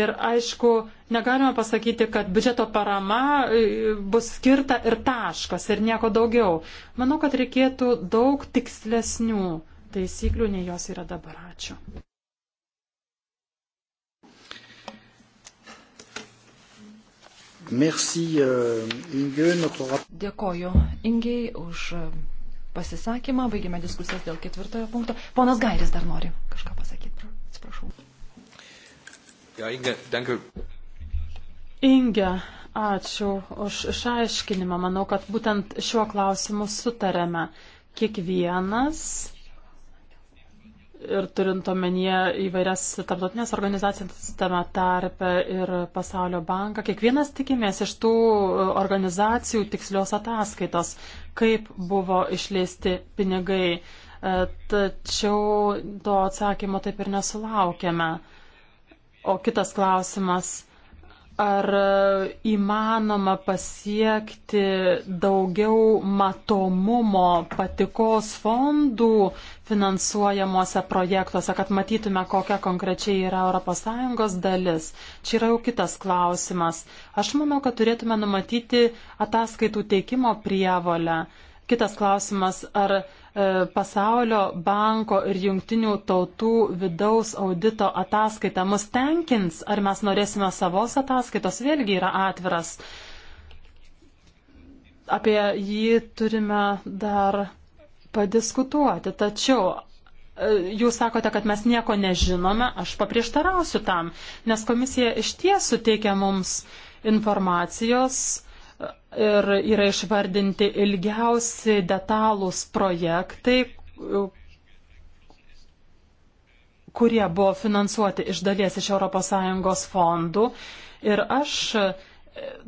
ir aišku, negalime pasakyti, kad biudžeto parama e, bus skirta ir taškas ir nieko daugiau. Manau, kad reikėtų daug tikslesnių taisyklių, nei jos yra dabar. Ačiū. Merci, uh, Inge, notre... Dėkoju Ingiai už e, pasisakymą. Baigėme diskusijas dėl ketvirtojo punkto. Ponas Gairis dar nori kažką pasakyti. Atsiprašau. Ja, Inge, danke. Inge, ačiū už išaiškinimą. Manau, kad būtent šiuo klausimu sutarėme. Kiekvienas ir turint omenyje įvairias tarptautinės organizacijas, tame tarpe ir Pasaulio banką, kiekvienas tikimės iš tų e, organizacijų tikslios ataskaitos, kaip buvo išleisti pinigai, e, tačiau to atsakymo taip ir nesulaukėme. O kitas klausimas ar įmanoma pasiekti daugiau matomumo patikos fondų finansuojamuose projektuose, kad matytume, kokia konkrečiai yra ES dalis. Čia yra jau kitas klausimas. Aš manau, kad turėtume numatyti ataskaitų teikimo prievolę. Kitas klausimas, ar E, pasaulio banko ir jungtinių tautų vidaus audito ataskaita mus tenkins, ar mes norėsime savos ataskaitos, vėlgi yra atviras. Apie jį turime dar padiskutuoti, tačiau e, jūs sakote, kad mes nieko nežinome, aš paprieštarausiu tam, nes komisija iš ties suteikia mums informacijos, ir yra išvardinti ilgiausi detalūs projektai, kurie buvo finansuoti iš dalies iš ES fondų. Ir aš e,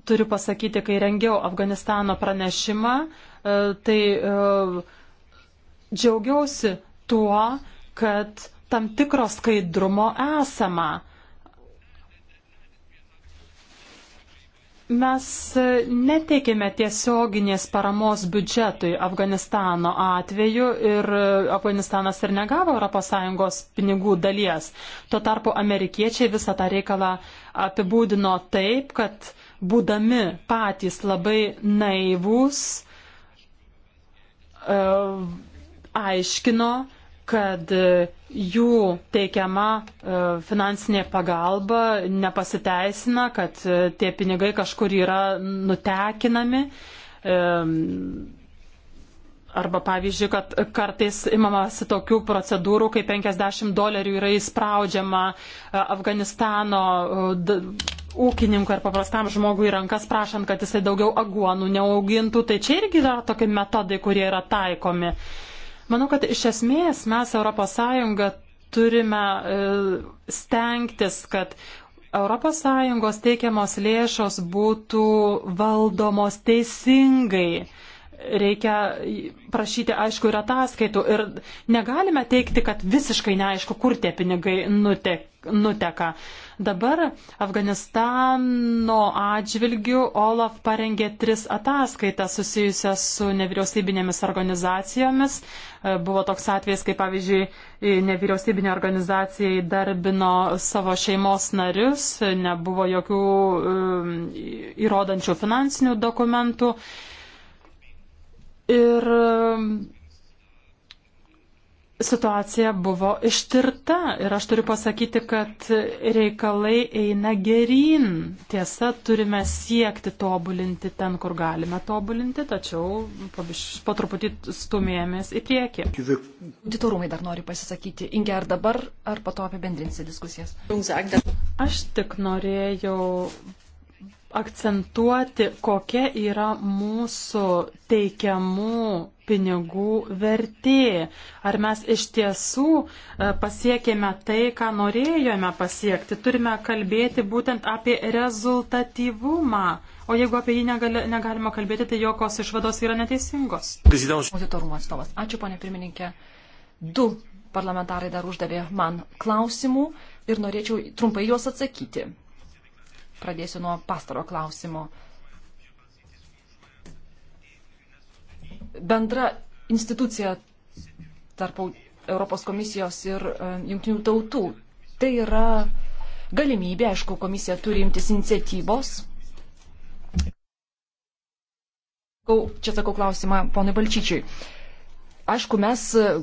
turiu pasakyti, kai rengiau Afganistano pranešimą, e, tai e, džiaugiausi tuo, kad tam tikro skaidrumo esama. Mes e, neteikėme tiesioginės paramos biudžetui Afganistano atveju ir e, Afganistanas ir negavo ES pinigų dalies. Tuo tarpu amerikiečiai visą tą reikalą apibūdino taip, kad būdami patys labai naivūs, e, aiškino, kad jų teikiama e, finansinė pagalba nepasiteisina, kad e, tie pinigai kažkur yra nutekinami. E, arba pavyzdžiui, kad kartais imamasi tokių procedūrų, kai 50 dolerių yra įspraudžiama Afganistano ūkininkui ar paprastam žmogui rankas prašant, kad jisai daugiau aguonų neaugintų. Tai čia irgi yra tokie metodai, kurie yra taikomi. Uh, Manau, kad iš esmės mes ES turime e, stengtis, kad ES teikiamos lėšos būtų valdomos teisingai reikia prašyti aišku ir ataskaitų ir negalime teikti, kad visiškai neaišku, kur tie pinigai nutek, nuteka. Dabar Afganistano atžvilgių Olaf parengė tris ataskaitas susijusias su nevyriausybinėmis organizacijomis. E, Buvo toks atvejs, kai pavyzdžiui nevyriausybinė organizacija įdarbino savo šeimos narius, nebuvo jokių e, įrodančių finansinių dokumentų. Ir um, situacija buvo ištirta ir aš turiu pasakyti, kad reikalai eina gerin. Tiesa, turime siekti tobulinti ten, kur galime tobulinti, tačiau po, po truputį stumėjomės į priekį. Auditorumai dar nori pasisakyti. Inge, ar dabar, ar po to apibendrinsi diskusijas? Aš tik norėjau akcentuoti, kokia yra mūsų teikiamų pinigų vertė. Ar mes iš tiesų e, pasiekėme tai, ką norėjome pasiekti. Turime kalbėti būtent apie rezultatyvumą. O jeigu apie jį negali, negalima kalbėti, tai jokios išvados yra neteisingos. Auditorumo atstovas. Ačiū, ponė pirmininkė. Du parlamentarai dar uždavė man klausimų ir norėčiau trumpai juos atsakyti. Pradėsiu nuo pastaro klausimo. Bendra institucija tarp Europos komisijos ir e, jungtinių tautų. Tai yra galimybė, aišku, komisija turi imtis iniciatyvos. Čia sakau klausimą ponui Balčyčiui. Aišku, mes, e,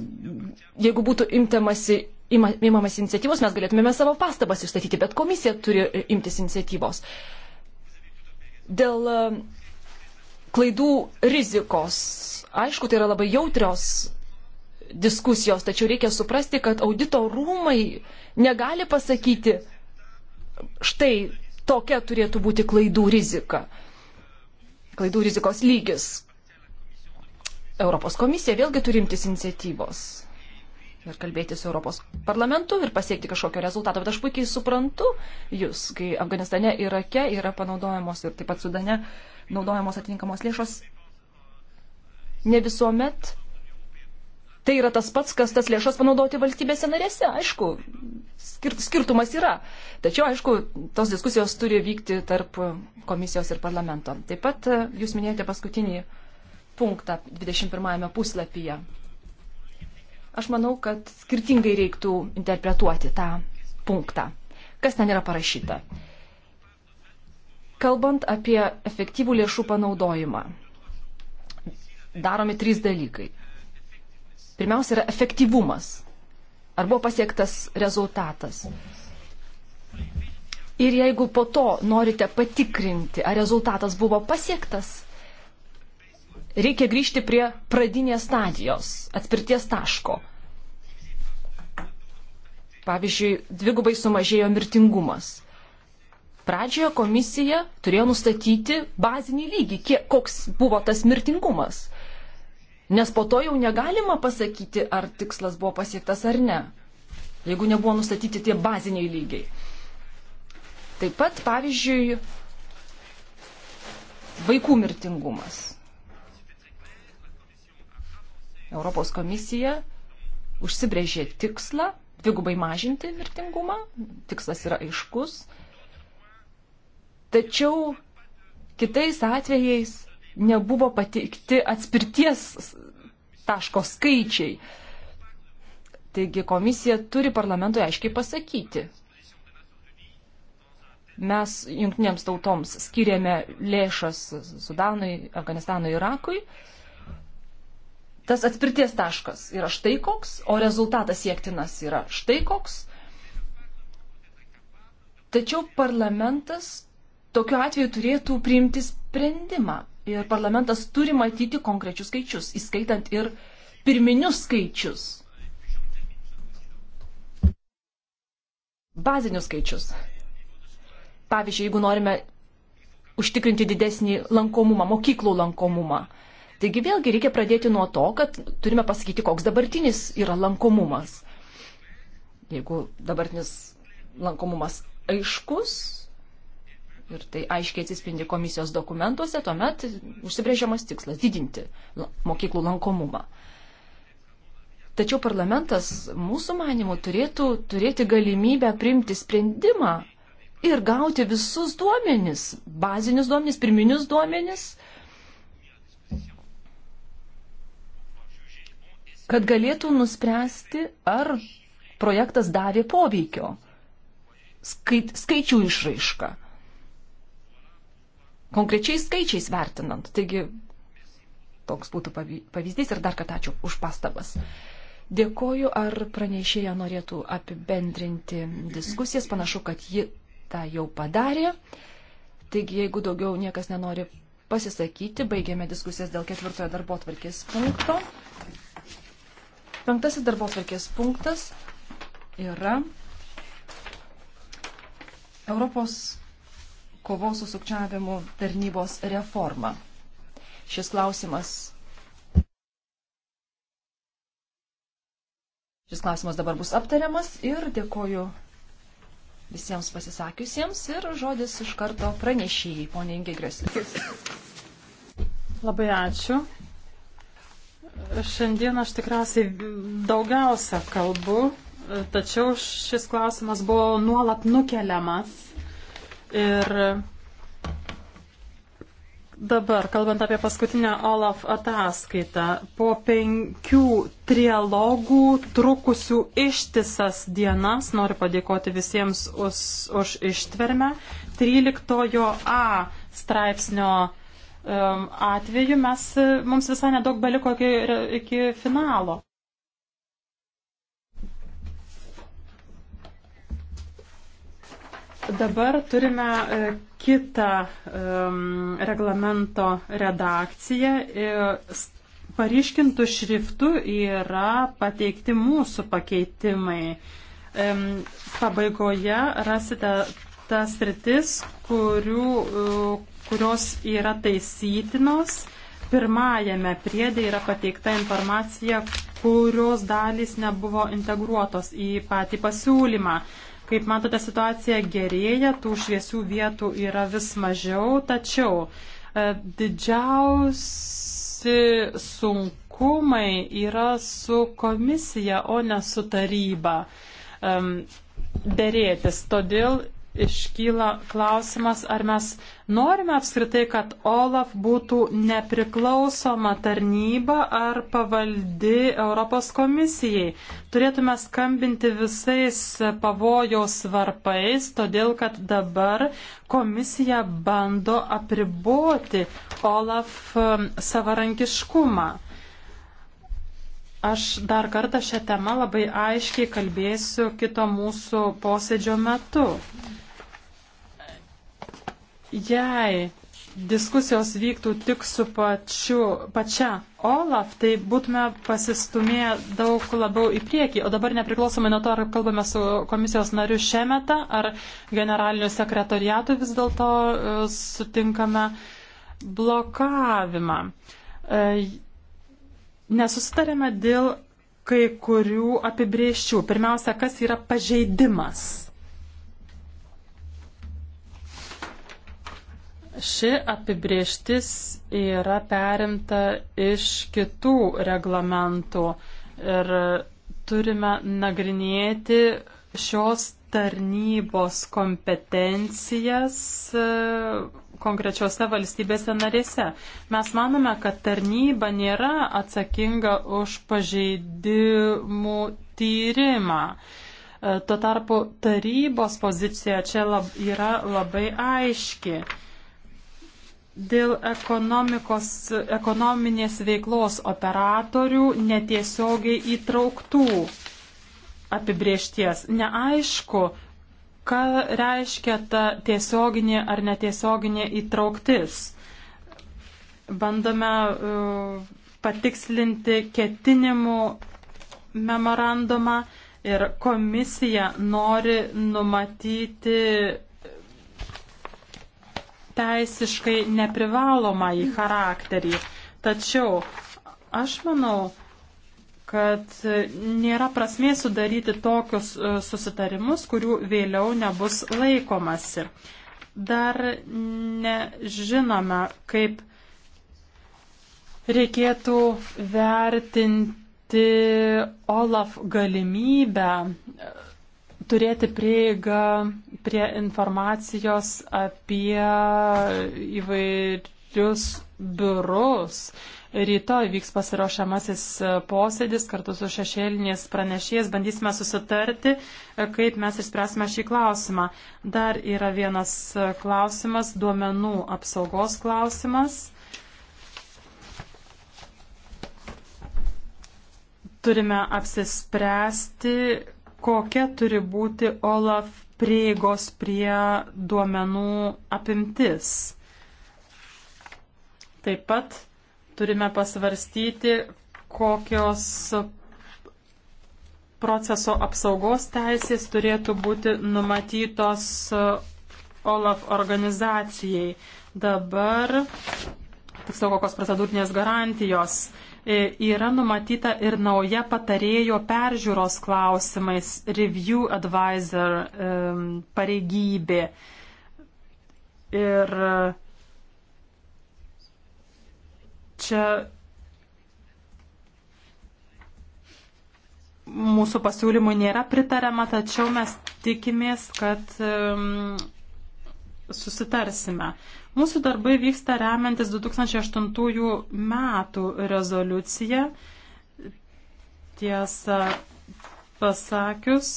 jeigu būtų imtamasi imamas iniciatyvos, mes galėtumėme savo pastabas išstatyti, bet komisija turi e, imtis iniciatyvos. Dėl e, klaidų rizikos, aišku, tai yra labai jautrios diskusijos, tačiau reikia suprasti, kad audito rūmai negali pasakyti, štai tokia turėtų būti klaidų rizika, klaidų rizikos lygis. Europos komisija vėlgi turimtis iniciatyvos ir kalbėti su Europos parlamentu ir pasiekti kažkokio rezultato. Bet aš puikiai suprantu jūs, kai Afganistane, Irake yra panaudojamos ir taip pat Sudane naudojamos atitinkamos lėšos. Ne visuomet tai yra tas pats, kas tas lėšas panaudoti valstybėse narėse. Aišku, skirtumas yra. Tačiau, aišku, tos diskusijos turi vykti tarp komisijos ir parlamento. Taip pat e, jūs minėjote paskutinį punktą 21 puslapyje Aš manau, kad skirtingai reiktų interpretuoti tą punktą. Kas ten yra parašyta? Kalbant apie efektyvų lėšų panaudojimą, daromi trys dalykai. Pirmiausia yra efektyvumas. Ar buvo pasiektas rezultatas? Ir jeigu po to norite patikrinti, ar rezultatas buvo pasiektas, reikia grįžti prie pradinės stadijos, atspirties taško. Pavyzdžiui, dvigubai sumažėjo mirtingumas. Pradžioje komisija turėjo nustatyti bazinį lygį, kiek, koks buvo tas mirtingumas. Nes po to jau negalima pasakyti, ar tikslas buvo pasiektas ar ne, jeigu nebuvo nustatyti tie baziniai lygiai. Taip pat, pavyzdžiui, vaikų mirtingumas Europos komisija užsibrėžė tikslą dvigubai mažinti mirtingumą, tikslas yra aiškus, tačiau kitais atvejais nebuvo pateikti atspirties taško skaičiai. Taigi komisija turi parlamentui aiškiai pasakyti. Mes jungtinėms tautoms skiriame lėšas Sudanui, Afganistanui, Irakui tas atspirties taškas yra štai koks, o rezultatas siektinas yra štai koks. Tačiau parlamentas tokiu atveju turėtų priimti sprendimą. Ir parlamentas turi matyti konkrečius skaičius, įskaitant ir pirminius skaičius. Bazinius skaičius. Pavyzdžiui, jeigu norime užtikrinti didesnį lankomumą, mokyklų lankomumą, Taigi vėlgi reikia pradėti nuo to, kad turime pasakyti, koks dabartinis yra lankomumas. Jeigu dabartinis lankomumas aiškus ir tai aiškiai atsispindi komisijos dokumentuose, tuomet užsibrėžiamas tikslas - didinti mokyklų lankomumą. Tačiau parlamentas mūsų manimų turėtų turėti galimybę priimti sprendimą ir gauti visus duomenis, bazinius duomenis, pirminius duomenis kad galėtų nuspręsti, ar projektas davė poveikio skait, skaičių išraišką. Konkrečiai skaičiais vertinant. Taigi toks būtų pavyzdys ir dar kartą ačiū už pastabas. Dėkoju, ar pranešėja norėtų apibendrinti diskusijas. Panašu, kad ji tą jau padarė. Taigi, jeigu daugiau niekas nenori pasisakyti, baigėme diskusijas dėl ketvirtojo darbo tvarkės punkto. Penktasis darbo tvarkės punktas yra Europos kovos su sukčiavimu tarnybos reforma. Šis klausimas. Šis klausimas dabar bus aptariamas ir dėkoju visiems pasisakiusiems ir žodis iš karto pranešėjai, ponė Ingi Greslė. Labai ačiū. Šiandien aš tikriausiai daugiausia kalbu, tačiau šis klausimas buvo nuolat nukeliamas. Ir dabar, kalbant apie paskutinę Olaf ataskaitą, po penkių trialogų trukusių ištisas dienas, noriu padėkoti visiems už, už ištvermę, 13a straipsnio atveju mes, mums visai nedaug beliko iki, iki finalo. Dabar turime e, kitą um, reglamento redakciją. E, Pariškintų šriftų yra pateikti mūsų pakeitimai. Um, pabaigoje rasite tas rytis, kurių e, kurios yra taisytinos. Pirmajame priedė yra pateikta informacija, kurios dalys nebuvo integruotos į patį pasiūlymą. Kaip matote, situacija gerėja, tų šviesių vietų yra vis mažiau, tačiau e, didžiausi sunkumai yra su komisija, o ne su taryba um, dėrėtis. Todėl iškyla klausimas, ar mes norime apskritai, kad OLAF būtų nepriklausoma tarnyba ar pavaldi Europos komisijai. Turėtume skambinti visais pavojaus varpais, todėl kad dabar komisija bando apriboti OLAF um, savarankiškumą. Aš dar kartą šią temą labai aiškiai kalbėsiu kito mūsų posėdžio metu jei diskusijos vyktų tik su pačiu, pačia Olaf, tai būtume pasistumėję daug labiau į priekį. O dabar nepriklausomai nuo to, ar kalbame su komisijos nariu šiametą, ar generaliniu sekretoriatu vis dėlto e, sutinkame blokavimą. E, nesusitarėme dėl kai kurių apibrieščių. Pirmiausia, kas yra pažeidimas. Ši apibrieštis yra perimta iš kitų reglamentų ir turime nagrinėti šios tarnybos kompetencijas e, konkrečiose valstybėse narėse. Mes manome, kad tarnyba nėra atsakinga už pažeidimų tyrimą. E, tuo tarpu tarybos pozicija čia lab, yra labai aiški dėl ekonominės veiklos operatorių netiesiogiai įtrauktų apibriešties. Neaišku, ką reiškia ta tiesioginė ar netiesioginė įtrauktis. Bandome uh, patikslinti ketinimų memorandumą ir komisija nori numatyti teisiškai neprivalomą į charakterį. Tačiau aš manau, kad nėra prasmės sudaryti tokius e, susitarimus, kurių vėliau nebus laikomasi. Dar nežinome, kaip reikėtų vertinti Olaf galimybę turėti prieigą prie informacijos apie įvairius biurus. Rytoj vyks pasiruošiamasis posėdis kartu su šešėlinės pranešėjas. Bandysime susitarti, kaip mes išspręsime šį klausimą. Dar yra vienas klausimas - duomenų apsaugos klausimas. Turime apsispręsti, kokia turi būti OLAF prieigos prie duomenų apimtis. Taip pat turime pasvarstyti, kokios proceso apsaugos teisės turėtų būti numatytos OLAF organizacijai. Dabar, tiksliau, kokios procedūrinės garantijos E, yra numatyta ir nauja patarėjo peržiūros klausimais review advisor e, pareigybė. Ir e, čia mūsų pasiūlymų nėra pritariama, tačiau mes tikimės, kad susitarsime. Mūsų darbai vyksta remiantis 2008 metų rezoliuciją. Tiesa pasakius,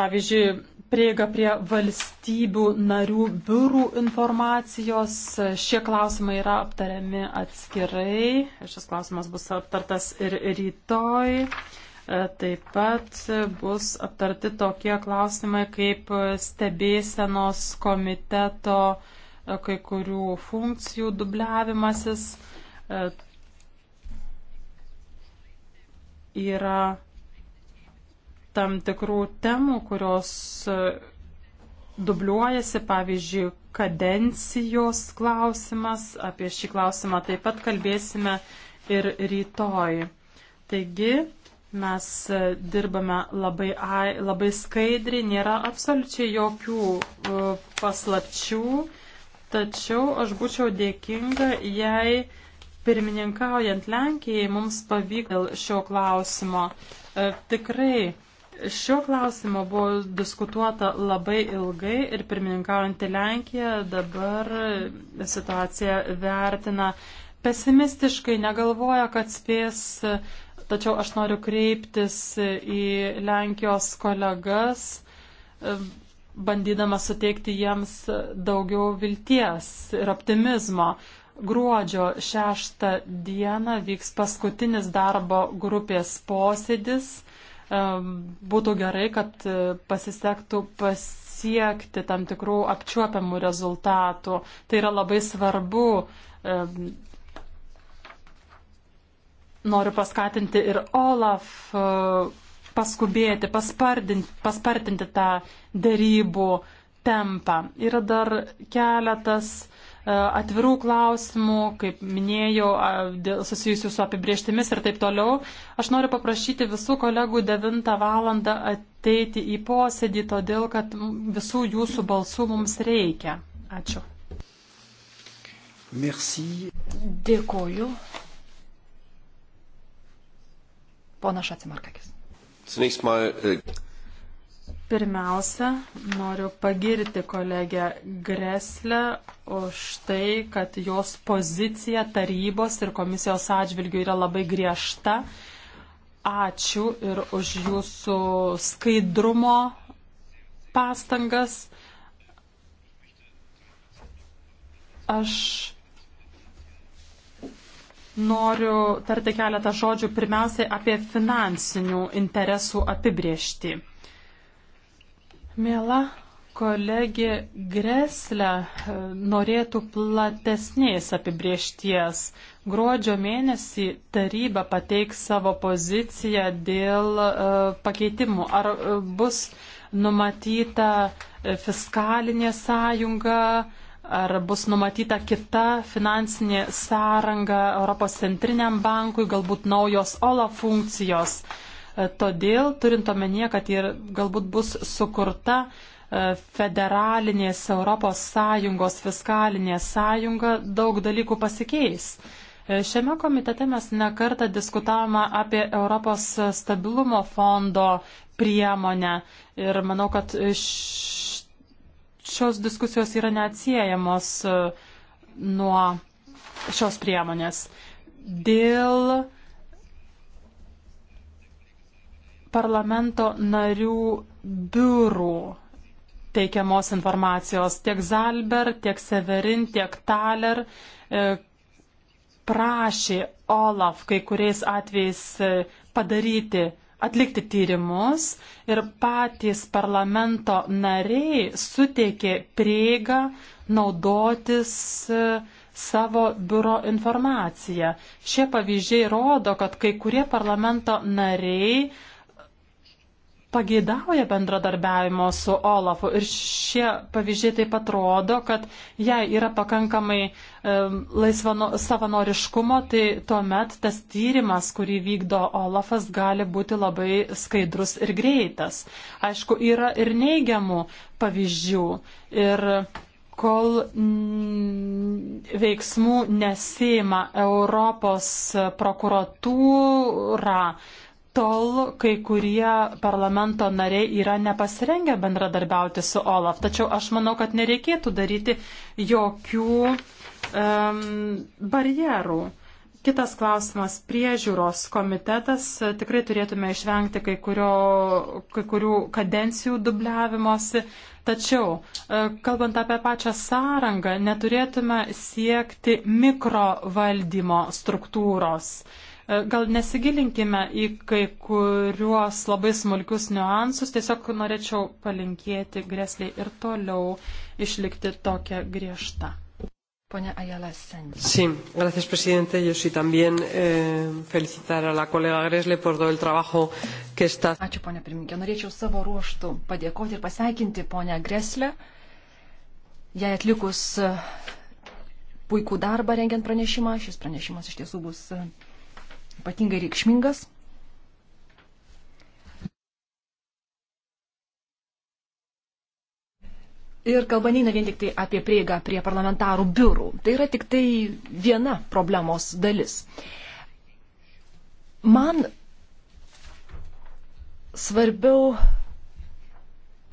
pavyzdžiui, prieiga prie valstybių narių biurų informacijos. Šie klausimai yra aptariami atskirai. Šis klausimas bus aptartas ir rytoj. E, taip pat bus aptarti tokie klausimai kaip stebėsenos komiteto e, kai kurių funkcijų dubliavimasis. E, yra tam tikrų temų, kurios dubliuojasi, pavyzdžiui, kadencijos klausimas. Apie šį klausimą taip pat kalbėsime ir rytoj. Taigi, Mes e, dirbame labai, labai skaidriai, nėra absoliučiai jokių e, paslapčių, tačiau aš būčiau dėkinga, jei pirmininkaujant Lenkijai mums pavyko dėl šio klausimo. E, tikrai Šio klausimo buvo diskutuota labai ilgai ir pirmininkaujantį Lenkiją dabar situaciją vertina pesimistiškai, negalvoja, kad spės Tačiau aš noriu kreiptis į Lenkijos kolegas, bandydama suteikti jiems daugiau vilties ir optimizmo. Gruodžio 6 dieną vyks paskutinis darbo grupės posėdis. Būtų gerai, kad e, pasisektų pasiekti tam tikrų apčiuopiamų rezultatų. Tai yra labai svarbu Noriu paskatinti ir Olaf e, paskubėti, paspartinti tą dėrybų tempą. Yra dar keletas e, atvirų klausimų, kaip minėjau, susijusių su apibrieštimis ir taip toliau. Aš noriu paprašyti visų kolegų 9 valandą ateiti į posėdį, todėl kad visų jūsų balsų mums reikia. Ačiū. Merci. Dėkoju. Pona Šacimarkakis. E- Pirmiausia, noriu pagirti kolegę Greslę už tai, kad jos pozicija tarybos ir komisijos atžvilgių yra labai griežta. Ačiū ir už jūsų skaidrumo pastangas. Aš noriu tarti keletą žodžių pirmiausiai apie finansinių interesų apibriešti. Mėla kolegė Greslė norėtų platesnės apibriešties. Gruodžio mėnesį taryba pateiks savo poziciją dėl e, pakeitimų. Ar e, bus numatyta e, fiskalinė sąjunga, ar bus numatyta kita finansinė sąranga Europos centriniam bankui, galbūt naujos OLA funkcijos. E, todėl, turint omenyje, kad ir galbūt bus sukurta e, federalinės Europos Sąjungos fiskalinė sąjunga, daug dalykų pasikeis. E, šiame komitete mes nekartą diskutavome apie Europos stabilumo fondo priemonę ir manau, kad š šios diskusijos yra neatsiejamos e, nuo šios priemonės. Dėl parlamento narių biurų teikiamos informacijos tiek Zalber, tiek Severin, tiek Taler e, prašė Olaf kai kuriais atvejais e, padaryti atlikti tyrimus ir patys parlamento nariai suteikė prieigą naudotis e, savo biuro informaciją. Šie pavyzdžiai rodo, kad kai kurie parlamento nariai pageidauja bendradarbiavimo su Olafu. Ir šie pavyzdžiai taip pat rodo, kad jei yra pakankamai e, laisvano, savanoriškumo, tai tuomet tas tyrimas, kurį vykdo Olafas, gali būti labai skaidrus ir greitas. Aišku, yra ir neigiamų pavyzdžių. Ir kol mm, veiksmų nesima Europos prokuratūra, tol kai kurie parlamento nariai yra nepasirengę bendradarbiauti su OLAF. Tačiau aš manau, kad nereikėtų daryti jokių um, barjerų. Kitas klausimas - priežiūros komitetas. Tikrai turėtume išvengti kai, kurio, kai kurių kadencijų dubliavimosi. Tačiau, e, kalbant apie pačią sąrangą, neturėtume siekti mikrovaldymo struktūros. Uh, E, gal nesigilinkime į kai kuriuos labai smulkius niuansus, tiesiog norėčiau palinkėti Gresliai ir toliau išlikti tokią griežtą. Pone Ayala Sen. Sí, gracias, presidente. Yo sí también eh, felicitar a la colega Gresle por todo el trabajo que está. Ačiū, ponia pirmininkė. Norėčiau savo ruoštų padėkoti ir pasveikinti ponę Greslę, jai atlikus e, puikų darbą rengiant pranešimą. Šis pranešimas iš tiesų bus e, ypatingai reikšmingas. Ir kalba neina vien tik tai apie prieigą prie parlamentarų biurų. Tai yra tik tai viena problemos dalis. Man svarbiau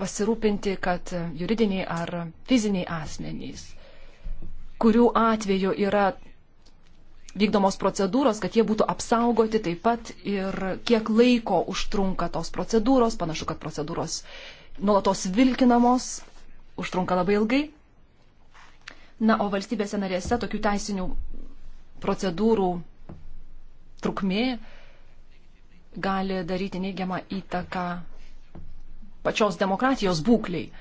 pasirūpinti, kad juridiniai ar fiziniai asmenys, kurių atveju yra vykdomos procedūros, kad jie būtų apsaugoti taip pat ir kiek laiko užtrunka tos procedūros. Panašu, kad procedūros nuolatos vilkinamos, užtrunka labai ilgai. Na, o valstybėse narėse tokių teisinių procedūrų trukmė gali daryti neigiamą įtaką pačios demokratijos būkliai.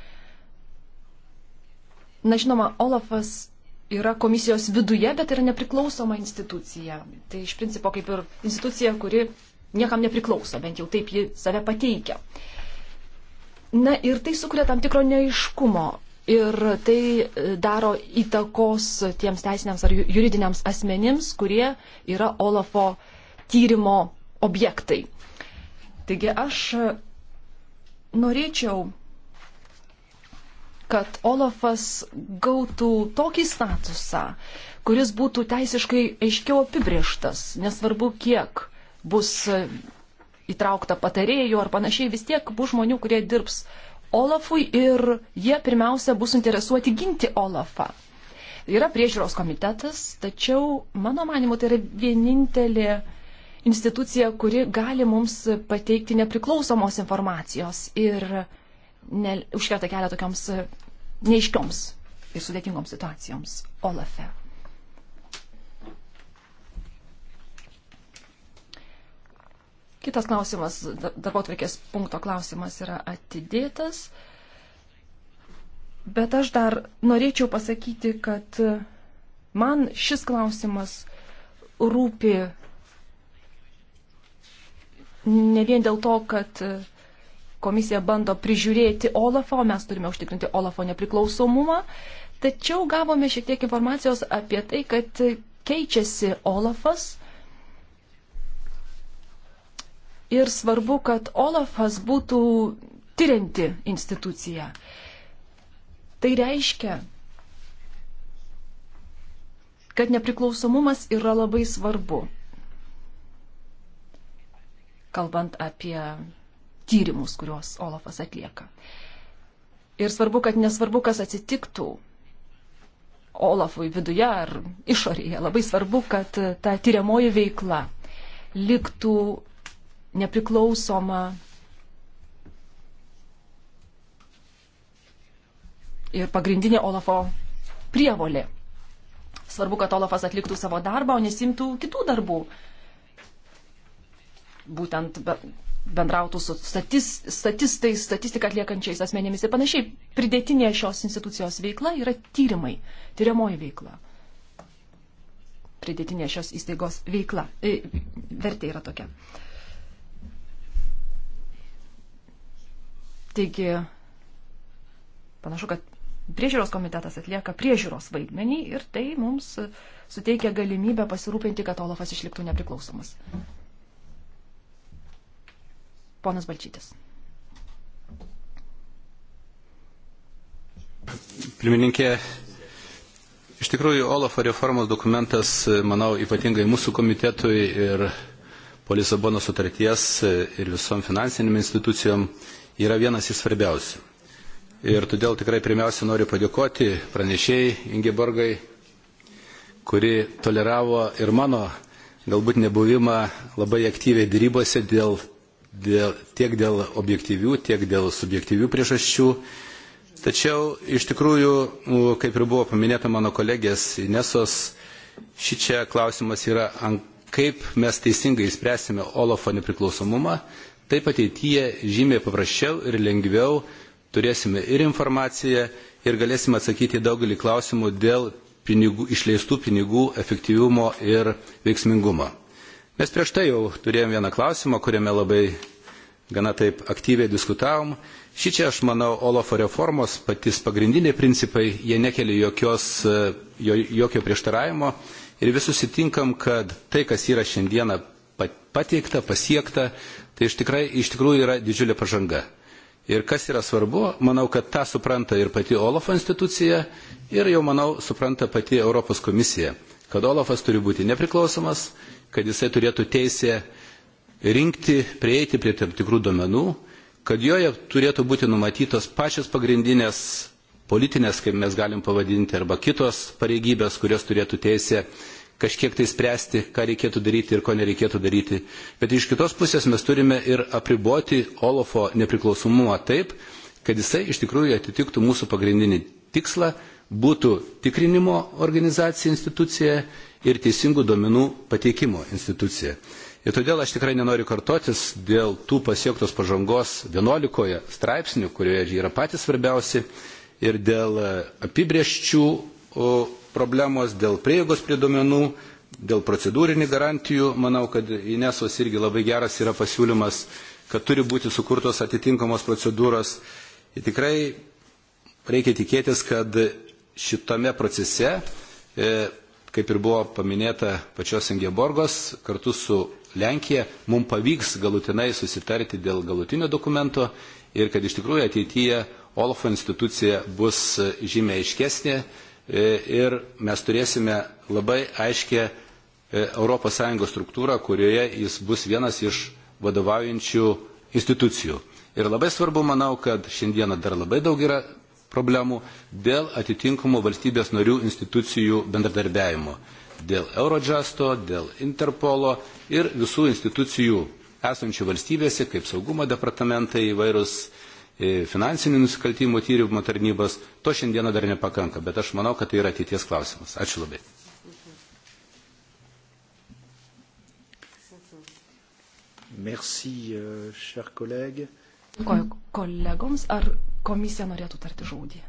Na žinoma, Olafas yra komisijos viduje, bet yra nepriklausoma institucija. Tai iš principo kaip ir institucija, kuri niekam nepriklauso, bent jau taip ji save pateikia. Na ir tai sukuria tam tikro neiškumo ir tai e, daro įtakos tiems teisiniams ar juridiniams asmenims, kurie yra Olafo tyrimo objektai. Taigi aš norėčiau kad Olafas gautų tokį statusą, kuris būtų teisiškai aiškiau apibrieštas, nesvarbu kiek bus įtraukta patarėjų ar panašiai, vis tiek bus žmonių, kurie dirbs Olafui ir jie pirmiausia bus interesuoti ginti Olafą. Yra priežiūros komitetas, tačiau mano manimu tai yra vienintelė institucija, kuri gali mums pateikti nepriklausomos informacijos ir ne, užkerta kelią tokioms e, neiškioms ir sudėtingoms situacijoms Olafe. Kitas klausimas, darbo atvarkės punkto klausimas yra atidėtas, bet aš dar norėčiau pasakyti, kad e, man šis klausimas rūpi ne vien dėl to, kad uh, komisija bando prižiūrėti Olafą, o mes turime užtikrinti Olafo nepriklausomumą. Tačiau gavome šiek tiek informacijos apie tai, kad keičiasi Olafas. Ir svarbu, kad Olafas būtų tyrianti institucija. Tai reiškia, kad nepriklausomumas yra labai svarbu. Kalbant apie tyrimus, kuriuos Olafas atlieka. Ir svarbu, kad nesvarbu, kas atsitiktų Olafui viduje ar išorėje, labai svarbu, kad ta tyriamoji veikla liktų nepriklausoma ir pagrindinė Olafo prievolė. Svarbu, kad Olafas atliktų savo darbą, o nesimtų kitų darbų. Būtent bendrautų su statis, statistais, statistiką atliekančiais asmenėmis ir panašiai. Pridėtinė šios institucijos veikla yra tyrimai, tyriamoji veikla. Pridėtinė šios įstaigos veikla. E, vertė yra tokia. Taigi, panašu, kad priežiūros komitetas atlieka priežiūros vaidmenį ir tai mums suteikia galimybę pasirūpinti, kad Olafas išliktų nepriklausomas. Mhm. Ponas Balčytis. Pirmininkė, Iš tikrųjų, Olafo reformos dokumentas, manau, ypatingai mūsų komitetui ir po Lisabono sutarties ir visom finansinėm institucijom yra vienas iš svarbiausių. Ir todėl tikrai pirmiausia noriu padėkoti pranešėjai Ingeborgai, kuri toleravo ir mano galbūt nebuvimą labai aktyviai dėrybose dėl dėl, tiek dėl objektyvių, tiek dėl subjektyvių priežasčių. Tačiau iš tikrųjų, kaip ir buvo paminėta mano kolegės Inesos, ši čia klausimas yra, kaip mes teisingai spręsime Olafo nepriklausomumą, taip ateityje žymiai paprasčiau ir lengviau turėsime ir informaciją, ir galėsime atsakyti daugelį klausimų dėl pinigų, išleistų pinigų efektyvumo ir veiksmingumo. Mes prieš tai jau turėjom vieną klausimą, kuriame labai gana taip aktyviai diskutavom. Šį čia, aš manau, Olafo reformos patys pagrindiniai principai, jie nekelia jokios, e, jokio prieštaravimo ir visi sutinkam, kad tai, kas yra šiandieną pateikta, pasiekta, tai iš, tikrai, iš tikrųjų yra didžiulė pažanga. Ir kas yra svarbu, manau, kad tą supranta ir pati Olafo institucija ir jau, manau, supranta pati Europos komisija, kad Olafas turi būti nepriklausomas kad jisai turėtų teisę rinkti, prieiti prie tam tikrų domenų, kad joje turėtų būti numatytos pačios pagrindinės politinės, kaip mes galim pavadinti, arba kitos pareigybės, kurios turėtų teisę kažkiek tai spręsti, ką reikėtų daryti ir ko nereikėtų daryti. Bet iš kitos pusės mes turime ir apriboti Olofo nepriklausomumą taip, kad jisai iš tikrųjų atitiktų mūsų pagrindinį tikslą būtų tikrinimo organizacija, institucija ir teisingų duomenų pateikimo institucija. Ir todėl aš tikrai nenoriu kartotis dėl tų pasiektos pažangos 11 straipsnių, kurioje yra patys svarbiausi, ir dėl e, apibrieščių problemos, dėl prieigos prie duomenų, dėl procedūrinių garantijų. Manau, kad Inesos irgi labai geras yra pasiūlymas, kad turi būti sukurtos atitinkamos procedūros. Ir tikrai reikia tikėtis, kad šitame procese, e, kaip ir buvo paminėta pačios Ingeborgos, kartu su Lenkija, mums pavyks galutinai susitarti dėl galutinio dokumento ir kad iš tikrųjų ateityje Olafo institucija bus e, žymiai aiškesnė e, ir mes turėsime labai aiškę ES struktūrą, kurioje jis bus vienas iš vadovaujančių institucijų. Ir labai svarbu, manau, kad šiandieną dar labai daug yra problemų dėl atitinkamų valstybės narių institucijų bendradarbiavimo, dėl Eurojusto, dėl Interpolo ir visų institucijų esančių valstybėse, kaip saugumo departamentai, įvairūs e, finansinių nusikaltimų tyrimo tarnybos. To šiandieną dar nepakanka, bet aš manau, kad tai yra ateities klausimas. Ačiū labai. Merci, euh, chers collègues. Dėkoju kolegoms. Ar komisija norėtų tarti žodį?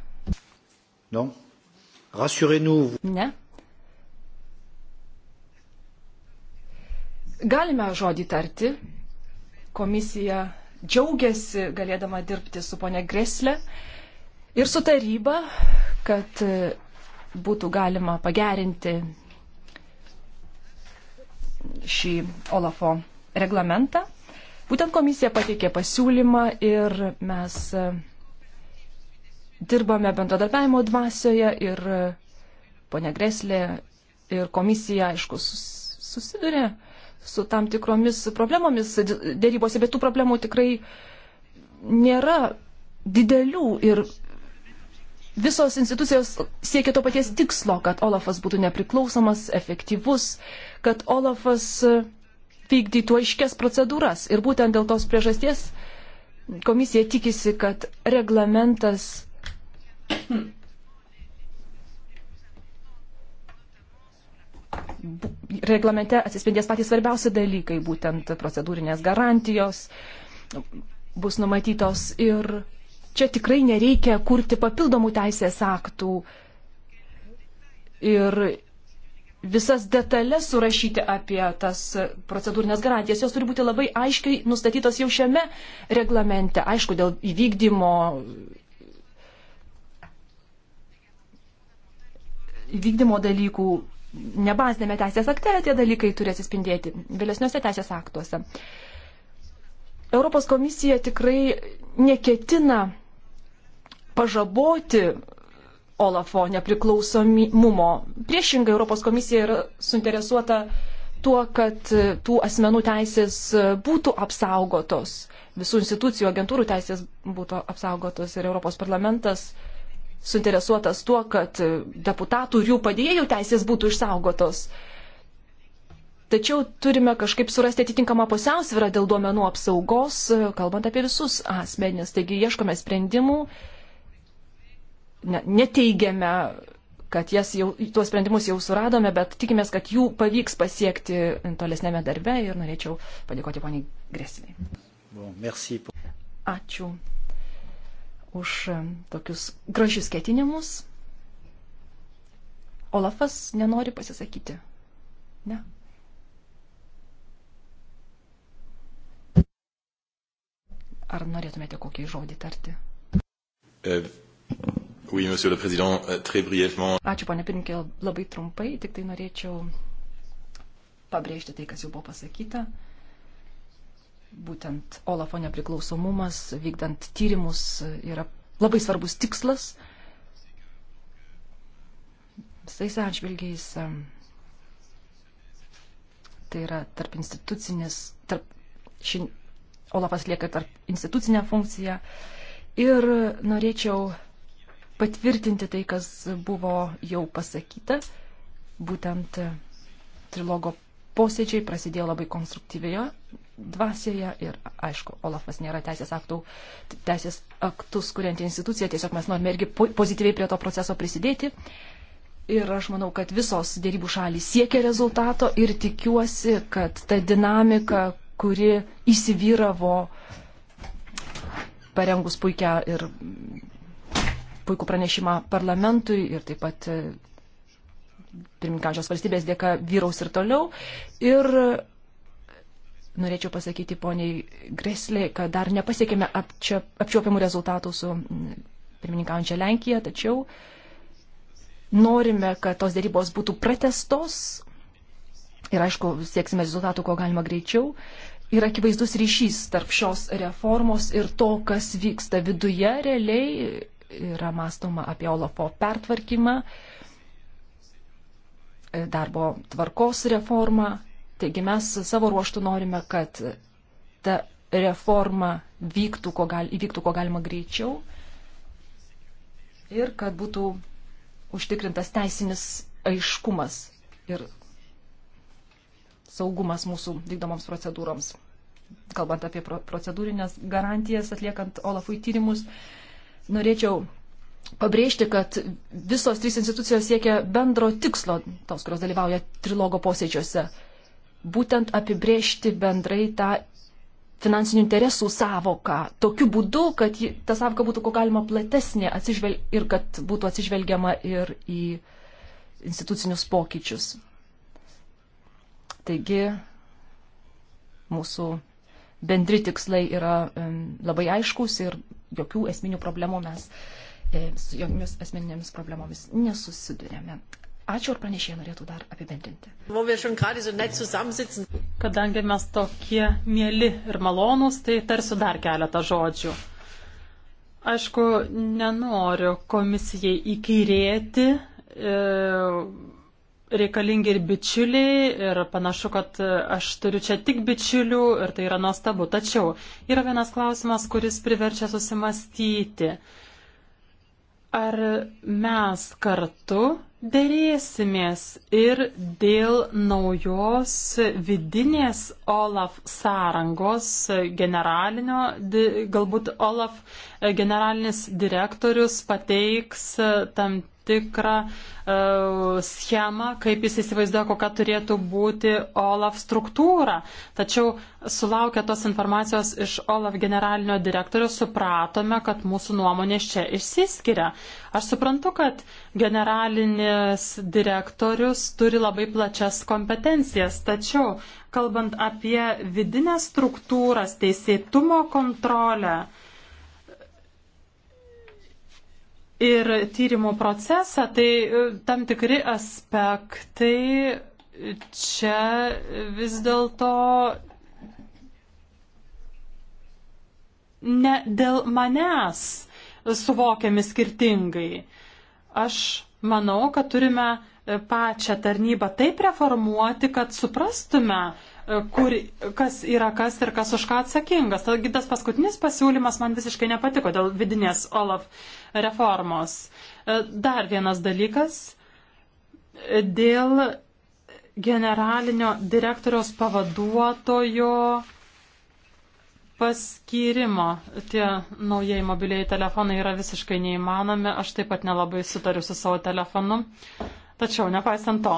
Non. Rassurez-nous. Ne. Galime žodį tarti. Komisija džiaugiasi galėdama dirbti su ponia Greslė ir su taryba, kad e, būtų galima pagerinti šį Olafo reglamentą. Būtent komisija pateikė pasiūlymą ir mes e, dirbame bendradarbiavimo dvasioje ir e, ponia Greslė ir komisija, aišku, susiduria su tam tikromis problemomis dėrybose, bet tų problemų tikrai nėra didelių ir visos institucijos siekia to paties tikslo, kad Olafas būtų nepriklausomas, efektyvus, kad Olafas vykdytų aiškias procedūras. Ir būtent dėl tos priežasties komisija tikisi, kad reglamentas reglamente atsispindės patys svarbiausi dalykai, būtent procedūrinės garantijos bus numatytos ir čia tikrai nereikia kurti papildomų teisės aktų ir visas detalės surašyti apie tas procedūrinės garantijas. Jos turi būti labai aiškiai nustatytos jau šiame reglamente. Aišku, dėl įvykdymo. Įvykdymo dalykų nebazinėme teisės akte tie dalykai turi atsispindėti vėlesniuose teisės aktuose. Europos komisija tikrai neketina pažaboti Olafo nepriklausomumo. Priešingai Europos komisija yra suinteresuota tuo, kad e, tų asmenų teisės e, būtų apsaugotos, visų institucijų, agentūrų teisės būtų apsaugotos ir Europos parlamentas suinteresuotas tuo, kad e, deputatų ir jų padėjėjų teisės būtų išsaugotos. Tačiau turime kažkaip surasti atitinkamą pusiausvyrą dėl duomenų apsaugos, kalbant apie visus asmenis. Taigi ieškome sprendimų, ne, neteigiame, kad jas jau, tuos sprendimus jau suradome, bet tikimės, kad jų pavyks pasiekti tolesnėme darbe ir norėčiau padėkoti poniai Gresinai. Bon, pour... Ačiū už tokius gražius ketinimus. Olafas nenori pasisakyti. Ne. Ar norėtumėte kokį žodį tarti? E, Oui, monsieur le président, euh, très brièvement. Ačiū, ponė pirmininkė, labai trumpai, tik tai norėčiau pabrėžti tai, kas jau buvo pasakyta. Būtent Olafo nepriklausomumas, vykdant tyrimus, yra labai svarbus tikslas. Visais atžvilgiais tai yra tarp institucinės, tarp, ši, Olafas lieka tarp institucinę funkciją. Ir norėčiau patvirtinti tai, kas buvo jau pasakyta. Būtent e, trilogo posėdžiai prasidėjo labai konstruktyvioje dvasioje ir, aišku, Olafas nėra teisės, aktų, teisės aktus kurianti institucija, tiesiog mes norime irgi pozityviai prie to proceso prisidėti. Ir aš manau, kad visos dėrybų šalys siekia rezultato ir tikiuosi, kad ta dinamika, kuri įsivyravo parengus puikia ir puikų pranešimą parlamentui ir taip pat e, pirmininkančios valstybės dėka vyraus ir toliau. Ir norėčiau pasakyti poniai Greslė, kad dar nepasiekėme apčio, apčiopiamų rezultatų su pirmininkaujančia Lenkija, tačiau norime, kad tos dėrybos būtų pratestos ir, aišku, sieksime rezultatų, ko galima greičiau. Yra akivaizdus ryšys tarp šios reformos ir to, kas vyksta viduje realiai yra mąstoma apie Olafo pertvarkymą, darbo tvarkos reformą. Taigi mes savo ruoštų norime, kad ta reforma vyktų, ko gal, įvyktų ko galima greičiau ir kad būtų užtikrintas teisinis aiškumas ir saugumas mūsų vykdomoms procedūroms. Kalbant apie procedūrinės garantijas, atliekant Olafui tyrimus, norėčiau pabrėžti, kad visos trys institucijos siekia bendro tikslo, tos, kurios dalyvauja trilogo posėdžiuose, būtent apibrėžti bendrai tą finansinių interesų savoką tokiu būdu, kad ji, ta savoka būtų kuo galima platesnė atsižvel, ir kad būtų atsižvelgiama ir į institucinius pokyčius. Taigi mūsų bendri tikslai yra labai aiškus ir jokių esminių problemų mes e, su jokiamis asmeninėmis problemomis nesusidurėme. Ačiū ir pranešėjai norėtų dar apibendrinti. Kadangi mes tokie mieli ir malonūs, tai tarsiu dar keletą žodžių. Aišku, nenoriu komisijai įkyrėti. E, reikalingi ir bičiuliai, ir panašu, kad aš turiu čia tik bičiulių, ir tai yra nuostabu. Tačiau yra vienas klausimas, kuris priverčia susimastyti. Ar mes kartu dėrėsimės ir dėl naujos vidinės Olaf sąrangos generalinio, galbūt Olaf e, generalinis direktorius pateiks e, tam tikrą uh, schemą, kaip jis įsivaizduoja, kokia turėtų būti OLAF struktūra. Tačiau sulaukę tos informacijos iš OLAF generalinio direktorio supratome, kad mūsų nuomonės čia išsiskiria. Aš suprantu, kad generalinis direktorius turi labai plačias kompetencijas, tačiau kalbant apie vidinės struktūras, teisėtumo kontrolę, uh, ir tyrimų procesą, tai e, tam tikri aspektai e, čia vis dėlto ne dėl manęs suvokiami skirtingai. Aš manau, kad turime e, pačią tarnybą taip reformuoti, kad suprastume, kur, kas yra kas ir kas už ką atsakingas. Taigi tas paskutinis pasiūlymas man visiškai nepatiko dėl vidinės Olaf uh, reformos. E, dar vienas dalykas e, dėl generalinio direktoriaus pavaduotojo paskyrimo. Tie naujieji mobiliai telefonai yra visiškai neįmanomi. Aš taip pat nelabai sutariu su savo telefonu. Tačiau nepaisant to.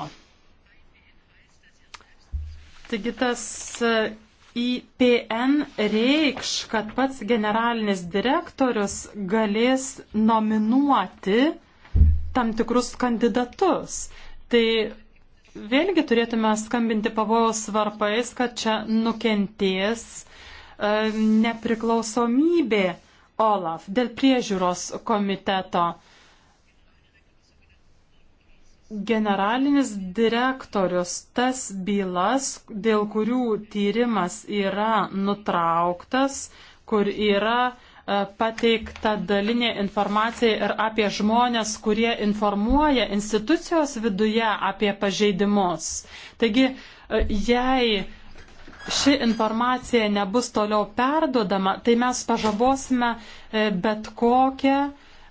Taigi tas e, IPN reikš, kad pats generalinis direktorius galės nominuoti tam tikrus kandidatus. Tai vėlgi turėtume skambinti pavojaus varpais, kad čia nukentės e, nepriklausomybė OLAF dėl priežiūros komiteto generalinis direktorius tas bylas, dėl kurių tyrimas yra nutrauktas, kur yra e, pateikta dalinė informacija ir apie žmonės, kurie informuoja institucijos viduje apie pažeidimus. Taigi, e, jei ši informacija nebus toliau perdodama, tai mes pažabosime e, bet kokią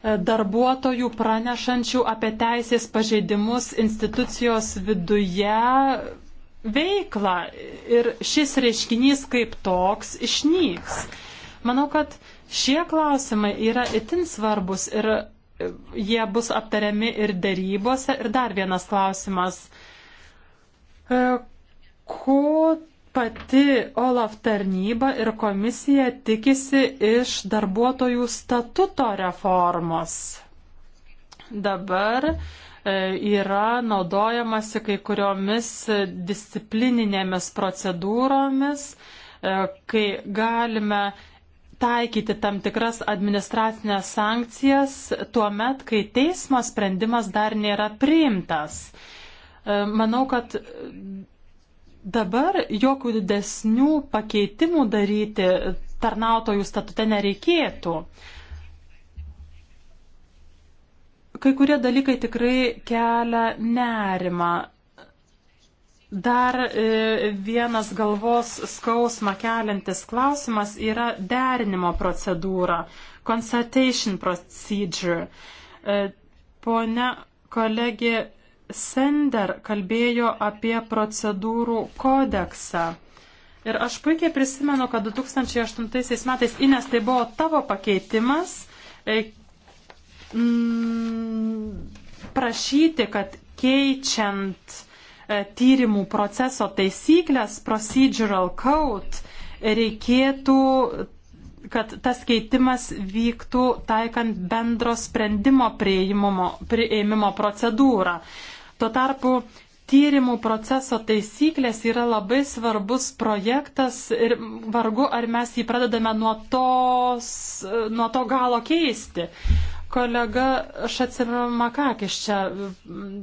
darbuotojų pranešančių apie teisės pažeidimus institucijos viduje veiklą ir šis reiškinys kaip toks išnyks. Manau, kad šie klausimai yra itin svarbus ir jie bus aptariami ir darybose. Ir dar vienas klausimas. E, ko pati Olaf tarnyba ir komisija tikisi iš darbuotojų statuto reformos. Dabar e, yra naudojamasi kai kuriomis disciplininėmis procedūromis, e, kai galime taikyti tam tikras administracinės sankcijas tuo met, kai teismo sprendimas dar nėra priimtas. E, manau, kad Dabar jokių didesnių pakeitimų daryti tarnautojų statute nereikėtų. Kai kurie dalykai tikrai kelia nerimą. Dar e, vienas galvos skausmą keliantis klausimas yra derinimo procedūra, consultation procedure. E, Pone kolegė Sender kalbėjo apie procedūrų kodeksą. Ir aš puikiai prisimenu, kad 2008 metais, Ines, tai buvo tavo pakeitimas, e, prašyti, kad keičiant e, tyrimų proceso taisyklės, procedural code, reikėtų, kad tas keitimas vyktų taikant bendro sprendimo prieimimo procedūrą. Tuo tarpu tyrimų proceso taisyklės yra labai svarbus projektas ir vargu ar mes jį pradedame nuo, tos, nuo to galo keisti. Kolega Šacimakakis čia mm,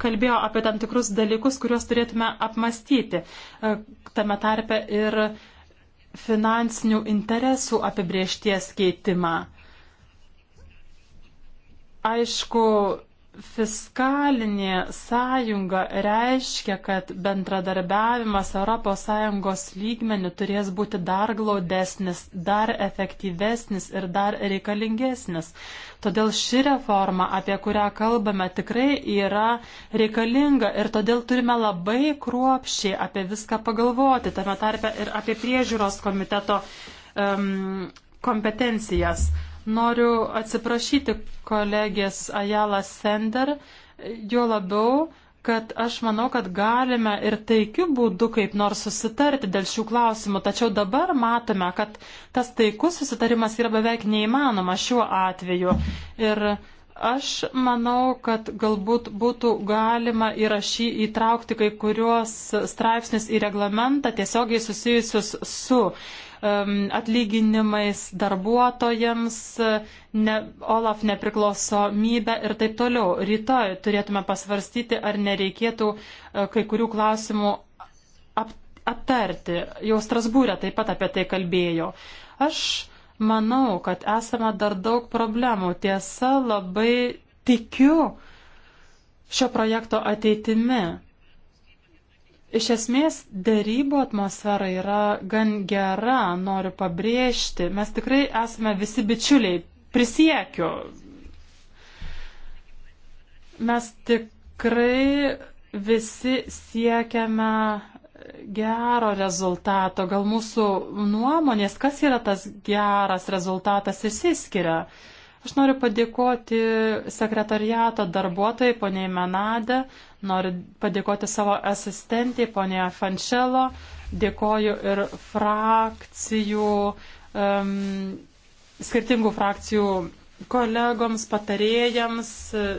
kalbėjo apie tam tikrus dalykus, kuriuos turėtume apmastyti. E, tame tarpe ir finansinių interesų apibriešties keitimą. Aišku, fiskalinė sąjunga reiškia, kad bendradarbiavimas ES lygmenių turės būti dar glaudesnis, dar efektyvesnis ir dar reikalingesnis. Todėl ši reforma, apie kurią kalbame, tikrai yra reikalinga ir todėl turime labai kruopšiai apie viską pagalvoti, tame tarpe ir apie priežiūros komiteto um, kompetencijas. Noriu atsiprašyti kolegės Ajala Sender, jo labiau, kad aš manau, kad galime ir taikiu būdu kaip nors susitarti dėl šių klausimų, tačiau dabar matome, kad tas taikus susitarimas yra beveik neįmanoma šiuo atveju. Ir aš manau, kad galbūt būtų galima įrašy įtraukti kai kuriuos straipsnius į reglamentą tiesiogiai susijusius su Um, atlyginimais darbuotojams, ne, Olaf nepriklausomybę ir taip toliau. Rytoj turėtume pasvarstyti, ar nereikėtų uh, kai kurių klausimų aptarti. Jau Strasbūrė taip pat apie tai kalbėjo. Aš manau, kad esame dar daug problemų. Tiesa, labai tikiu šio projekto ateitimi. Iš esmės, dėrybų atmosfera yra gan gera, noriu pabrėžti. Mes tikrai esame visi bičiuliai, prisiekiu. Mes tikrai visi siekiame gero rezultato. Gal mūsų nuomonės, kas yra tas geras rezultatas, išsiskiria. Ir Aš noriu padėkoti sekretariato darbuotojai, poniai Menadė, noriu padėkoti savo asistentiai, poniai Fančelo, dėkoju ir frakcijų, um, skirtingų frakcijų kolegoms, patarėjams.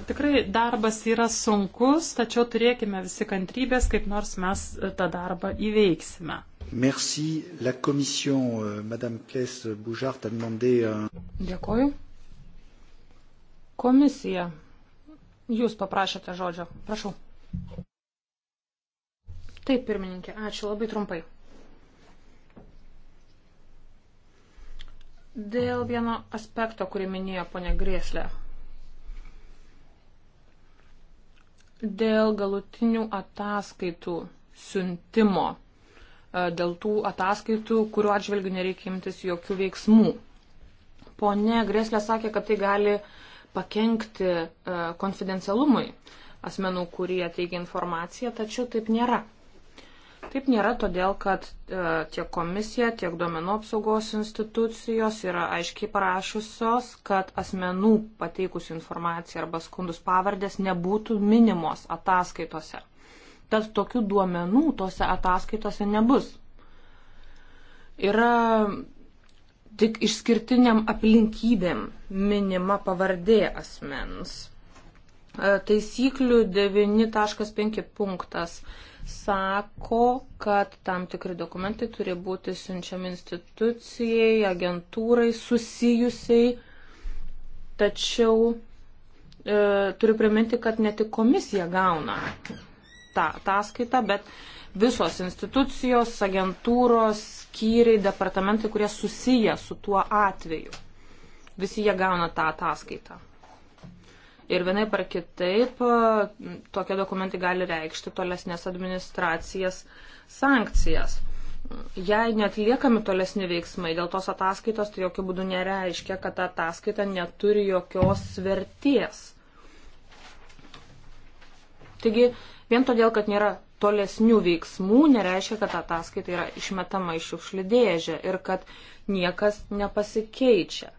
Tikrai darbas yra sunkus, tačiau turėkime visi kantrybės, kaip nors mes tą darbą įveiksime. Merci. La commission, euh, Madame Kless-Boujart, a demandé un... Dėkoju. Komisija. Jūs paprašėte žodžio. Prašau. Taip, pirmininkė. Ačiū labai trumpai. Dėl vieno aspekto, kurį minėjo ponė Grėslė. Dėl galutinių ataskaitų siuntimo. E, dėl tų ataskaitų, kuriuo atžvilgiu nereikia imtis jokių veiksmų. Pone Grėslė sakė, kad tai gali uh, pakengti e, konfidencialumui asmenų, kurie teigia informaciją, tačiau taip nėra. Taip nėra todėl, kad e, tiek komisija, tiek duomenų apsaugos institucijos yra aiškiai parašusios, kad asmenų pateikusių informaciją arba skundus pavardės nebūtų minimos ataskaitose. Tad tokių duomenų tose ataskaitose nebus. Yra tik išskirtiniam aplinkybėm minima pavardė asmens. E, taisyklių 9.5 punktas sako, kad tam tikri dokumentai turi būti siunčiami institucijai, agentūrai susijusiai, tačiau e, turiu priminti, kad ne tik komisija gauna ta ataskaita, bet visos institucijos, agentūros, skyriai, departamentai, kurie susiję su tuo atveju. Visi jie gauna tą ataskaitą. Ir vienai par kitaip tokie dokumentai gali reikšti tolesnės administracijas sankcijas. Jei netliekami tolesni veiksmai dėl tos ataskaitos, tai jokių būdų nereiškia, kad ta ataskaita neturi jokios vertės Taigi, vien todėl, kad nėra tolesnių veiksmų, nereiškia, kad ataskaita yra išmetama iš šiukšlidėžę ir kad niekas nepasikeičia.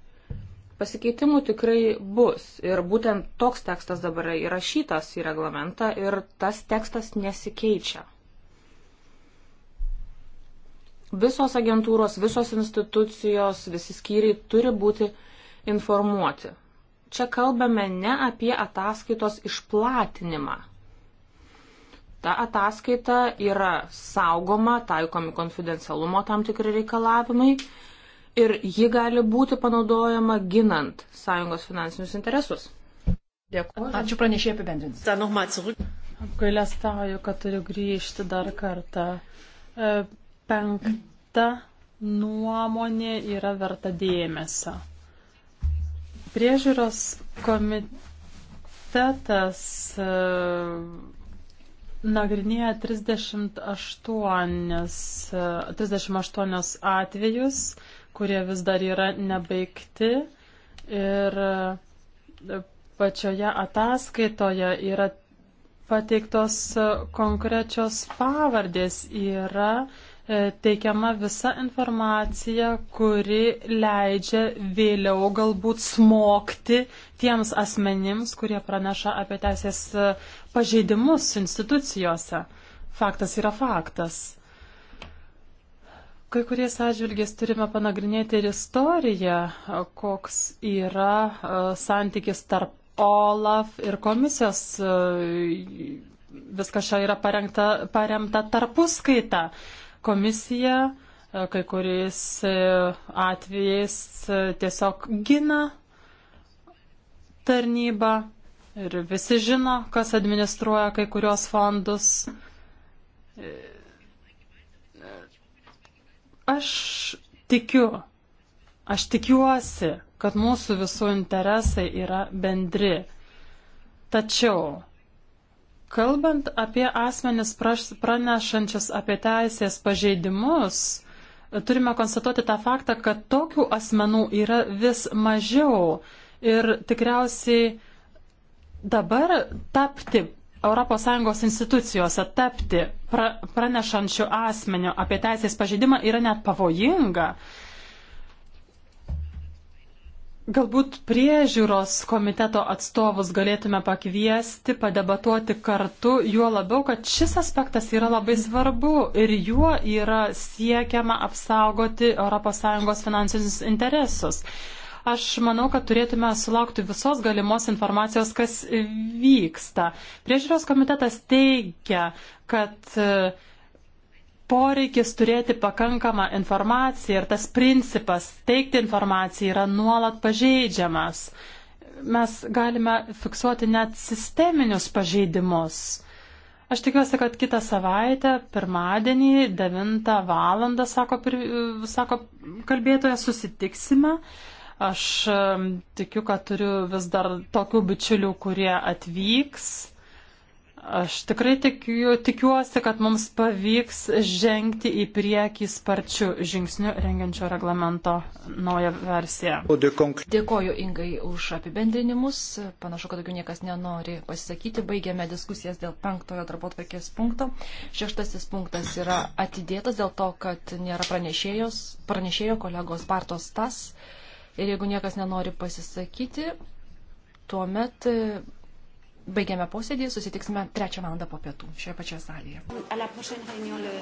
Pasikeitimų tikrai bus ir būtent toks tekstas dabar įrašytas į reglamentą ir tas tekstas nesikeičia visos agentūros, visos institucijos, visi skyriai turi būti informuoti. Čia kalbame ne apie ataskaitos išplatinimą ta ataskaita yra saugoma, taikomi konfidencialumo tam tikri reikalavimai ir ji gali būti panaudojama ginant sąjungos finansinius interesus. Dėkuoju. Ačiū pranešėjai apibendrinti. Apgailestauju, kad turiu grįžti dar kartą. E, penkta nuomonė yra verta dėmesio. Priežiūros komitetas e, nagrinėja 38, 38 atvejus, kurie vis dar yra nebaigti. Ir e, pačioje ataskaitoje yra pateiktos konkrečios pavardės, yra uh, E, teikiama visa informacija, kuri leidžia vėliau galbūt smokti tiems asmenims, kurie praneša apie teisės e, pažeidimus institucijose. Faktas yra faktas. Kai kuriais atžvilgiais turime panagrinėti ir istoriją, e, koks yra santykis tarp OLAF ir komisijos viskas čia yra parengta, paremta tarpuskaita. Komisija e, kai kuriais e, atvejais e, tiesiog gina tarnybą ir visi žino, kas administruoja kai kurios fondus. Aš tikiu, aš tikiuosi, kad mūsų visų interesai yra bendri. Tačiau Kalbant apie asmenis pranešančius apie teisės pažeidimus, turime konstatuoti tą faktą, kad tokių asmenų yra vis mažiau. Ir tikriausiai dabar tapti ES institucijose, tapti pra, pranešančių asmenių apie teisės pažeidimą yra net pavojinga. Galbūt priežiūros komiteto atstovus galėtume pakviesti, padebatuoti kartu, juo labiau, kad šis aspektas yra labai svarbu ir juo yra siekiama apsaugoti ES finansinius interesus. Aš manau, kad turėtume sulaukti visos galimos informacijos, kas vyksta. Priežiūros komitetas teigia, kad poreikis turėti pakankamą informaciją ir tas principas teikti informaciją yra nuolat pažeidžiamas. Mes galime fiksuoti net sisteminius pažeidimus. Aš tikiuosi, kad kitą savaitę, pirmadienį, 9 val. sako, sako kalbėtoje, susitiksime. Aš tikiu, kad turiu vis dar tokių bičiulių, kurie atvyks. Aš tikrai tikiu, tikiuosi, kad mums pavyks žengti į priekį sparčių žingsnių rengiančio reglamento naują versiją. Dėkoju Ingai už apibendrinimus. Panašu, kad daugiau niekas nenori pasisakyti. Baigėme diskusijas dėl penktojo darbo tvarkės punkto. Šeštasis punktas yra atidėtas dėl to, kad nėra pranešėjo kolegos Bartos Tas. Ir jeigu niekas nenori pasisakyti, tuomet Baigiame posėdį, susitiksime trečią valandą po pietų šioje pačioje salėje.